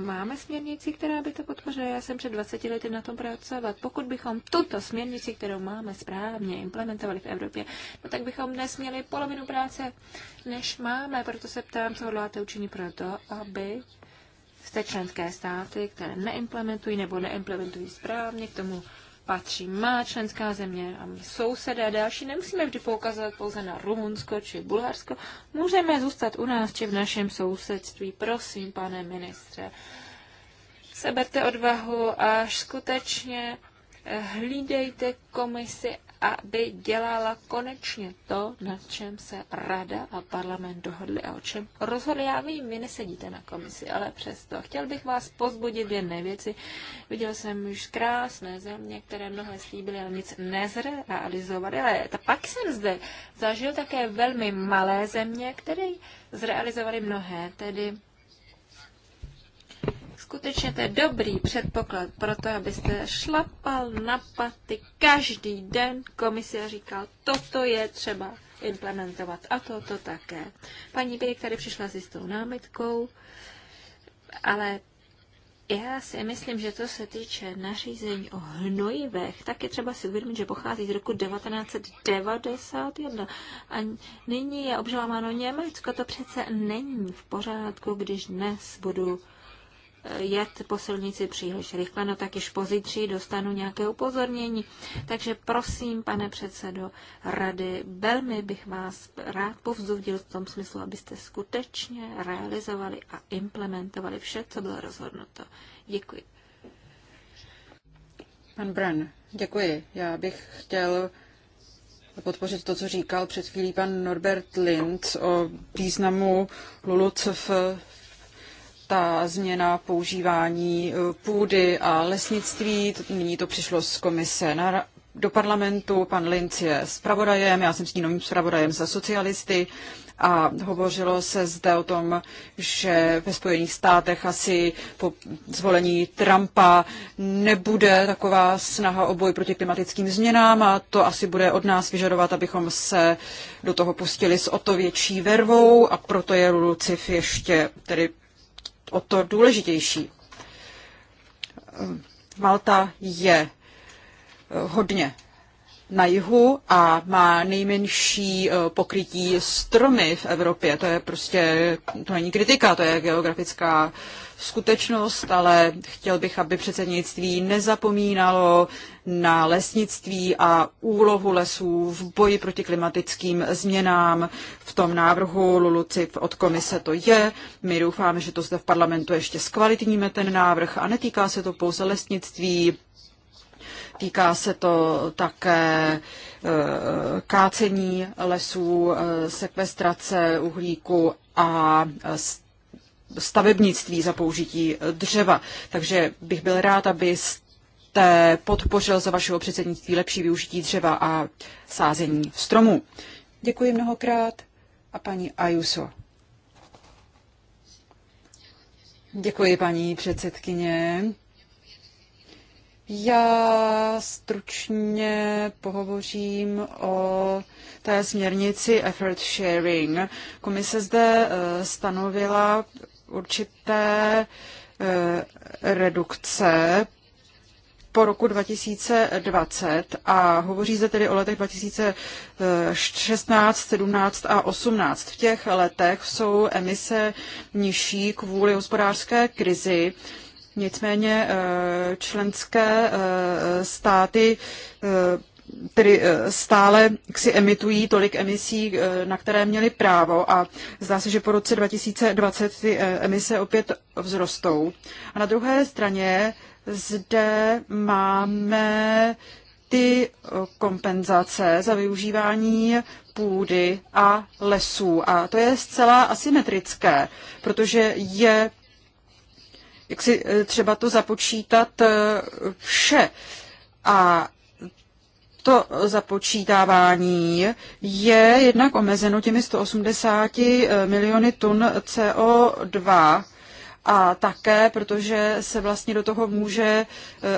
máme směrnici, která by to podpořila. Já jsem před 20 lety na tom pracovat. Pokud bychom tuto směrnici, kterou máme správně implementovali v Evropě, no tak bychom dnes měli polovinu práce, než máme. Proto se ptám, co hodláte učinit proto, aby jste členské státy, které neimplementují nebo neimplementují správně, k tomu patří má členská země a sousedé další. Nemusíme vždy poukazovat pouze na Rumunsko či Bulharsko. Můžeme zůstat u nás či v našem sousedství. Prosím, pane ministře, seberte odvahu a skutečně hlídejte komisi aby dělala konečně to, na čem se rada a parlament dohodli a o čem rozhodli. Já vím, vy nesedíte na komisi, ale přesto. Chtěl bych vás pozbudit v jedné věci. Viděl jsem už krásné země, které mnohé slíbily, ale nic nezrealizovaly. Ale pak jsem zde zažil také velmi malé země, které zrealizovaly mnohé, tedy skutečně to je dobrý předpoklad pro to, abyste šlapal na paty každý den Komise říkal, toto je třeba implementovat a toto také. Paní Běk tady přišla s jistou námitkou, ale já si myslím, že to se týče nařízení o hnojivech, tak je třeba si uvědomit, že pochází z roku 1991. A nyní je obžalováno Německo, to přece není v pořádku, když dnes budu jet po silnici příliš rychle, no tak již pozitří dostanu nějaké upozornění. Takže prosím, pane předsedo rady, velmi bych vás rád povzdudil v tom smyslu, abyste skutečně realizovali a implementovali vše, co bylo rozhodnuto. Děkuji. Pan Bran, děkuji. Já bych chtěl podpořit to, co říkal před chvílí pan Norbert Lind o významu LULUCF ta změna používání e, půdy a lesnictví. Nyní to přišlo z komise na, do parlamentu. Pan Linc je zpravodajem, já jsem s ní novým zpravodajem za socialisty a hovořilo se zde o tom, že ve Spojených státech asi po zvolení Trumpa nebude taková snaha o boj proti klimatickým změnám a to asi bude od nás vyžadovat, abychom se do toho pustili s o to větší vervou a proto je Lucif ještě tedy o to důležitější. Malta je hodně na jihu a má nejmenší eh, pokrytí stromy v Evropě. To je prostě, to není kritika, to je geografická skutečnost, ale chtěl bych, aby předsednictví nezapomínalo na lesnictví a úlohu lesů v boji proti klimatickým změnám. V tom návrhu LULUCIP od komise to je. My doufáme, že to zde v parlamentu ještě zkvalitníme ten návrh a netýká se to pouze lesnictví, Týká se to také eh, kácení lesů, eh, sekvestrace uhlíku a eh, stavebnictví za použití dřeva. Takže bych byl rád, abyste podpořil za vašeho předsednictví lepší využití dřeva a sázení stromů. Děkuji mnohokrát a paní Ayuso. Děkuji, paní předsedkyně. Já stručně pohovořím o té směrnici effort sharing. Komise zde eh, stanovila určité eh, redukce po roku 2020 a hovoří se tedy o letech 2016, 17 a 18. V těch letech jsou emise nižší kvůli hospodářské krizi, Nicméně eh, členské eh, státy eh, tedy stále si emitují tolik emisí, na které měli právo a zdá se, že po roce 2020 ty emise opět vzrostou. A na druhé straně zde máme ty kompenzace za využívání půdy a lesů. A to je zcela asymetrické, protože je jak si eh, třeba to započítat eh, vše. A to započítávání je jednak omezeno těmi 180 eh, miliony tun CO2 a také, protože se vlastně do toho může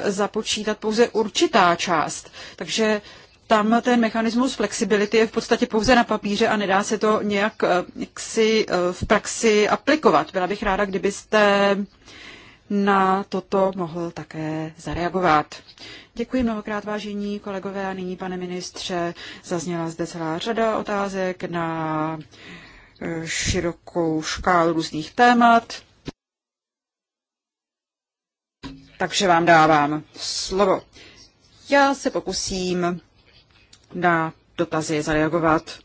započítat pouze určitá část. Takže tam ten mechanismus flexibility je v podstatě pouze na papíře a nedá se to nějak si v praxi aplikovat. Byla bych ráda, kdybyste na toto mohl také zareagovat. Děkuji mnohokrát, vážení kolegové, a nyní, pane ministře, zazněla zde celá řada otázek na eh, širokou škálu různých témat. Takže vám dávám slovo. Já se pokusím na dotazy zareagovat.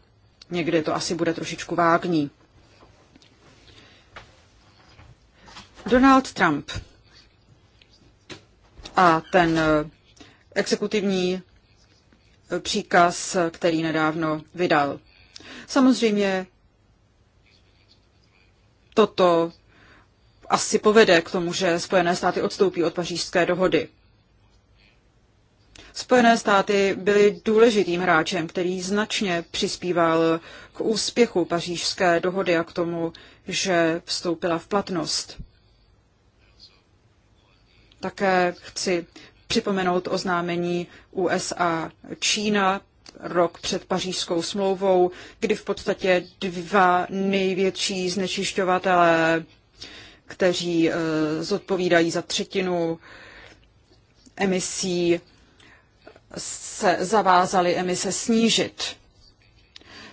Někdy to asi bude trošičku vágní. Donald Trump a ten eh, exekutivní eh, příkaz, eh, který nedávno vydal. Samozřejmě toto asi povede k tomu, že Spojené státy odstoupí od pařížské dohody. Spojené státy byly důležitým hráčem, který značně přispíval k úspěchu pařížské dohody a k tomu, že vstoupila v platnost. Také chci připomenout oznámení USA Čína rok před pařížskou smlouvou, kdy v podstatě dva největší znečišťovatelé, kteří eh, zodpovídají za třetinu emisí, se zavázali emise snížit.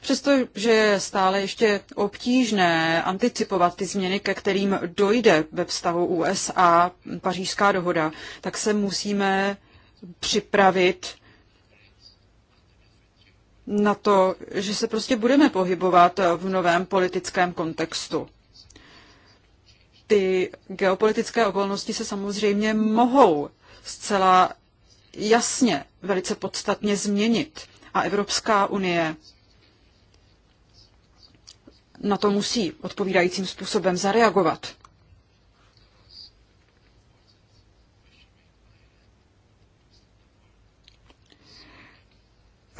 Přestože je stále ještě obtížné anticipovat ty změny, ke kterým dojde ve vztahu USA pařížská dohoda, tak se musíme připravit na to, že se prostě budeme pohybovat v novém politickém kontextu. Ty geopolitické okolnosti se samozřejmě mohou zcela jasně, velice podstatně změnit. A Evropská unie na to musí odpovídajícím způsobem zareagovat.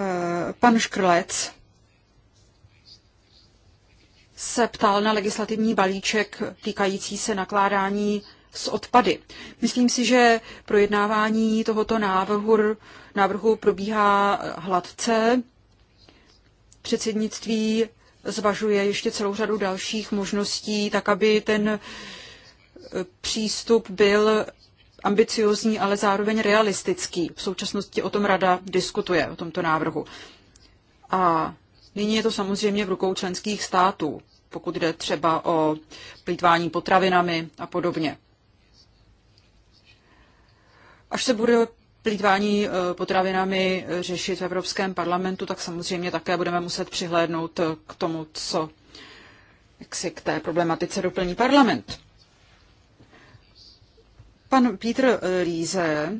Eh, pan Škrlec se ptal na legislativní balíček týkající se nakládání s odpady. Myslím si, že projednávání tohoto návrhu, návrhu probíhá hladce. Předsednictví zvažuje ještě celou řadu dalších možností, tak aby ten eh, přístup byl ambiciozní, ale zároveň realistický. V současnosti o tom rada diskutuje, o tomto návrhu. A nyní je to samozřejmě v rukou členských států, pokud jde třeba o plýtvání potravinami a podobně. Až se bude plítvání eh, potravinami eh, řešit v Evropském parlamentu, tak samozřejmě také budeme muset přihlédnout eh, k tomu, co jak si k té problematice doplní parlament. Pan Pítr Líze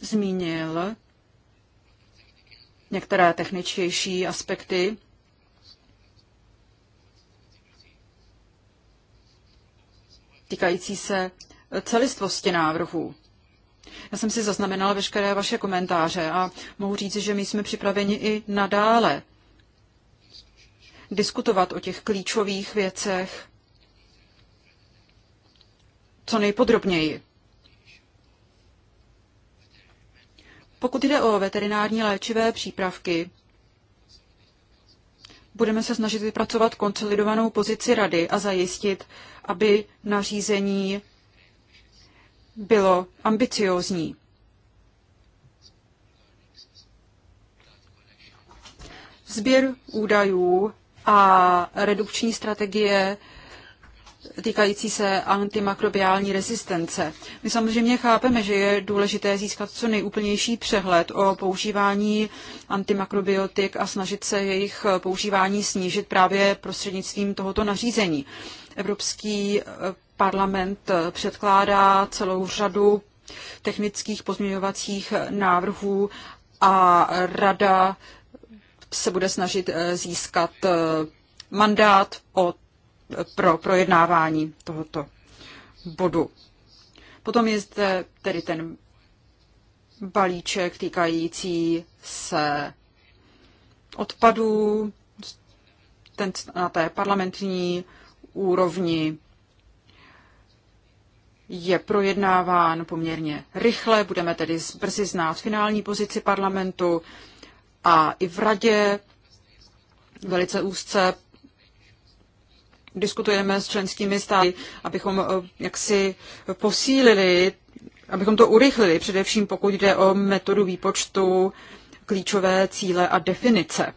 zmínil některé techničtější aspekty týkající se celistvosti návrhu. Já jsem si zaznamenala veškeré vaše komentáře a mohu říct, že my jsme připraveni i nadále diskutovat o těch klíčových věcech co nejpodrobněji. Pokud jde o veterinární léčivé přípravky, budeme se snažit vypracovat konsolidovanou pozici rady a zajistit, aby nařízení bylo ambiciózní. Sběr údajů a redukční strategie týkající se antimakrobiální rezistence. My samozřejmě chápeme, že je důležité získat co nejúplnější přehled o používání antimakrobiotik a snažit se jejich používání snížit právě prostřednictvím tohoto nařízení. Evropský eh, parlament eh, předkládá celou řadu technických pozměňovacích návrhů a rada se bude snažit eh, získat eh, mandát o, pro projednávání tohoto bodu. Potom je zde tedy ten balíček týkající se odpadů, ten na té parlamentní úrovni je projednáván poměrně rychle, budeme tedy brzy znát finální pozici parlamentu a i v radě velice úzce diskutujeme s členskými státy, abychom eh, jaksi posílili, abychom to urychlili, především pokud jde o metodu výpočtu klíčové cíle a definice.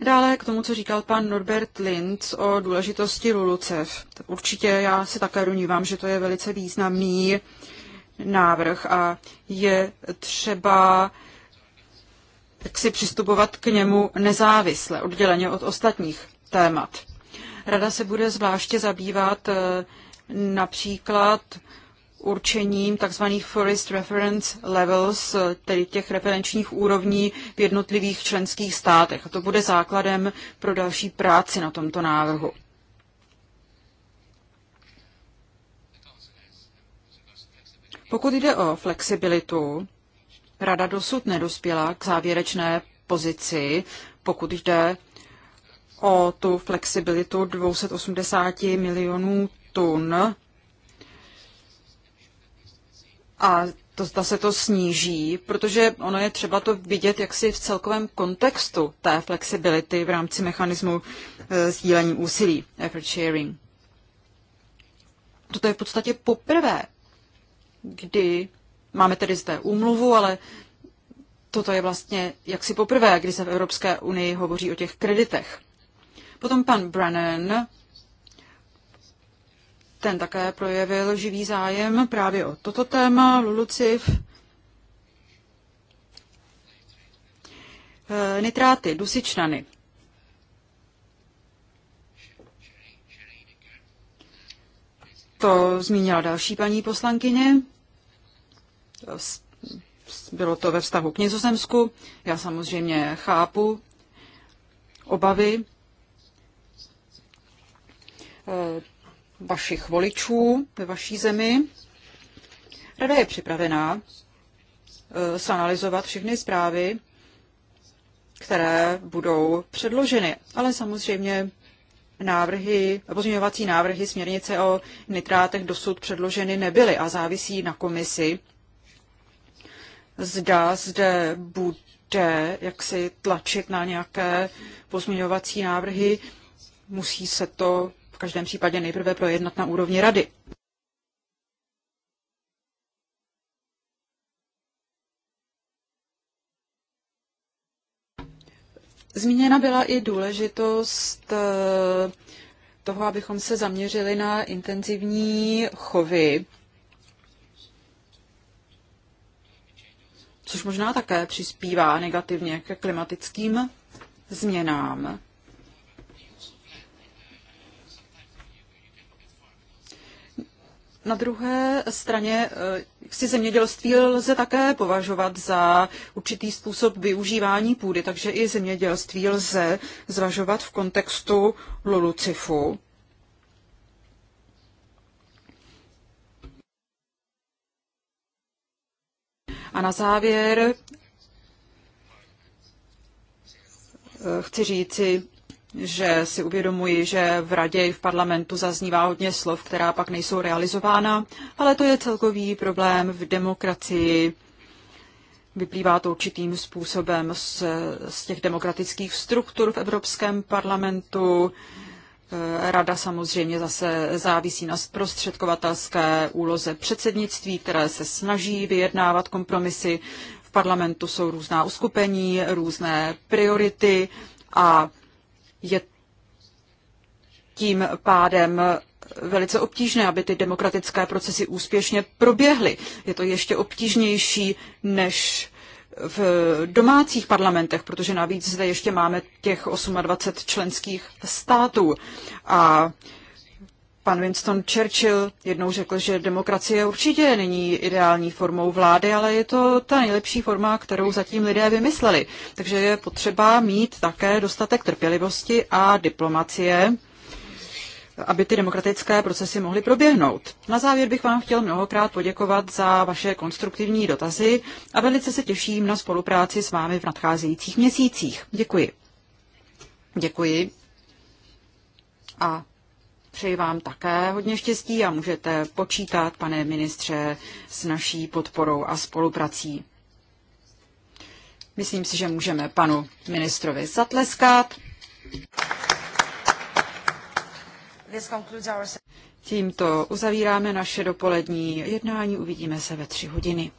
Dále k tomu, co říkal pan Norbert Linz o důležitosti LULUCEV. Určitě já se také domnívám, že to je velice významný návrh a je třeba jak si přistupovat k němu nezávisle, odděleně od ostatních témat. Rada se bude zvláště zabývat eh, například určením tzv. forest reference levels, tedy těch referenčních úrovní v jednotlivých členských státech. A to bude základem pro další práci na tomto návrhu. Pokud jde o flexibilitu, Rada dosud nedospěla k závěrečné pozici, pokud jde o tu flexibilitu 280 milionů tun a to ta se to sníží, protože ono je třeba to vidět jaksi v celkovém kontextu té flexibility v rámci mechanismu e, sdílení úsilí, effort sharing. Toto je v podstatě poprvé, kdy máme tedy zde úmluvu, ale toto je vlastně jaksi poprvé, kdy se v Evropské unii hovoří o těch kreditech. Potom pan Brennan ten také projevil živý zájem právě o toto téma, LULUCIV. E, nitráty, dusičnany. To zmínila další paní poslankyně. Bylo to ve vztahu k Nizozemsku. Já samozřejmě chápu obavy e, vašich voličů ve vaší zemi. Rada je připravená sanalizovat eh, všechny zprávy, které budou předloženy. Ale samozřejmě návrhy, pozměňovací návrhy směrnice o nitrátech dosud předloženy nebyly a závisí na komisi. Zda zde bude jaksi tlačit na nějaké pozměňovací návrhy, musí se to v každém případě nejprve projednat na úrovni rady. Zmíněna byla i důležitost eh, toho, abychom se zaměřili na intenzivní chovy, což možná také přispívá negativně k klimatickým změnám. Na druhé straně eh, si zemědělství lze také považovat za určitý způsob využívání půdy, takže i zemědělství lze zvažovat v kontextu lulucifu. A na závěr eh, chci říci, že si uvědomuji, že v radě i v parlamentu zaznívá hodně slov, která pak nejsou realizována, ale to je celkový problém v demokracii. Vyplývá to určitým způsobem z, z těch demokratických struktur v Evropském parlamentu. Eh, Rada samozřejmě zase závisí na zprostředkovatelské úloze předsednictví, které se snaží vyjednávat kompromisy. V parlamentu jsou různá uskupení, různé priority a je tím pádem velice obtížné, aby ty demokratické procesy úspěšně proběhly. Je to ještě obtížnější než v domácích parlamentech, protože navíc zde ještě máme těch 28 členských států. A Pan Winston Churchill jednou řekl, že demokracie určitě není ideální formou vlády, ale je to ta nejlepší forma, kterou zatím lidé vymysleli. Takže je potřeba mít také dostatek trpělivosti a diplomacie, aby ty demokratické procesy mohly proběhnout. Na závěr bych vám chtěl mnohokrát poděkovat za vaše konstruktivní dotazy a velice se těším na spolupráci s vámi v nadcházejících měsících. Děkuji. Děkuji. A Přeji vám také hodně štěstí a můžete počítat, pane ministře, s naší podporou a spoluprací. Myslím si, že můžeme panu ministrovi zatleskat. Tímto uzavíráme naše dopolední jednání. Uvidíme se ve tři hodiny.